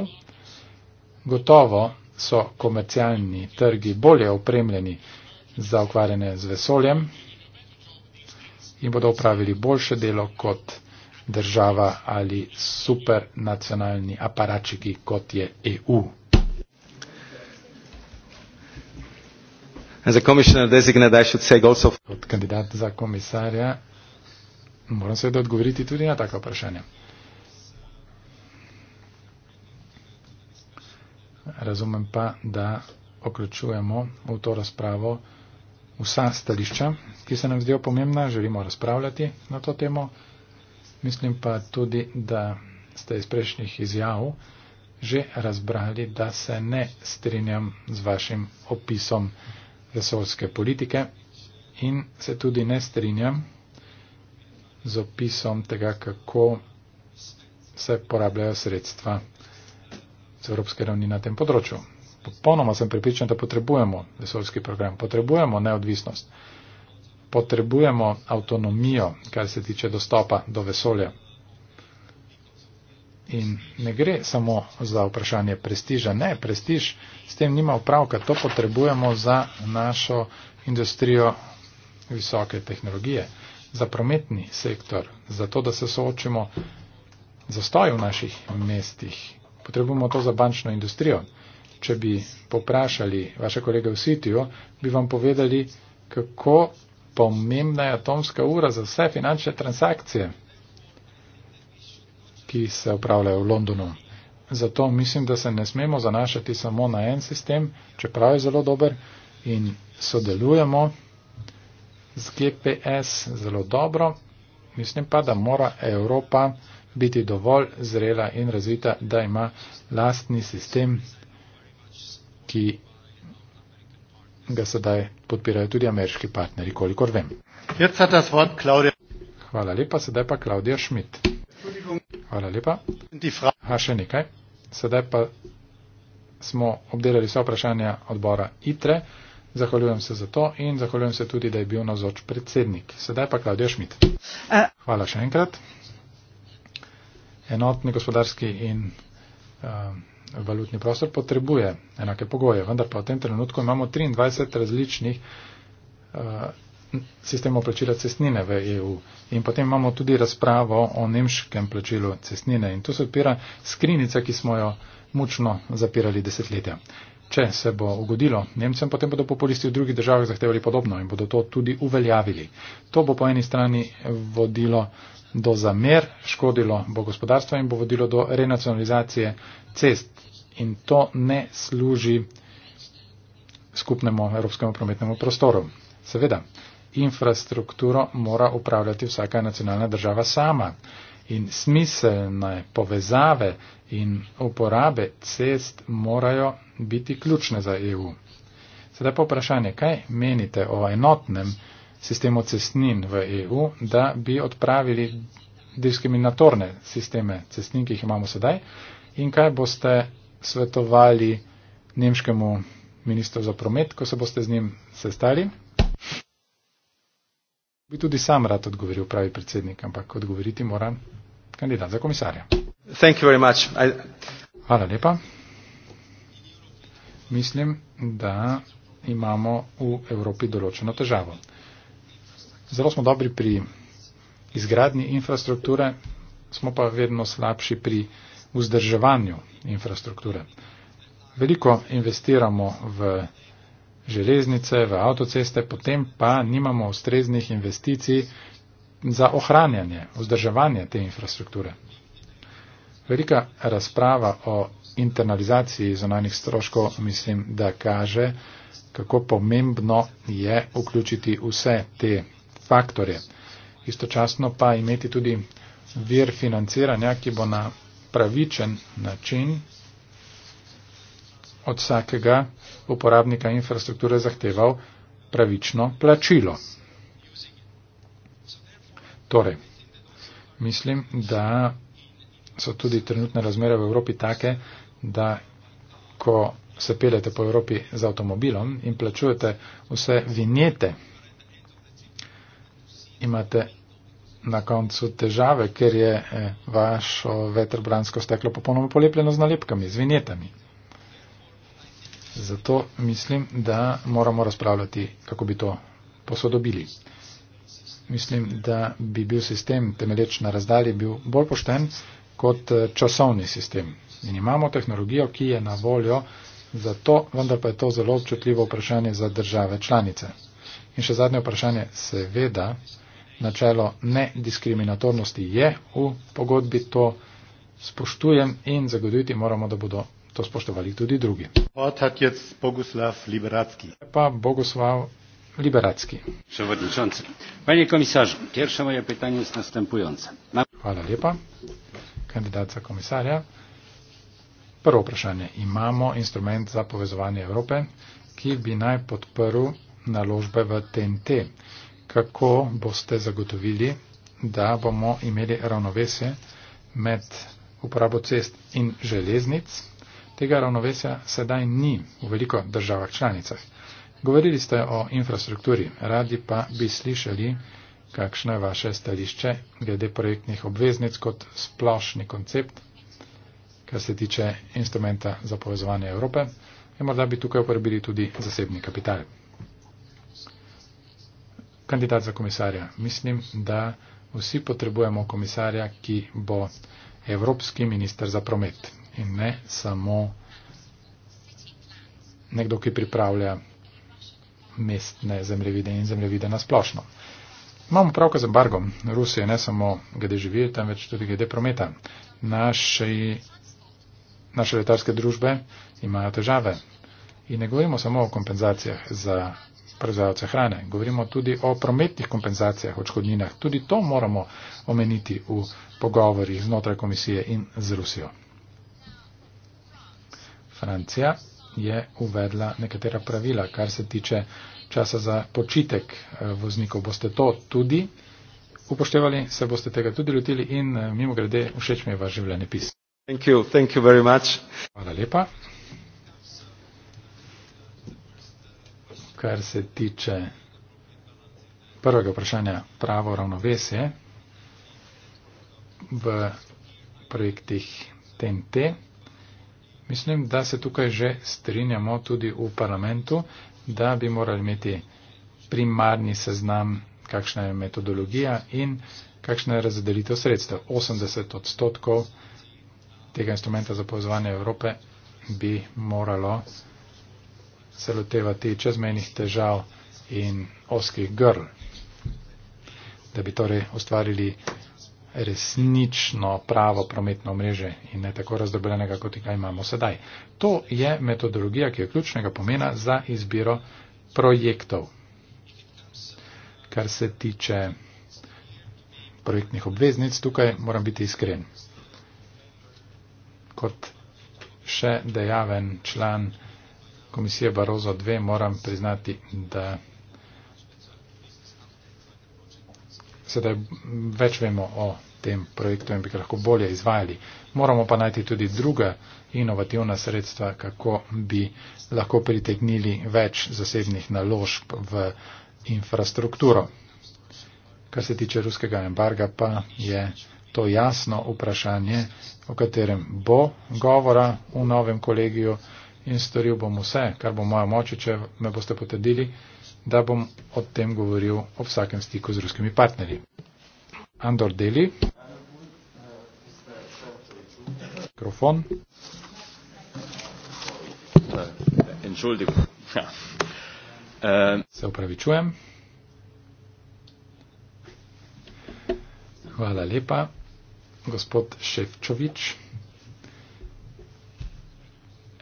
Gotovo so komercialni trgi bolje opremljeni za ukvarjanje z vesoljem in bodo upravili boljše delo kot država ali supernacionalni aparačiki, kot je EU. As a commissioner designate, I should say also. Kot kandidat za komisarja moram seveda odgovoriti tudi na tako vprašanje. Razumem pa, da vključujemo v to razpravo vsa stališča, ki se nam zdijo pomembna, želimo razpravljati na to temo. Mislim pa tudi, da ste iz prejšnjih izjav že razbrali, da se ne strinjam z vašim opisom vesoljske politike in se tudi ne strinjam z opisom tega, kako se porabljajo sredstva z Evropske ravni na tem področju. Popolnoma sem pripričan, da potrebujemo vesoljski program, potrebujemo neodvisnost, potrebujemo avtonomijo, kar se tiče dostopa do vesolja. In ne gre samo za vprašanje prestiža. Ne, prestiž s tem nima upravka. To potrebujemo za našo industrijo visoke tehnologije, za prometni sektor, za to, da se soočimo zastoj v naših mestih. Potrebujemo to za bančno industrijo. Če bi poprašali vaše kolege v Sitiju, bi vam povedali, kako pomembna je atomska ura za vse finančne transakcije ki se upravljajo v Londonu. Zato mislim, da se ne smemo zanašati samo na en sistem, čeprav je zelo dober in sodelujemo z GPS zelo dobro. Mislim pa, da mora Evropa biti dovolj zrela in razvita, da ima lastni sistem, ki ga sedaj podpirajo tudi ameriški partneri, kolikor vem. Hvala lepa, sedaj pa Klaudija Schmidt. Hvala lepa. Ha, še nekaj. Sedaj pa smo obdelali vse vprašanja odbora ITRE. Zahvaljujem se za to in zahvaljujem se tudi, da je bil nazoč predsednik. Sedaj pa Klaudija Šmit. Hvala še enkrat. Enotni gospodarski in uh, valutni prostor potrebuje enake pogoje, vendar pa v tem trenutku imamo 23 različnih uh, sistemu plačila cestnine v EU. In potem imamo tudi razpravo o nemškem plačilu cestnine. In to se odpira skrinica, ki smo jo mučno zapirali desetletja. Če se bo ugodilo Nemcem, potem bodo populisti v drugih državah zahtevali podobno in bodo to tudi uveljavili. To bo po eni strani vodilo do zamer, škodilo bo gospodarstvo in bo vodilo do renacionalizacije cest. In to ne služi skupnemu evropskemu prometnemu prostoru. Seveda infrastrukturo mora upravljati vsaka nacionalna država sama. In smiselne povezave in uporabe cest morajo biti ključne za EU. Sedaj pa vprašanje, kaj menite o enotnem sistemu cestnin v EU, da bi odpravili diskriminatorne sisteme cestnin, ki jih imamo sedaj, in kaj boste svetovali nemškemu ministru za promet, ko se boste z njim sestali? bi tudi sam rad odgovoril pravi predsednik, ampak odgovoriti mora kandidat za komisarja. I... Hvala lepa. Mislim, da imamo v Evropi določeno težavo. Zelo smo dobri pri izgradnji infrastrukture, smo pa vedno slabši pri vzdrževanju infrastrukture. Veliko investiramo v železnice, v avtoceste, potem pa nimamo ustreznih investicij za ohranjanje, vzdrževanje te infrastrukture. Velika razprava o internalizaciji zonalnih stroškov mislim, da kaže, kako pomembno je vključiti vse te faktore. Istočasno pa imeti tudi vir financiranja, ki bo na pravičen način od vsakega uporabnika infrastrukture zahteval pravično plačilo. Torej, mislim, da so tudi trenutne razmere v Evropi take, da ko se peljete po Evropi z avtomobilom in plačujete vse vinjete, imate na koncu težave, ker je eh, vašo vetrobransko steklo popolnoma polepljeno z nalepkami, z vinjetami. Zato mislim, da moramo razpravljati, kako bi to posodobili. Mislim, da bi bil sistem temeleč na razdalji bil bolj pošten kot eh, časovni sistem. In imamo tehnologijo, ki je na voljo za to, vendar pa je to zelo občutljivo vprašanje za države članice. In še zadnje vprašanje, seveda, načelo nediskriminatornosti je v pogodbi, to spoštujem in zagotoviti moramo, da bodo to spoštovali tudi drugi. Otatec Bogoslav Liberacki. Pa Bogoslav Liberacki. Przewodniczący. Panie komisarzu, pierwsze moje pytanie jest następujące. Mam... Hvala lepa, kandidat za komisarja. Prvo vprašanje. Imamo instrument za povezovanje Evrope, ki bi naj podprl naložbe v TNT. Kako boste zagotovili, da bomo imeli ravnovesje med uporabo cest in železnic? Tega ravnovesja sedaj ni v veliko državah članicah. Govorili ste o infrastrukturi, radi pa bi slišali, kakšno je vaše stališče glede projektnih obveznic kot splošni koncept, kar se tiče instrumenta za povezovanje Evrope in morda bi tukaj uporabili tudi zasebni kapital. Kandidat za komisarja. Mislim, da vsi potrebujemo komisarja, ki bo evropski minister za promet in ne samo nekdo, ki pripravlja mestne zemljevide in zemljevide na splošno. Imamo pravko z embargom Rusije, ne samo glede živil, temveč tudi glede prometa. Naše, naše letarske družbe imajo težave in ne govorimo samo o kompenzacijah za proizvajalce hrane, govorimo tudi o prometnih kompenzacijah, odškodninah. Tudi to moramo omeniti v pogovorih znotraj komisije in z Rusijo. Francija je uvedla nekatera pravila, kar se tiče časa za počitek eh, voznikov. Boste to tudi upoštevali, se boste tega tudi lotili in eh, mimo grede všeč mi je vaš življenje pis. Thank you. Thank you very much. Hvala lepa. Kar se tiče prvega vprašanja, pravo ravnovesje v projektih TNT. Mislim, da se tukaj že strinjamo tudi v parlamentu, da bi morali imeti primarni seznam, kakšna je metodologija in kakšna je razdelitev sredstev. 80 odstotkov tega instrumenta za povezovanje Evrope bi moralo se lotevati čezmejnih težav in oskih grl, da bi torej ustvarili resnično pravo prometno mreže in ne tako razdrobljenega, kot ga imamo sedaj. To je metodologija, ki je ključnega pomena za izbiro projektov. Kar se tiče projektnih obveznic, tukaj moram biti iskren. Kot še dejaven član komisije Barozo 2 moram priznati, da. sedaj več vemo o tem projektu in bi ga lahko bolje izvajali. Moramo pa najti tudi druga inovativna sredstva, kako bi lahko pritegnili več zasebnih naložb v infrastrukturo. Kar se tiče ruskega embarga, pa je to jasno vprašanje, o katerem bo govora v novem kolegiju in storil bom vse, kar bo moja moče, če me boste potrdili, da bom o tem govoril o vsakem stiku z ruskimi partnerji. Andor Deli. Mikrofon. Ja. Ähm. Se upravičujem. Hvala lepa. Gospod Ševčovič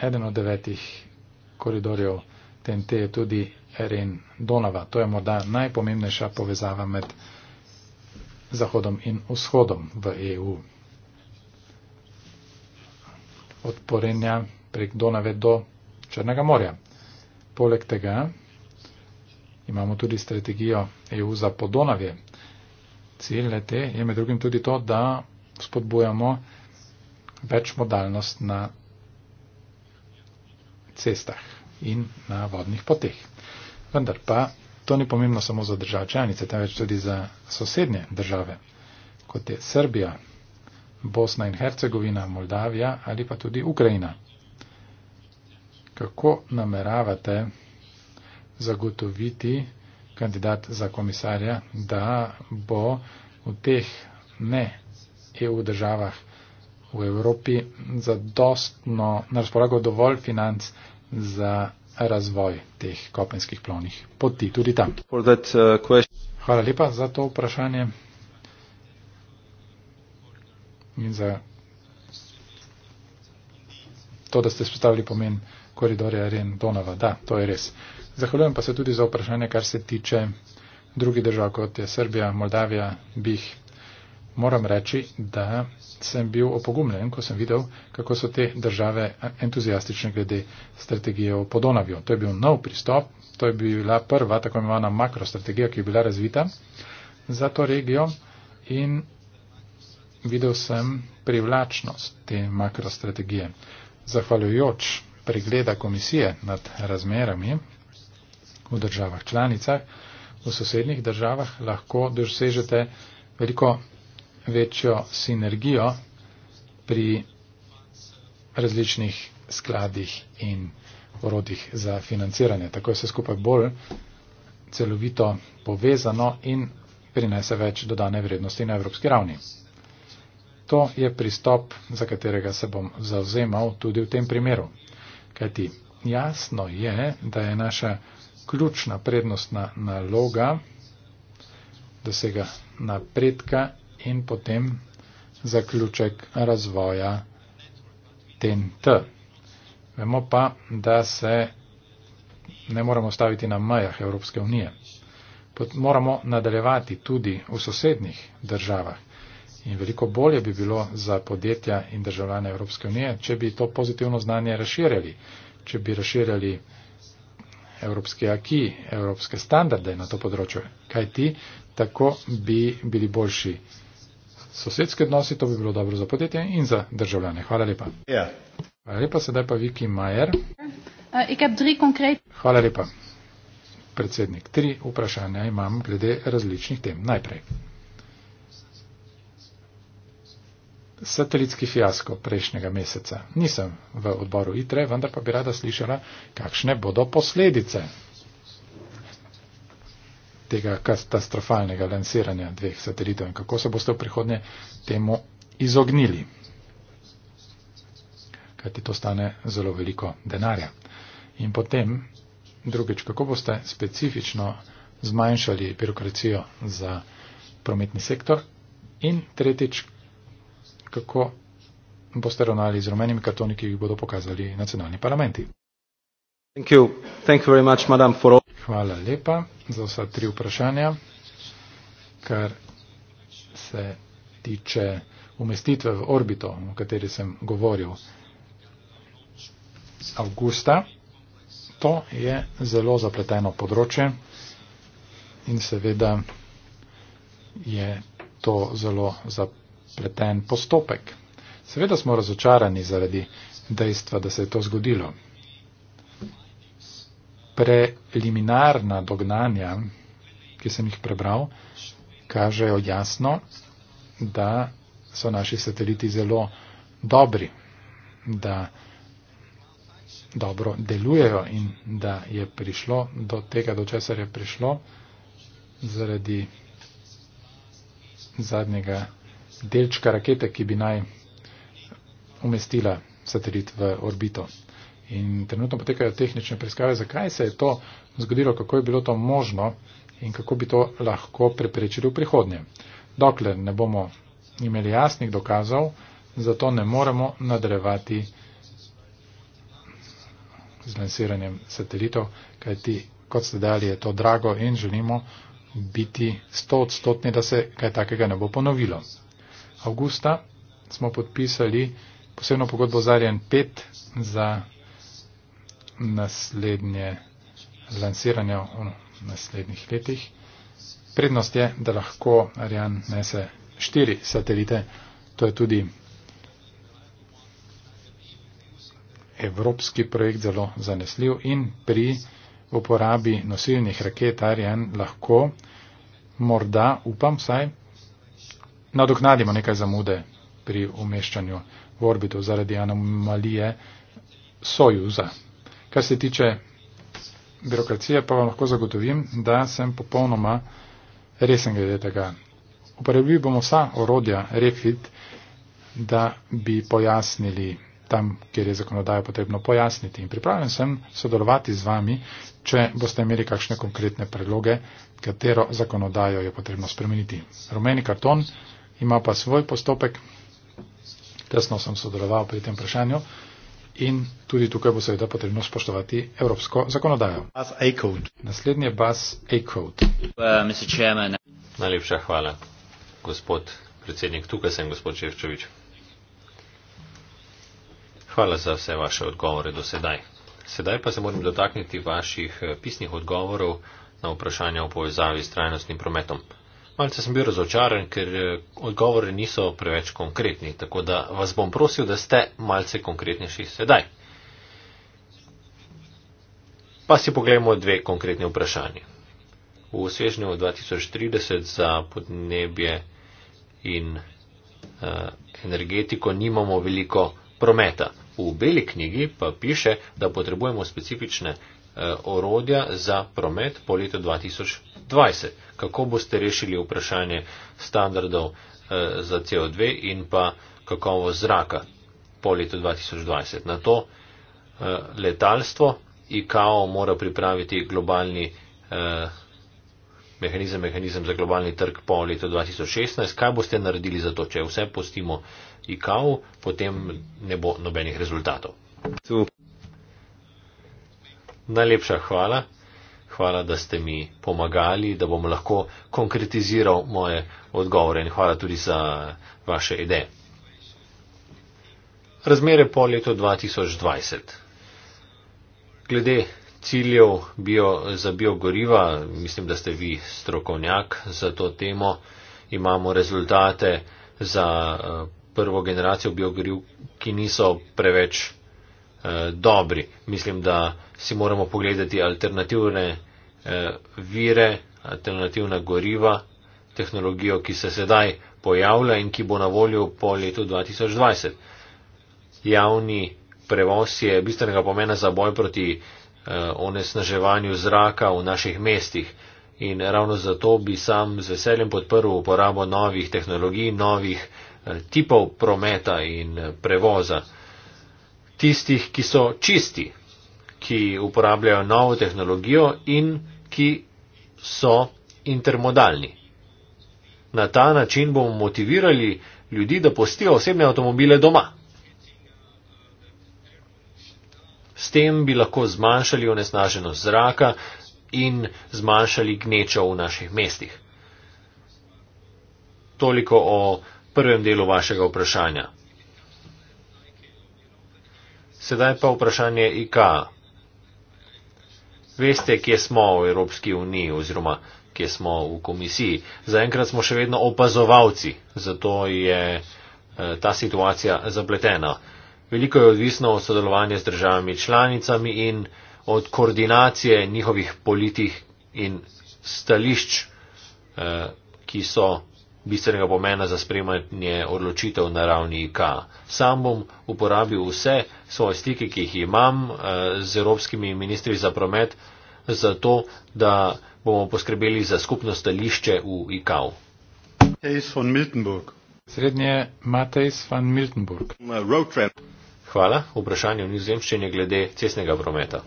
eden od devetih koridorjev TNT je tudi Eren Donava. To je morda najpomembnejša povezava med Zahodom in Vzhodom v EU. Od Porenja prek Donave do Črnega morja. Poleg tega imamo tudi strategijo EU za podonavje. Cilj te je med drugim tudi to, da spodbujamo večmodalnost na cestah in na vodnih poteh. Vendar pa to ni pomembno samo za države članice, temveč tudi za sosednje države, kot je Srbija, Bosna in Hercegovina, Moldavija ali pa tudi Ukrajina. Kako nameravate zagotoviti kandidat za komisarja, da bo v teh ne EU državah v Evropi zadostno, na razpolago dovolj financ za razvoj teh kopenskih plovnih poti, tudi tam. That, uh, Hvala lepa za to vprašanje in za to, da ste spostavili pomen koridorja Ren-Donova. Da, to je res. Zahvaljujem pa se tudi za vprašanje, kar se tiče drugih držav, kot je Srbija, Moldavija, bih moram reči, da sem bil opogumljen, ko sem videl, kako so te države entuzijastične glede strategije v Podonavju. To je bil nov pristop, to je bila prva tako imenovana makrostrategija, ki je bila razvita za to regijo in videl sem privlačnost te makrostrategije. Zahvaljujoč pregleda komisije nad razmerami v državah članicah, v sosednjih državah lahko dosežete veliko večjo sinergijo pri različnih skladih in orodjih za financiranje. Tako je vse skupaj bolj celovito povezano in prinese več dodane vrednosti na evropski ravni. To je pristop, za katerega se bom zauzemal tudi v tem primeru. Kajti jasno je, da je naša ključna prednostna naloga dosega napredka in potem zaključek razvoja TNT. Vemo pa, da se ne moramo staviti na mejah Evropske unije. Pot moramo nadaljevati tudi v sosednjih državah. In veliko bolje bi bilo za podjetja in državljane Evropske unije, če bi to pozitivno znanje razširjali, če bi razširjali evropske aki, evropske standarde na to področje. Kaj ti, tako bi bili boljši sosedske odnose, to bi bilo dobro za podjetje in za državljane. Hvala lepa. Ja. Hvala lepa, sedaj pa Viki Majer. Eh, Hvala lepa, predsednik. Tri vprašanja imam glede različnih tem. Najprej. Satelitski fiasko prejšnjega meseca. Nisem v odboru ITRE, vendar pa bi rada slišala, kakšne bodo posledice tega katastrofalnega lansiranja dveh satelitov in kako se boste v prihodnje temu izognili. Kaj ti to stane zelo veliko denarja. In potem, drugič, kako boste specifično zmanjšali birokracijo za prometni sektor. In tretjič, kako boste ravnali z rumenimi kartoni, ki jih bodo pokazali nacionalni parlamenti. Thank you. Thank you hvala lepa za vsa tri vprašanja, kar se tiče umestitve v orbito, o kateri sem govoril. Augusta, to je zelo zapleteno področje in seveda je to zelo zapleten postopek. Seveda smo razočarani zaradi dejstva, da se je to zgodilo preliminarna dognanja, ki sem jih prebral, kažejo jasno, da so naši sateliti zelo dobri, da dobro delujejo in da je prišlo do tega, do česar je prišlo zaradi zadnjega delčka rakete, ki bi naj umestila satelit v orbito. In trenutno potekajo tehnične preiskave, zakaj se je to zgodilo, kako je bilo to možno in kako bi to lahko preprečili v prihodnje. Dokler ne bomo imeli jasnih dokazov, zato ne moremo nadrevati z lansiranjem satelitov, kajti, kot ste dali, je to drago in želimo biti stotstotni, da se kaj takega ne bo ponovilo. Augusta smo podpisali posebno pogodbo za Ariane 5 za naslednje lansiranje v naslednjih letih. Prednost je, da lahko Arjan nese štiri satelite. To je tudi evropski projekt zelo zanesljiv in pri uporabi nosilnih raket Arjan lahko morda, upam vsaj, nadoknadimo nekaj zamude pri umeščanju v orbito zaradi anomalije Sojuza. Kar se tiče birokracije, pa vam lahko zagotovim, da sem popolnoma resen glede tega. Uporabili bomo vsa orodja Refit, da bi pojasnili tam, kjer je zakonodajo potrebno pojasniti. In pripravljen sem sodelovati z vami, če boste imeli kakšne konkretne predloge, katero zakonodajo je potrebno spremeniti. Rumeni karton ima pa svoj postopek. Tesno sem sodeloval pri tem vprašanju in tudi tukaj bo seveda potrebno spoštovati evropsko zakonodajo. Naslednji je bas A-code. Uh, Najlepša hvala, gospod predsednik. Tukaj sem, gospod Ševčevič. Hvala za vse vaše odgovore do sedaj. Sedaj pa se moram dotakniti vaših eh, pisnih odgovorov na vprašanja o povezavi s trajnostnim prometom. Malce sem bil razočaran, ker eh, odgovori niso preveč konkretni, tako da vas bom prosil, da ste malce konkretnejši sedaj. Pa si pogledamo dve konkretni vprašanji. V svežnju 2030 za podnebje in uh, energetiko nimamo veliko prometa. V beli knjigi pa piše, da potrebujemo specifične uh, orodja za promet po letu 2030. 2020, kako boste rešili vprašanje standardov eh, za CO2 in pa kakovo zraka po letu 2020. Na to eh, letalstvo IKAO mora pripraviti globalni eh, mehanizem, mehanizem za globalni trg po letu 2016. Kaj boste naredili za to, če vse postimo IKAO, potem ne bo nobenih rezultatov. Najlepša hvala hvala, da ste mi pomagali, da bom lahko konkretiziral moje odgovore in hvala tudi za vaše ideje. Razmere po letu 2020. Glede ciljev bio, za biogoriva, mislim, da ste vi strokovnjak za to temo. Imamo rezultate za eh, prvo generacijo biogoriv, ki niso preveč eh, dobri. Mislim, da si moramo pogledati alternativne Eh, vire, alternativna goriva, tehnologijo, ki se sedaj pojavlja in ki bo na voljo po letu 2020. Javni prevoz je bistvenega pomena za boj proti eh, onesnaževanju zraka v naših mestih. In ravno zato bi sam z veseljem podprl uporabo novih tehnologij, novih eh, tipov prometa in prevoza. Tistih, ki so čisti, ki uporabljajo novo tehnologijo in ki so intermodalni. Na ta način bomo motivirali ljudi, da postijo osebne avtomobile doma. S tem bi lahko zmanjšali onesnaženost zraka in zmanjšali gnečo v naših mestih. Toliko o prvem delu vašega vprašanja. Sedaj pa vprašanje IKA veste, kje smo v Evropski uniji oziroma kje smo v komisiji. Zaenkrat smo še vedno opazovalci, zato je eh, ta situacija zapletena. Veliko je odvisno od sodelovanja z državami članicami in od koordinacije njihovih politik in stališč, eh, ki so bistvenega pomena za spremanje odločitev na ravni IK. Sam bom uporabil vse svoje stike, ki jih imam eh, z evropskimi ministri za promet, zato da bomo poskrbeli za skupno stališče v IK. Srednje Matejs van Miltenburg. Hvala. Vprašanje v nizozemščini glede cestnega prometa.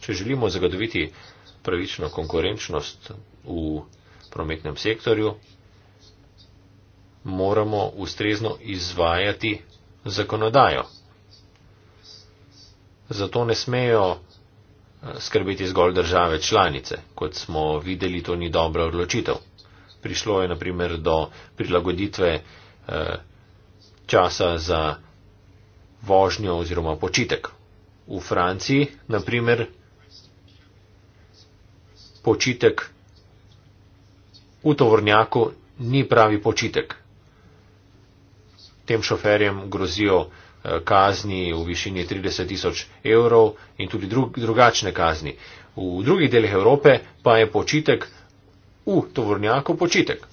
Če želimo zagotoviti pravično konkurenčnost v prometnem sektorju, moramo ustrezno izvajati zakonodajo. Zato ne smejo eh, skrbeti zgolj države članice, kot smo videli, to ni dobra odločitev. Prišlo je naprimer do prilagoditve eh, časa za vožnjo oziroma počitek. V Franciji, naprimer, počitek v tovornjaku ni pravi počitek. Tem šoferjem grozijo eh, kazni v višini 30 tisoč evrov in tudi drug, drugačne kazni. V drugih delih Evrope pa je počitek v tovornjaku počitek.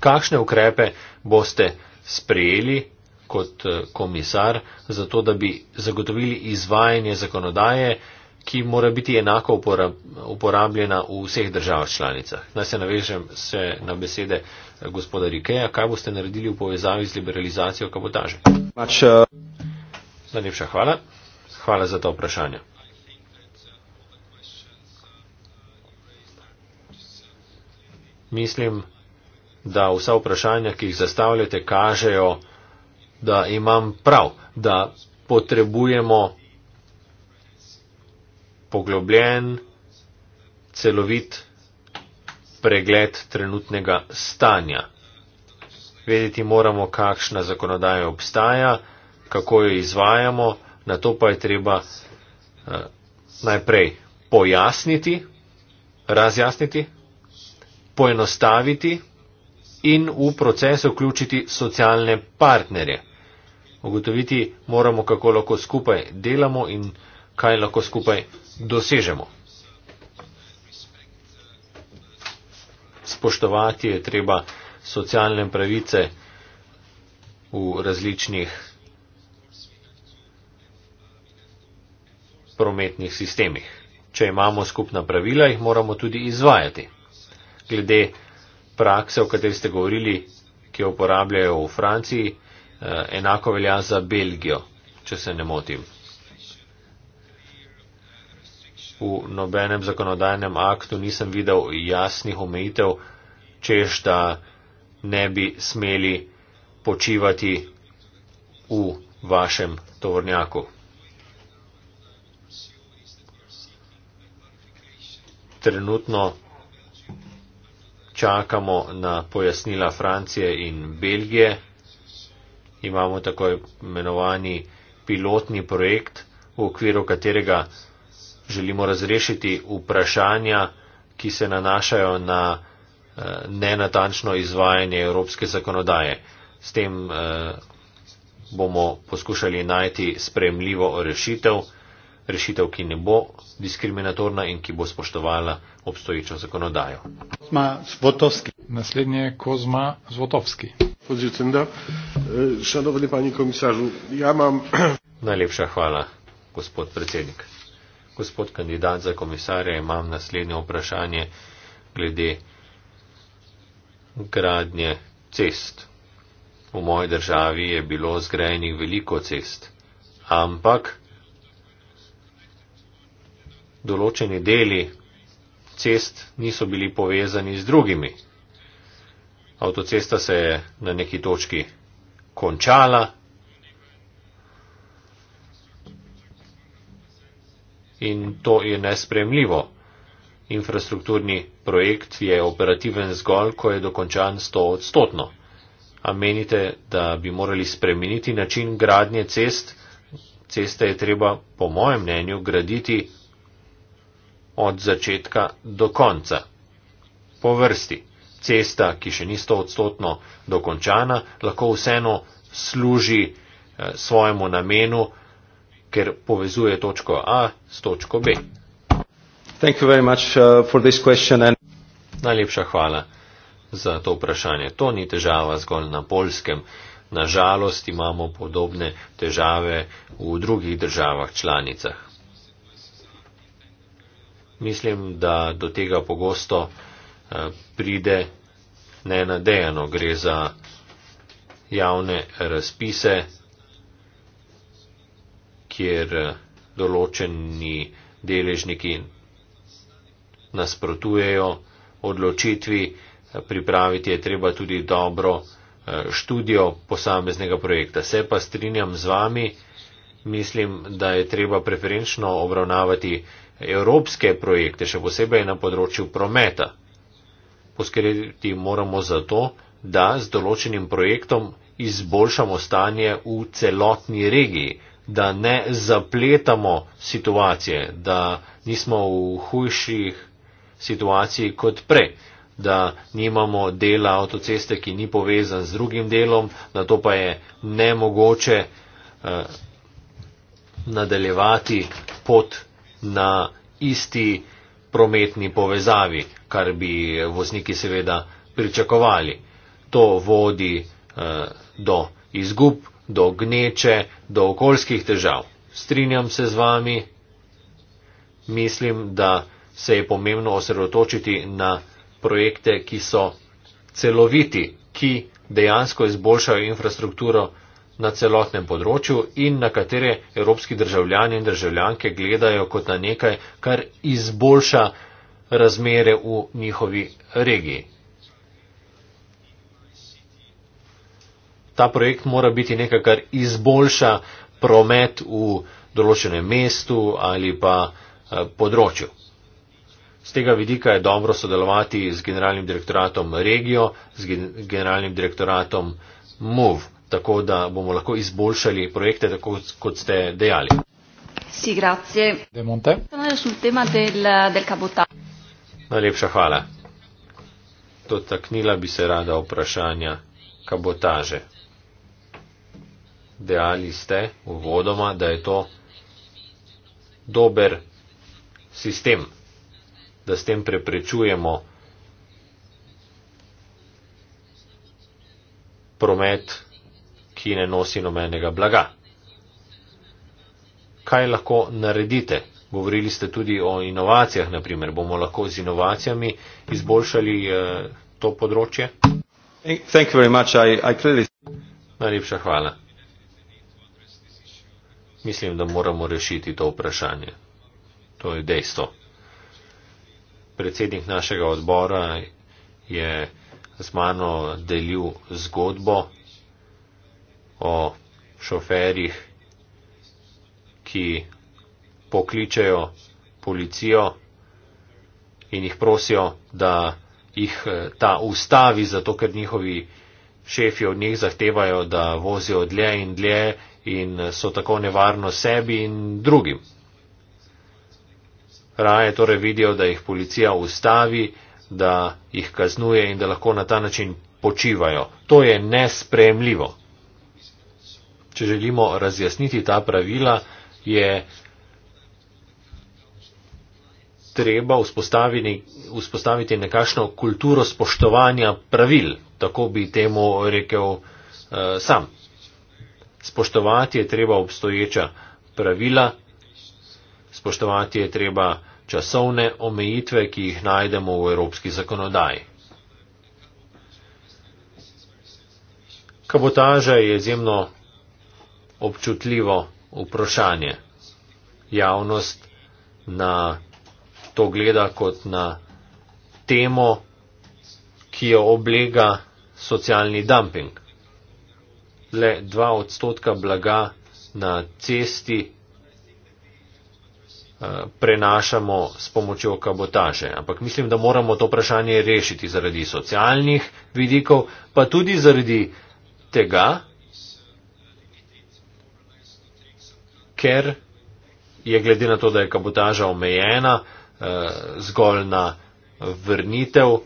Kakšne ukrepe boste sprejeli kot eh, komisar za to, da bi zagotovili izvajanje zakonodaje, ki mora biti enako uporabljena v vseh državah članicah. Naj se navežem se na besede eh, gospoda Rikeja, kaj boste naredili v povezavi z liberalizacijo kabotaže. Pač, eh, Najlepša hvala. Hvala za ta vprašanja. Mislim, da vsa vprašanja, ki jih zastavljate, kažejo, da imam prav, da potrebujemo poglobljen, celovit pregled trenutnega stanja. Vedeti moramo, kakšna zakonodaja obstaja, kako jo izvajamo, na to pa je treba eh, najprej pojasniti, razjasniti, poenostaviti in v proces vključiti socialne partnerje. Ugotoviti moramo, kako lahko skupaj delamo in kaj lahko skupaj dosežemo. Spoštovati je treba socialne pravice v različnih prometnih sistemih. Če imamo skupna pravila, jih moramo tudi izvajati. Glede prakse, o kateri ste govorili, ki jo uporabljajo v Franciji, eh, enako velja za Belgijo, če se ne motim v nobenem zakonodajnem aktu nisem videl jasnih omejitev, čež da ne bi smeli počivati v vašem tovornjaku. Trenutno čakamo na pojasnila Francije in Belgije. Imamo tako imenovani pilotni projekt, v okviru katerega želimo razrešiti vprašanja, ki se nanašajo na eh, nenatančno izvajanje evropske zakonodaje. S tem eh, bomo poskušali najti spremljivo rešitev, rešitev, ki ne bo diskriminatorna in ki bo spoštovala obstoječo zakonodajo. Naslednji je Kozma Zvotovski. E, ja Najlepša hvala, gospod predsednik. Gospod kandidat za komisarja, imam naslednje vprašanje glede gradnje cest. V moji državi je bilo zgrajenih veliko cest, ampak določeni deli cest niso bili povezani z drugimi. Avtocesta se je na neki točki končala, in to je nespremljivo. Infrastrukturni projekt je operativen zgolj, ko je dokončan 100 odstotno. A menite, da bi morali spremeniti način gradnje cest? Ceste je treba, po mojem mnenju, graditi od začetka do konca. Po vrsti. Cesta, ki še ni 100 odstotno dokončana, lahko vseeno služi eh, svojemu namenu, ker povezuje točko A s točko B. Much, uh, and... Najlepša hvala za to vprašanje. To ni težava zgolj na polskem. Nažalost imamo podobne težave v drugih državah članicah. Mislim, da do tega pogosto uh, pride nenadejano. Gre za javne razpise, kjer eh, določeni deležniki nasprotujejo odločitvi, eh, pripraviti je treba tudi dobro eh, študijo posameznega projekta. Se pa strinjam z vami, mislim, da je treba preferenčno obravnavati evropske projekte, še posebej na področju prometa. Poskrbeti moramo za to, da z določenim projektom izboljšamo stanje v celotni regiji, da ne zapletamo situacije, da nismo v hujših situacijah kot prej, da nimamo dela avtoceste, ki ni povezan z drugim delom, na to pa je nemogoče eh, nadaljevati pot na isti prometni povezavi, kar bi vozniki seveda pričakovali. To vodi eh, do izgub do gneče, do okoljskih težav. Strinjam se z vami, mislim, da se je pomembno osredotočiti na projekte, ki so celoviti, ki dejansko izboljšajo infrastrukturo na celotnem področju in na katere evropski državljani in državljanke gledajo kot na nekaj, kar izboljša razmere v njihovi regiji. ta projekt mora biti nekaj, kar izboljša promet v določenem mestu ali pa eh, področju. Z tega vidika je dobro sodelovati z generalnim direktoratom Regio, z generalnim direktoratom MOV, tako da bomo lahko izboljšali projekte, tako kot ste dejali. Sì, grazie. De Monte. Sul tema del, del Najlepša hvala. Dotaknila bi se rada vprašanja kabotaže dejali ste uvodoma, da je to dober sistem, da s tem preprečujemo promet, ki ne nosi nobenega blaga. Kaj lahko naredite? Govorili ste tudi o inovacijah, naprimer, bomo lahko z inovacijami izboljšali eh, to področje? Najlepša hvala mislim, da moramo rešiti to vprašanje. To je dejstvo. Predsednik našega odbora je z mano delil zgodbo o šoferjih, ki pokličejo policijo in jih prosijo, da jih ta ustavi, zato ker njihovi šefi od njih zahtevajo, da vozijo dlje in dlje in so tako nevarno sebi in drugim. Raje torej vidijo, da jih policija ustavi, da jih kaznuje in da lahko na ta način počivajo. To je nespremljivo. Če želimo razjasniti ta pravila, je treba vzpostaviti nekakšno kulturo spoštovanja pravil, tako bi temu rekel uh, sam. Spoštovati je treba obstoječa pravila, spoštovati je treba časovne omejitve, ki jih najdemo v evropski zakonodaji. Kabotaža je izjemno občutljivo vprašanje. Javnost na to gleda kot na temo, ki jo oblega socialni dumping le 2 odstotka blaga na cesti eh, prenašamo s pomočjo kabotaže. Ampak mislim, da moramo to vprašanje rešiti zaradi socialnih vidikov, pa tudi zaradi tega, ker je glede na to, da je kabotaža omejena eh, zgolj na vrnitev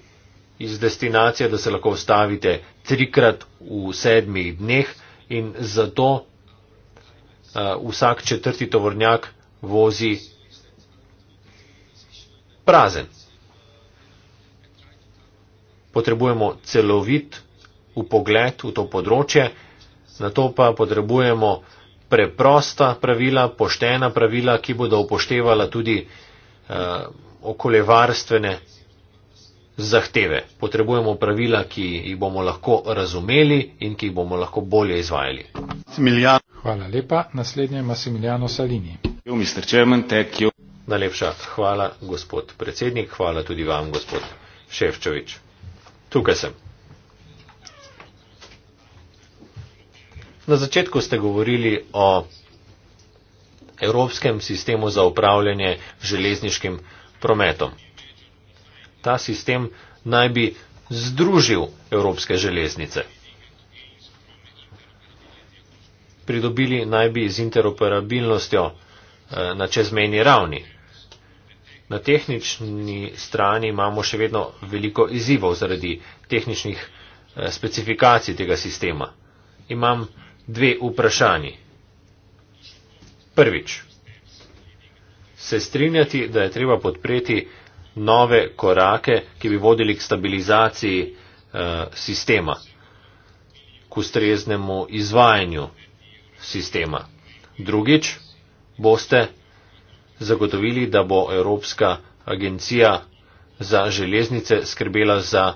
iz destinacije, da se lahko ustavite trikrat v sedmih dneh in zato uh, vsak četrti tovornjak vozi prazen. Potrebujemo celovit upogled v to področje, na to pa potrebujemo preprosta pravila, poštena pravila, ki bodo upoštevala tudi uh, okoljevarstvene zahteve. Potrebujemo pravila, ki jih bomo lahko razumeli in ki jih bomo lahko bolje izvajali. Similjano. Hvala lepa. Naslednje je Massimiliano Salini. Najlepša hvala, gospod predsednik. Hvala tudi vam, gospod Ševčovič. Tukaj sem. Na začetku ste govorili o Evropskem sistemu za upravljanje železniškim prometom ta sistem naj bi združil evropske železnice. Pridobili naj bi z interoperabilnostjo eh, na čezmeni ravni. Na tehnični strani imamo še vedno veliko izzivov zaradi tehničnih eh, specifikacij tega sistema. Imam dve vprašanji. Prvič, se strinjati, da je treba podpreti nove korake, ki bi vodili k stabilizaciji eh, sistema, k ustreznemu izvajanju sistema. Drugič boste zagotovili, da bo Evropska agencija za železnice skrbela za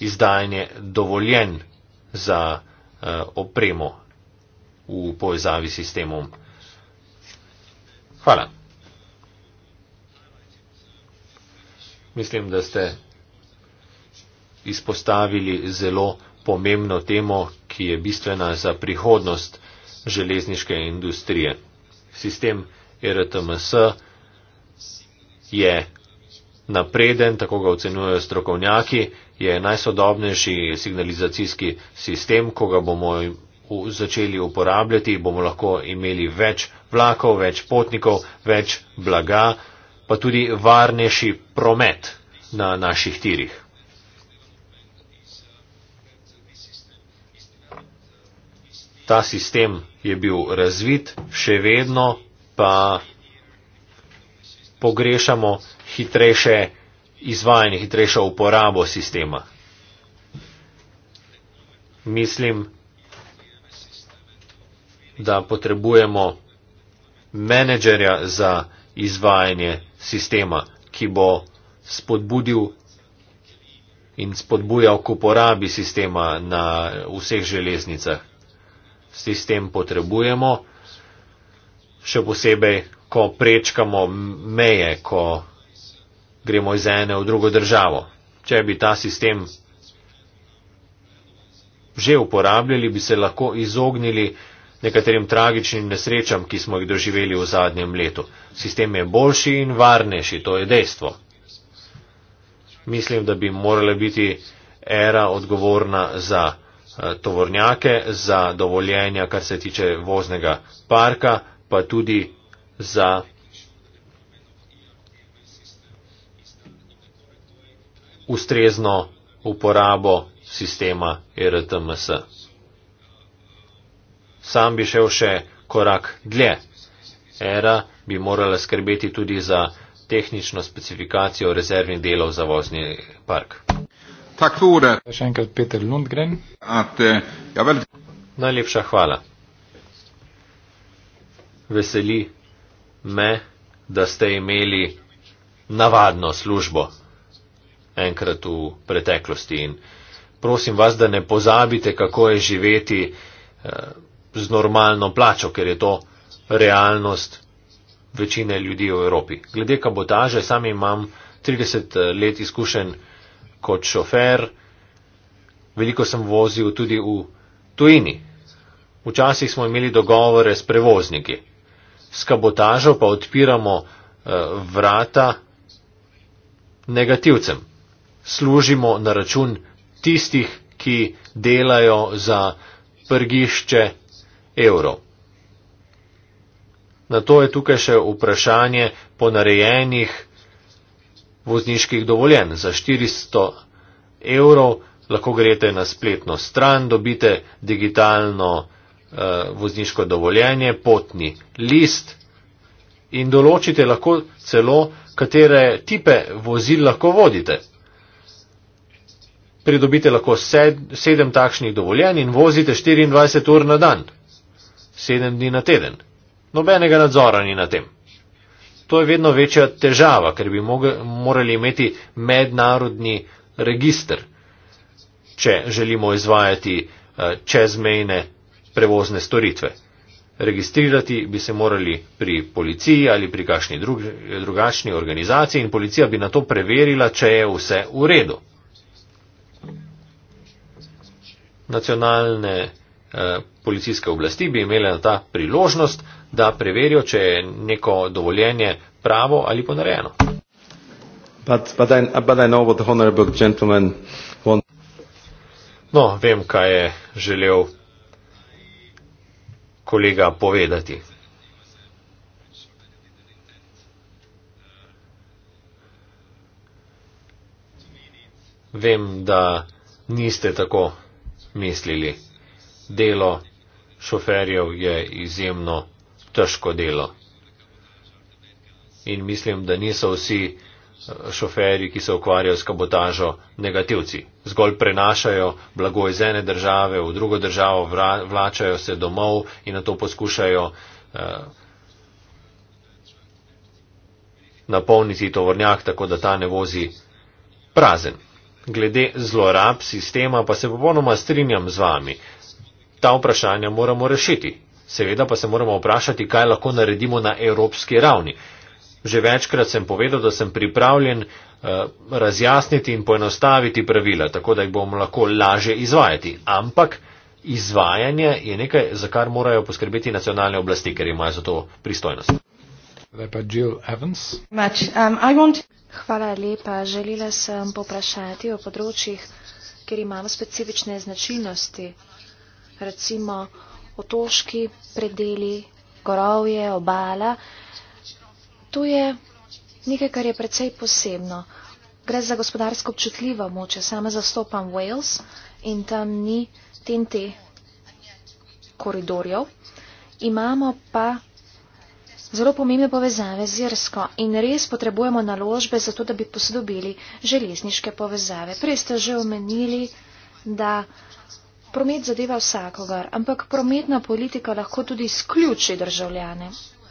izdajanje dovoljen za eh, opremo v povezavi s sistemom. Hvala. Mislim, da ste izpostavili zelo pomembno temo, ki je bistvena za prihodnost železniške industrije. Sistem e RTMS je napreden, tako ga ocenjujejo strokovnjaki, je najsodobnejši signalizacijski sistem, ko ga bomo začeli uporabljati, bomo lahko imeli več vlakov, več potnikov, več blaga pa tudi varnejši promet na naših tirih. Ta sistem je bil razvit, še vedno pa pogrešamo hitrejše izvajanje, hitrejšo uporabo sistema. Mislim, da potrebujemo menedžerja za izvajanje sistema, ki bo spodbudil in spodbujal k uporabi sistema na vseh železnicah. Sistem potrebujemo, še posebej, ko prečkamo meje, ko gremo iz ene v drugo državo. Če bi ta sistem že uporabljali, bi se lahko izognili nekaterim tragičnim nesrečam, ki smo jih doživeli v zadnjem letu. Sistem je boljši in varnejši, to je dejstvo. Mislim, da bi morala biti era odgovorna za eh, tovornjake, za dovoljenja, kar se tiče voznega parka, pa tudi za ustrezno uporabo sistema e RTMS sam bi šel še korak dlje. ERA bi morala skrbeti tudi za tehnično specifikacijo rezervnih delov za vozni park. Še enkrat Peter Lundgren. Eh, ja, Najlepša hvala. Veseli me, da ste imeli navadno službo enkrat v preteklosti in prosim vas, da ne pozabite, kako je živeti. Eh, z normalno plačo, ker je to realnost večine ljudi v Evropi. Glede kabotaže, sam imam 30 eh, let izkušen kot šofer, veliko sem vozil tudi v tujini. Včasih smo imeli dogovore s prevozniki. S kabotažo pa odpiramo eh, vrata negativcem. Služimo na račun tistih, ki delajo za prgišče evrov. Na to je tukaj še vprašanje ponarejenih vozniških dovoljen. Za 400 evrov lahko grete na spletno stran, dobite digitalno eh, vozniško dovoljenje, potni list in določite lahko celo, katere tipe vozil lahko vodite. Pridobite lahko sed, sedem takšnih dovoljen in vozite 24 ur na dan sedem dni na teden. Nobenega nadzora ni na tem. To je vedno večja težava, ker bi morali imeti mednarodni registr, če želimo izvajati eh, čezmejne prevozne storitve. Registrirati bi se morali pri policiji ali pri kakšni drug, drugačni organizaciji in policija bi na to preverila, če je vse v redu. Nacionalne Eh, policijske oblasti bi imele ta priložnost, da preverijo, če je neko dovoljenje pravo ali ponarejeno. No, vem, kaj je želel kolega povedati. Vem, da niste tako mislili delo šoferjev je izjemno težko delo. In mislim, da niso vsi eh, šoferji, ki se ukvarjajo s kabotažo, negativci. Zgolj prenašajo blago iz ene države v drugo državo, vlačajo se domov in na to poskušajo eh, napolniti tovornjak, tako da ta ne vozi prazen. Glede zlorab sistema pa se popolnoma strinjam z vami. Ta vprašanja moramo rešiti. Seveda pa se moramo vprašati, kaj lahko naredimo na evropski ravni. Že večkrat sem povedal, da sem pripravljen uh, razjasniti in poenostaviti pravila, tako da jih bomo lahko laže izvajati. Ampak izvajanje je nekaj, za kar morajo poskrbeti nacionalne oblasti, ker imajo za to pristojnost. Lepa Jill Evans. Much, um, want... Hvala lepa. Želela sem poprašati o področjih, kjer imamo specifične značilnosti recimo otoški predeli, gorovje, obala. To je nekaj, kar je precej posebno. Gre za gospodarsko občutljivo moče. Sama zastopam Wales in tam ni TNT koridorjev. Imamo pa zelo pomembne povezave z Irsko in res potrebujemo naložbe za to, da bi posodobili železniške povezave. Prej ste že omenili, da Promet zadeva vsakogar, ampak prometna politika lahko tudi izključi državljane.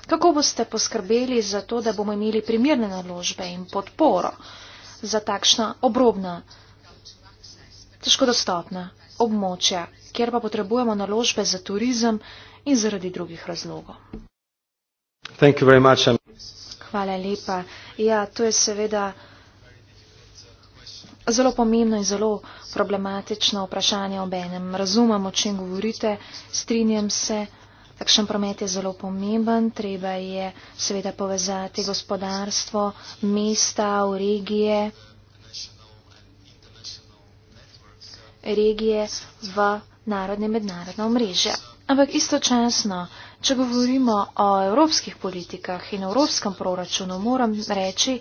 Kako boste poskrbeli za to, da bomo imeli primirne naložbe in podporo za takšna obrobna, težko dostopna območja, kjer pa potrebujemo naložbe za turizem in zaradi drugih razlogov? Hvala lepa. Ja, to je seveda. Zelo pomembno in zelo problematično vprašanje ob enem. Razumem, o čem govorite, strinjam se, takšen promet je zelo pomemben, treba je seveda povezati gospodarstvo, mesta, v regije, regije v narodne mednarodne omrežje. Ampak istočasno, če govorimo o evropskih politikah in evropskem proračunu, moram reči,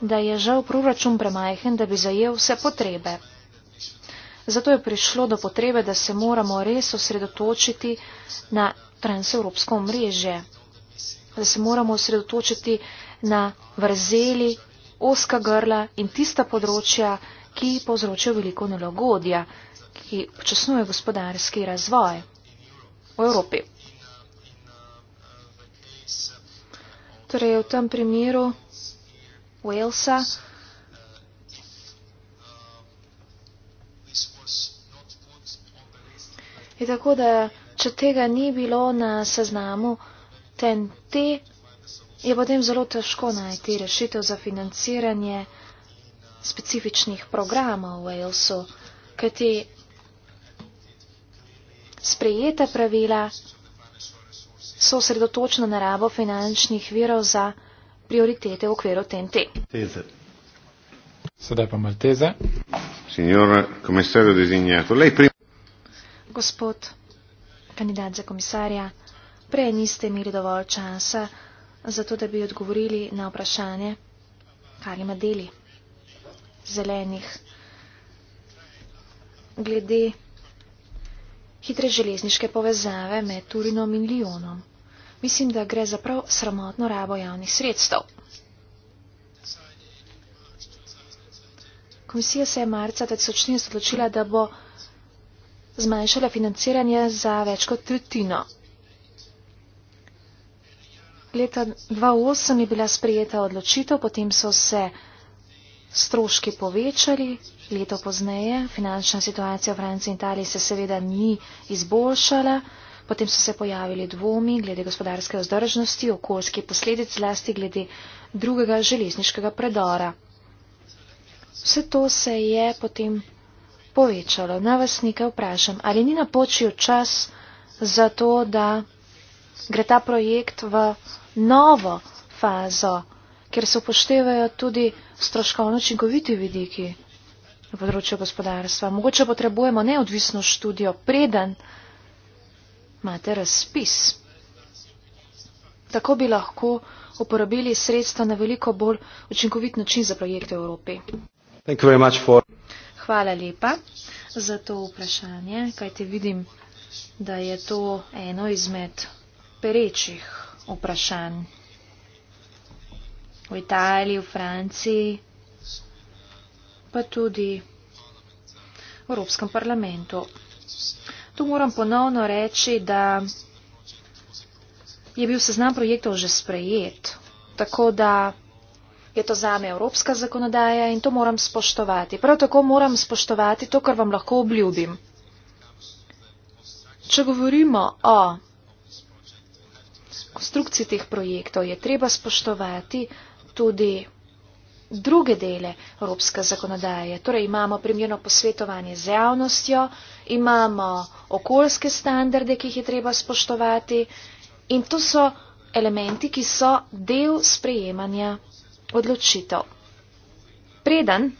da je žal proračun premajhen, da bi zajel vse potrebe. Zato je prišlo do potrebe, da se moramo res osredotočiti na transevropsko mrežje, da se moramo osredotočiti na vrzeli, oska grla in tista področja, ki povzročajo veliko nelogodja, ki počasnuje gospodarski razvoj v Evropi. Torej, v tem primeru Walesa. In tako da, če tega ni bilo na seznamu TNT, je potem zelo težko najti rešitev za financiranje specifičnih programov v Walesu, kajti sprejeta pravila so osredotočena na rabo finančnih virov za prioritete v okviru TNT. Sedaj pa Malteza. Gospod kandidat za komisarja, prej niste imeli dovolj časa, zato da bi odgovorili na vprašanje, kar ima deli zelenih glede hitre železniške povezave med Turinom in Lijonom. Mislim, da gre za prav sramotno rabo javnih sredstev. Komisija se je marca 2014 odločila, da bo zmanjšala financiranje za več kot tretjino. Leta 2008 je bila sprejeta odločitev, potem so se stroški povečali, leto pozneje finančna situacija v Franciji in Italiji se seveda ni izboljšala. Potem so se pojavili dvomi glede gospodarske vzdržnosti, okoljskih posledic, zlasti glede drugega železniškega predora. Vse to se je potem povečalo. Na vas nekaj vprašam, ali ni napočil čas za to, da gre ta projekt v novo fazo, ker se upoštevajo tudi stroškovno učinkoviti vidiki na področju gospodarstva. Mogoče potrebujemo neodvisno študijo, preden imate razpis. Tako bi lahko uporabili sredstva na veliko bolj učinkovit način za projekte v Evropi. For... Hvala lepa za to vprašanje, kajte vidim, da je to eno izmed perečih vprašanj v Italiji, v Franciji, pa tudi v Evropskem parlamentu. Tu moram ponovno reči, da je bil seznam projektov že sprejet, tako da je to zame evropska zakonodaja in to moram spoštovati. Prav tako moram spoštovati to, kar vam lahko obljubim. Če govorimo o konstrukciji teh projektov, je treba spoštovati tudi druge dele evropske zakonodaje. Torej imamo primerno posvetovanje z javnostjo, imamo okoljske standarde, ki jih je treba spoštovati in to so elementi, ki so del sprejemanja odločitev. Preden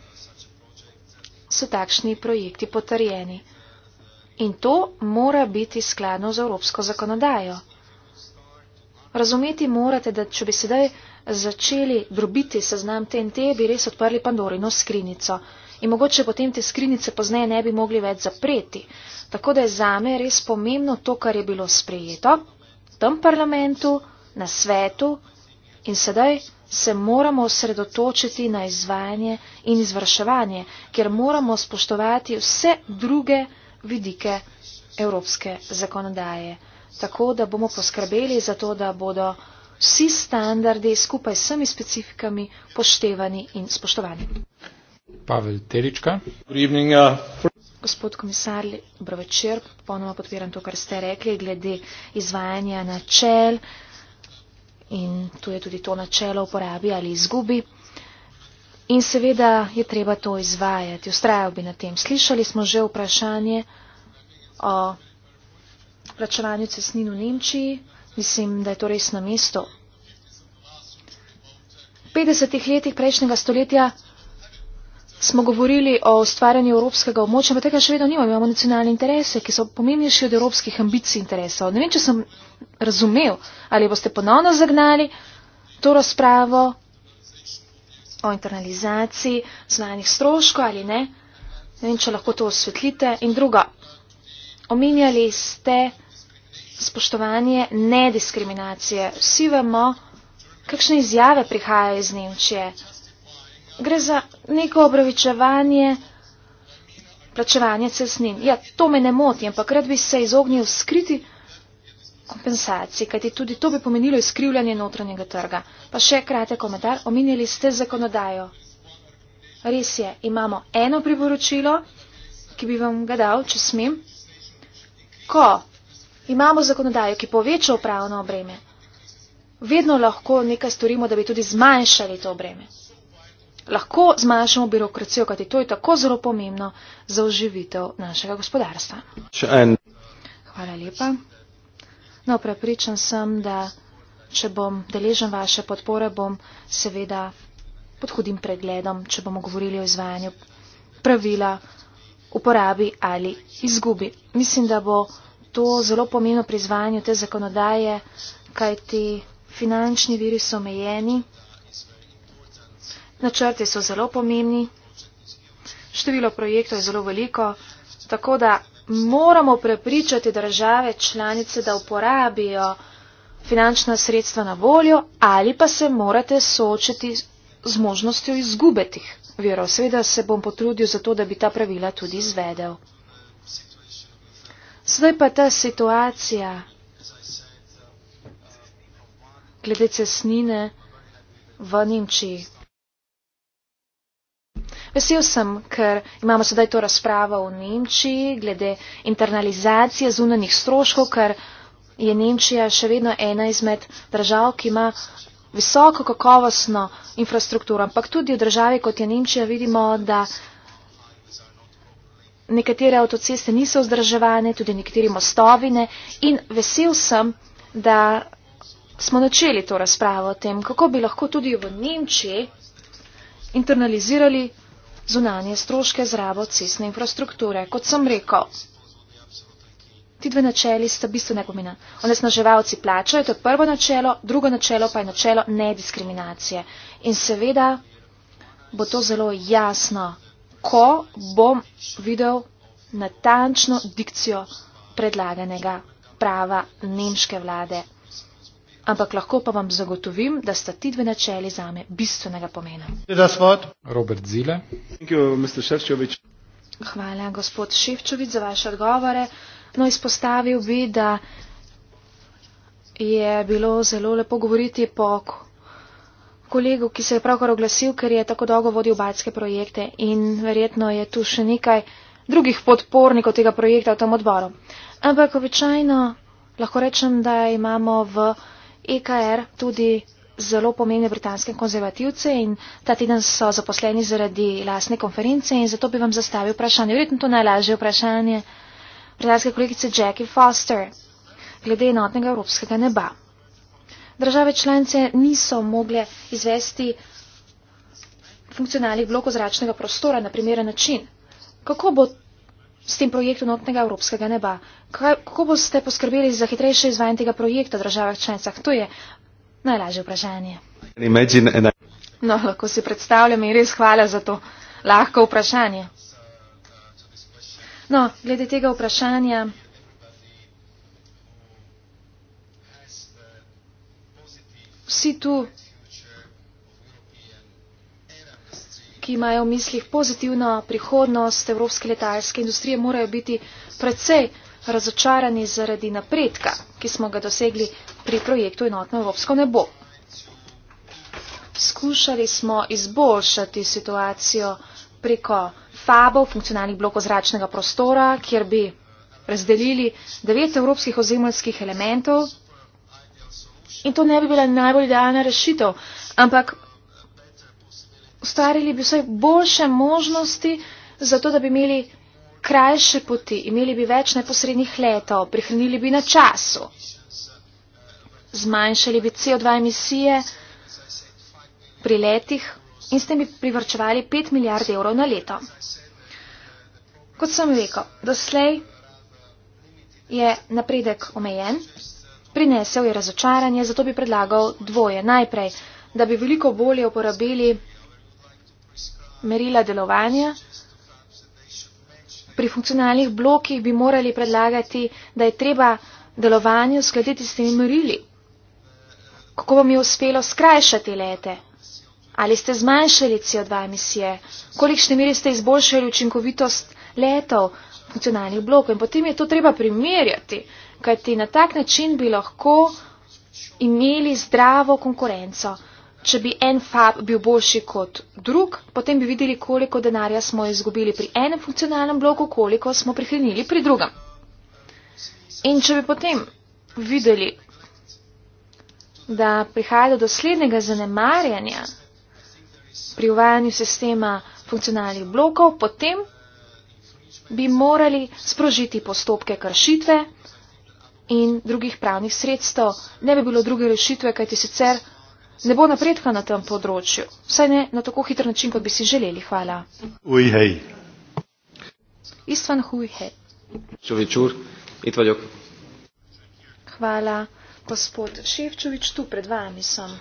so takšni projekti potrjeni. In to mora biti skladno z evropsko zakonodajo. Razumeti morate, da če bi sedaj začeli drobiti seznam TNT, bi res odprli Pandorino skrinico. In mogoče potem te skrinice pozneje ne bi mogli več zapreti. Tako da je zame res pomembno to, kar je bilo sprejeto v tem parlamentu, na svetu in sedaj se moramo osredotočiti na izvajanje in izvrševanje, ker moramo spoštovati vse druge vidike evropske zakonodaje. Tako da bomo poskrbeli za to, da bodo vsi standardi skupaj s vsemi specifikami poštevani in spoštovani. Pavel Terička. Uh, Gospod komisar, dobro večer. Ponovno podpiram to, kar ste rekli glede izvajanja načel in tu je tudi to načelo uporabi ali izgubi. In seveda je treba to izvajati. Ustrajal bi na tem. Slišali smo že vprašanje o plačevanju cesnin v Nemčiji. Mislim, da je to res na mestu. V 50-ih letih prejšnjega stoletja smo govorili o ustvarjanju evropskega območja, pa tega še vedno nimamo. Imamo nacionalne interese, ki so pomembnejši od evropskih ambicij interesov. Ne vem, če sem razumel, ali boste ponovno zagnali to razpravo o internalizaciji zvanih stroškov ali ne. Ne vem, če lahko to osvetlite. In druga, omenjali ste spoštovanje nediskriminacije. Vsi vemo, kakšne izjave prihaja iz Nemčije. Gre za neko obravičevanje, plačevanje cestnin. Ja, to me ne moti, ampak rad bi se izognil skriti kompensaciji, kajti tudi to bi pomenilo izkrivljanje notranjega trga. Pa še kratek komentar, omenili ste zakonodajo. Res je, imamo eno priporočilo, ki bi vam ga dal, če smem. Ko Imamo zakonodajo, ki poveča upravno breme. Vedno lahko nekaj storimo, da bi tudi zmanjšali to breme. Lahko zmanjšamo birokracijo, kajti to je tako zelo pomembno za oživitev našega gospodarstva. Hvala lepa. No, prepričan sem, da če bom deležen vaše podpore, bom seveda pod hudim pregledom, če bomo govorili o izvajanju pravila uporabi ali izgubi. Mislim, da bo to zelo pomeno pri izvajanju te zakonodaje, kaj ti finančni viri so omejeni. Načrti so zelo pomembni, število projektov je zelo veliko, tako da moramo prepričati države članice, da uporabijo finančna sredstva na voljo ali pa se morate soočiti z možnostjo izgubetih virov. Seveda se bom potrudil za to, da bi ta pravila tudi izvedel. Zdaj pa ta situacija glede cesnine v Nemčiji. Vesel sem, ker imamo sedaj to razpravo v Nemčiji glede internalizacije zunanih stroškov, ker je Nemčija še vedno ena izmed držav, ki ima visoko kakovostno infrastrukturo. Ampak tudi v državi, kot je Nemčija, vidimo, da nekatere avtoceste niso vzdrževane, tudi nekateri mostovine in vesel sem, da smo načeli to razpravo o tem, kako bi lahko tudi v Nemčiji internalizirali zunanje stroške z rabo cestne infrastrukture. Kot sem rekel, ti dve načeli sta bistvena pomena. Onesnaževalci plačajo, to je prvo načelo, drugo načelo pa je načelo nediskriminacije. In seveda bo to zelo jasno ko bom videl natančno dikcijo predlaganega prava nemške vlade. Ampak lahko pa vam zagotovim, da sta ti dve načeli zame bistvenega pomena. Robert Zile. Hvala, gospod Ševčovič, za vaše odgovore. No, izpostavil bi, da je bilo zelo lepo govoriti po kolegu, ki se je pravkar oglasil, ker je tako dolgo vodil bajske projekte in verjetno je tu še nekaj drugih podpornikov tega projekta v tem odboru. Ampak običajno lahko rečem, da imamo v EKR tudi zelo pomembne britanske konzervativce in ta teden so zaposleni zaradi lastne konference in zato bi vam zastavil vprašanje. Verjetno to najlažje vprašanje britanske kolegice Jackie Foster glede enotnega evropskega neba države članice niso mogle izvesti funkcionalnih blokov zračnega prostora na primeren način. Kako bo s tem projektom notnega evropskega neba? Kako boste poskrbeli za hitrejše izvajanje tega projekta v državah članicah? To je najlažje vprašanje. No, lahko si predstavljam in res hvala za to lahko vprašanje. No, glede tega vprašanja. vsi tu, ki imajo v mislih pozitivno prihodnost evropske letalske industrije, morajo biti predvsej razočarani zaradi napredka, ki smo ga dosegli pri projektu Enotno evropsko nebo. Skušali smo izboljšati situacijo preko FABO, funkcionalnih blokov zračnega prostora, kjer bi razdelili devet evropskih ozemljskih elementov, In to ne bi bila najbolj idealna rešitev, ampak ustvarili bi vsaj boljše možnosti za to, da bi imeli krajše poti, imeli bi več neposrednih letov, prihranili bi na času, zmanjšali bi CO2 emisije pri letih in s tem bi privrčevali 5 milijard evrov na leto. Kot sem rekel, doslej je napredek omejen prinesel je razočaranje, zato bi predlagal dvoje. Najprej, da bi veliko bolje uporabili merila delovanja. Pri funkcionalnih blokih bi morali predlagati, da je treba delovanje uskladiti s temi merili. Kako vam je uspelo skrajšati lete? Ali ste zmanjšali CO2 emisije? Kolikšne meri ste izboljšali učinkovitost letov funkcionalnih blokov? In potem je to treba primerjati kajti na tak način bi lahko imeli zdravo konkurenco. Če bi en fab bil boljši kot drug, potem bi videli, koliko denarja smo izgubili pri enem funkcionalnem bloku, koliko smo prihranili pri drugem. In če bi potem videli, da prihaja do doslednega zanemarjanja pri uvajanju sistema funkcionalnih blokov, potem bi morali sprožiti postopke kršitve, in drugih pravnih sredstev. Ne bi bilo druge rešitve, kajti sicer ne bo napredka na tem področju. Vsaj ne na tako hiter način, kot bi si želeli. Hvala. Uj, hej. Istvan Huihe. Čovečur, Itvaljok. Hvala, gospod Ševčovič, tu pred vami sem.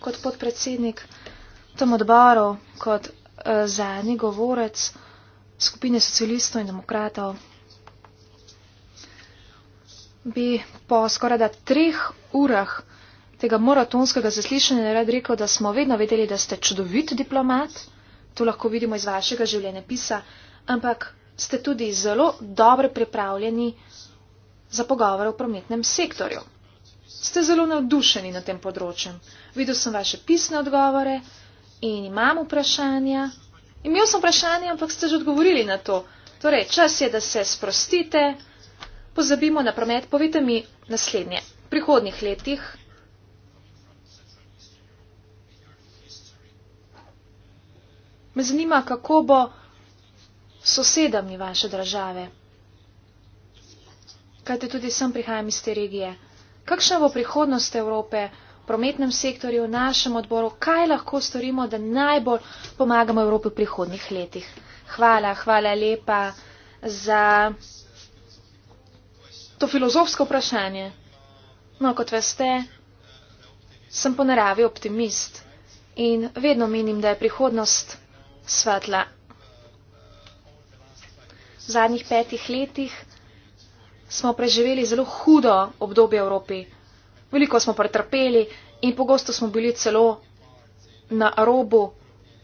Kot podpredsednik tem odboru, kot uh, zadnji govorec skupine socialistov in demokratov, bi po skoraj da treh urah tega maratonskega zaslišanja rad rekel, da smo vedno vedeli, da ste čudovit diplomat, to lahko vidimo iz vašega življenjepisa, ampak ste tudi zelo dobro pripravljeni za pogovore v prometnem sektorju. Ste zelo navdušeni na tem področjem. Videl sem vaše pisne odgovore in imam vprašanja. Imel sem vprašanje, ampak ste že odgovorili na to. Torej, čas je, da se sprostite pozabimo na promet, povite mi naslednje. V prihodnih letih me zanima, kako bo sosedami vaše države, kajte tudi sem prihajam iz te regije. Kakšna bo prihodnost Evrope v prometnem sektorju, v našem odboru, kaj lahko storimo, da najbolj pomagamo Evropi v prihodnih letih? Hvala, hvala lepa za to filozofsko vprašanje. No, kot veste, sem po naravi optimist in vedno menim, da je prihodnost svetla. V zadnjih petih letih smo preživeli zelo hudo obdobje Evropi. Veliko smo pretrpeli in pogosto smo bili celo na robu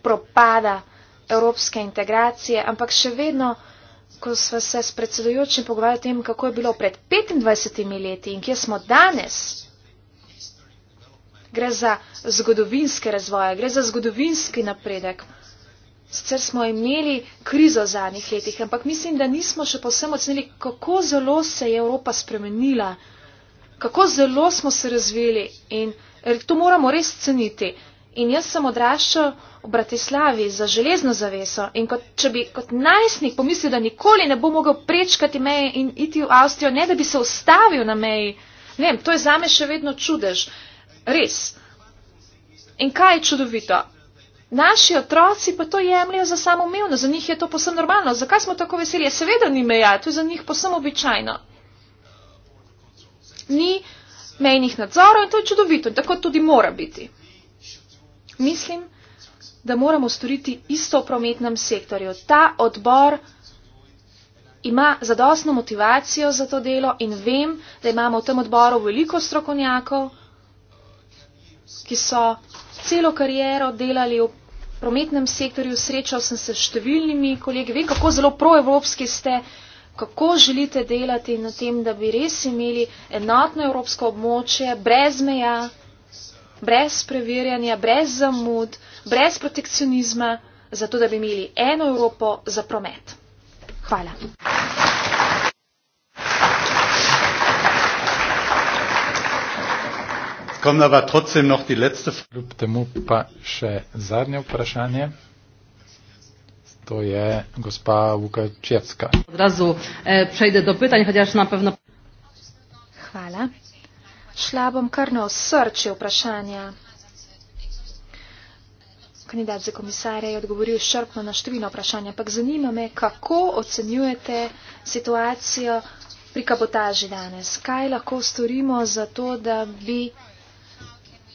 propada evropske integracije, ampak še vedno ko smo se s predsedujočim pogovarjali o tem, kako je bilo pred 25 leti in kje smo danes, gre za zgodovinske razvoje, gre za zgodovinski napredek. Sicer smo imeli krizo v zadnjih letih, ampak mislim, da nismo še posebno ocenili, kako zelo se je Evropa spremenila, kako zelo smo se razvili in to moramo res ceniti. In jaz sem odraščal v Bratislavi za železno zaveso in kot, če bi kot najstnik pomislil, da nikoli ne bo mogel prečkati meje in iti v Avstrijo, ne da bi se ustavil na meji, ne vem, to je zame še vedno čudež. Res. In kaj je čudovito? Naši otroci pa to jemljajo za samoumevno, za njih je to posebno normalno. Zakaj smo tako veseli? Ja, seveda ni meja, to je za njih posebno običajno. Ni mejnih nadzorov in to je čudovito in tako tudi mora biti. Mislim, da moramo storiti isto v prometnem sektorju. Ta odbor ima zadostno motivacijo za to delo in vem, da imamo v tem odboru veliko strokovnjakov, ki so celo kariero delali v prometnem sektorju. Srečal sem se s številnimi kolegi. Vem, kako zelo proevropski ste, kako želite delati na tem, da bi res imeli enotno evropsko območje brez meja brez preverjanja, brez zamud, brez protekcionizma, zato da bi imeli eno Evropo za promet. Hvala. Kljub temu pa še zadnje vprašanje. To je gospa Vukačevska. Od razu eh, przejdę do pytań, chociaż na pewno. Šla bom kar na osrče vprašanja. Kandidat za komisarja je odgovoril šrpno na številno vprašanje, ampak zanima me, kako ocenjujete situacijo pri kabotaži danes. Kaj lahko storimo za to, da bi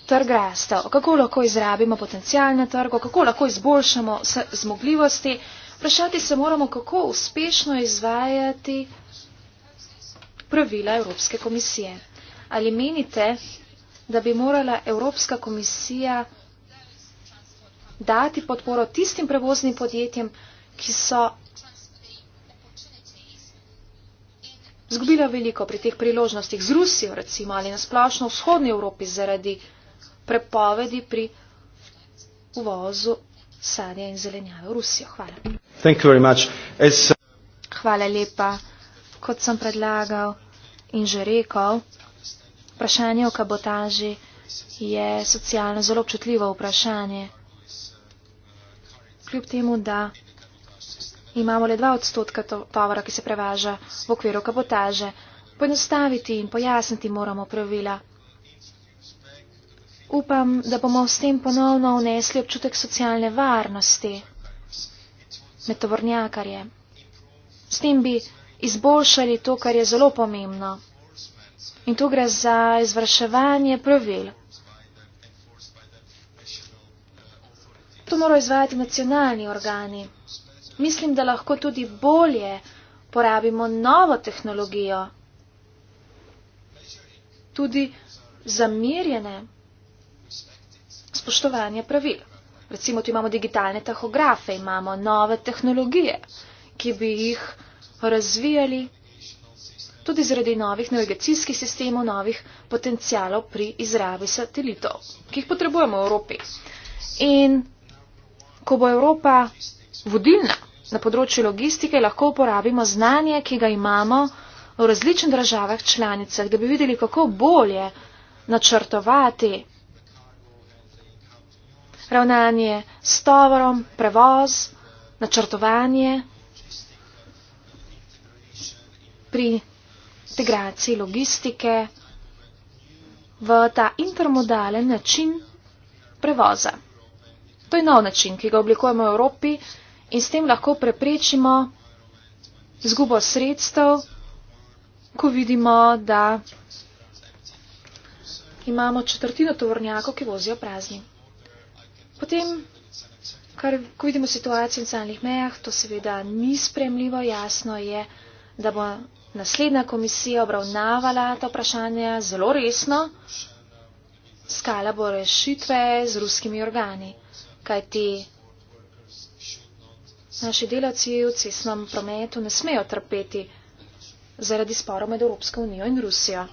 trg rastel? Kako lahko izrabimo potencijal na trgu? Kako lahko izboljšamo zmogljivosti? Vprašati se moramo, kako uspešno izvajati pravila Evropske komisije. Ali menite, da bi morala Evropska komisija dati podporo tistim prevoznim podjetjem, ki so zgubila veliko pri teh priložnostih z Rusijo, recimo, ali na splošno v vzhodni Evropi zaradi prepovedi pri uvozu sadja in zelenjave v Rusijo. Hvala. Hvala lepa. Kot sem predlagal in že rekel, Vprašanje o kabotaži je socialno zelo občutljivo vprašanje. Kljub temu, da imamo le dva odstotka tovora, ki se prevaža v okviru kabotaže, poenostaviti in pojasniti moramo pravila. Upam, da bomo s tem ponovno vnesli občutek socialne varnosti med tovornjakarje. S tem bi izboljšali to, kar je zelo pomembno. In tu gre za izvrševanje pravil. To morajo izvajati nacionalni organi. Mislim, da lahko tudi bolje porabimo novo tehnologijo. Tudi zamirjene spoštovanje pravil. Recimo, tu imamo digitalne tahografe, imamo nove tehnologije, ki bi jih razvijali tudi zaradi novih navigacijskih sistemov, novih potencijalov pri izravi satelitov, ki jih potrebujemo v Evropi. In ko bo Evropa vodilna na področju logistike, lahko uporabimo znanje, ki ga imamo v različnih državah članicah, da bi videli, kako bolje načrtovati ravnanje s tovorom, prevoz, načrtovanje pri integracije logistike v ta intermodalen način prevoza. To je nov način, ki ga oblikujemo v Evropi in s tem lahko preprečimo zgubo sredstev, ko vidimo, da imamo četrtino tovornjakov, ki vozijo prazni. Potem, kar, ko vidimo situacijo v centralnih mejah, to seveda ni spremljivo, jasno je, da bo naslednja komisija obravnavala to vprašanje zelo resno, skala bo rešitve z ruskimi organi, kajti naši delavci v cestnem prometu ne smejo trpeti zaradi sporov med Evropsko unijo in Rusijo.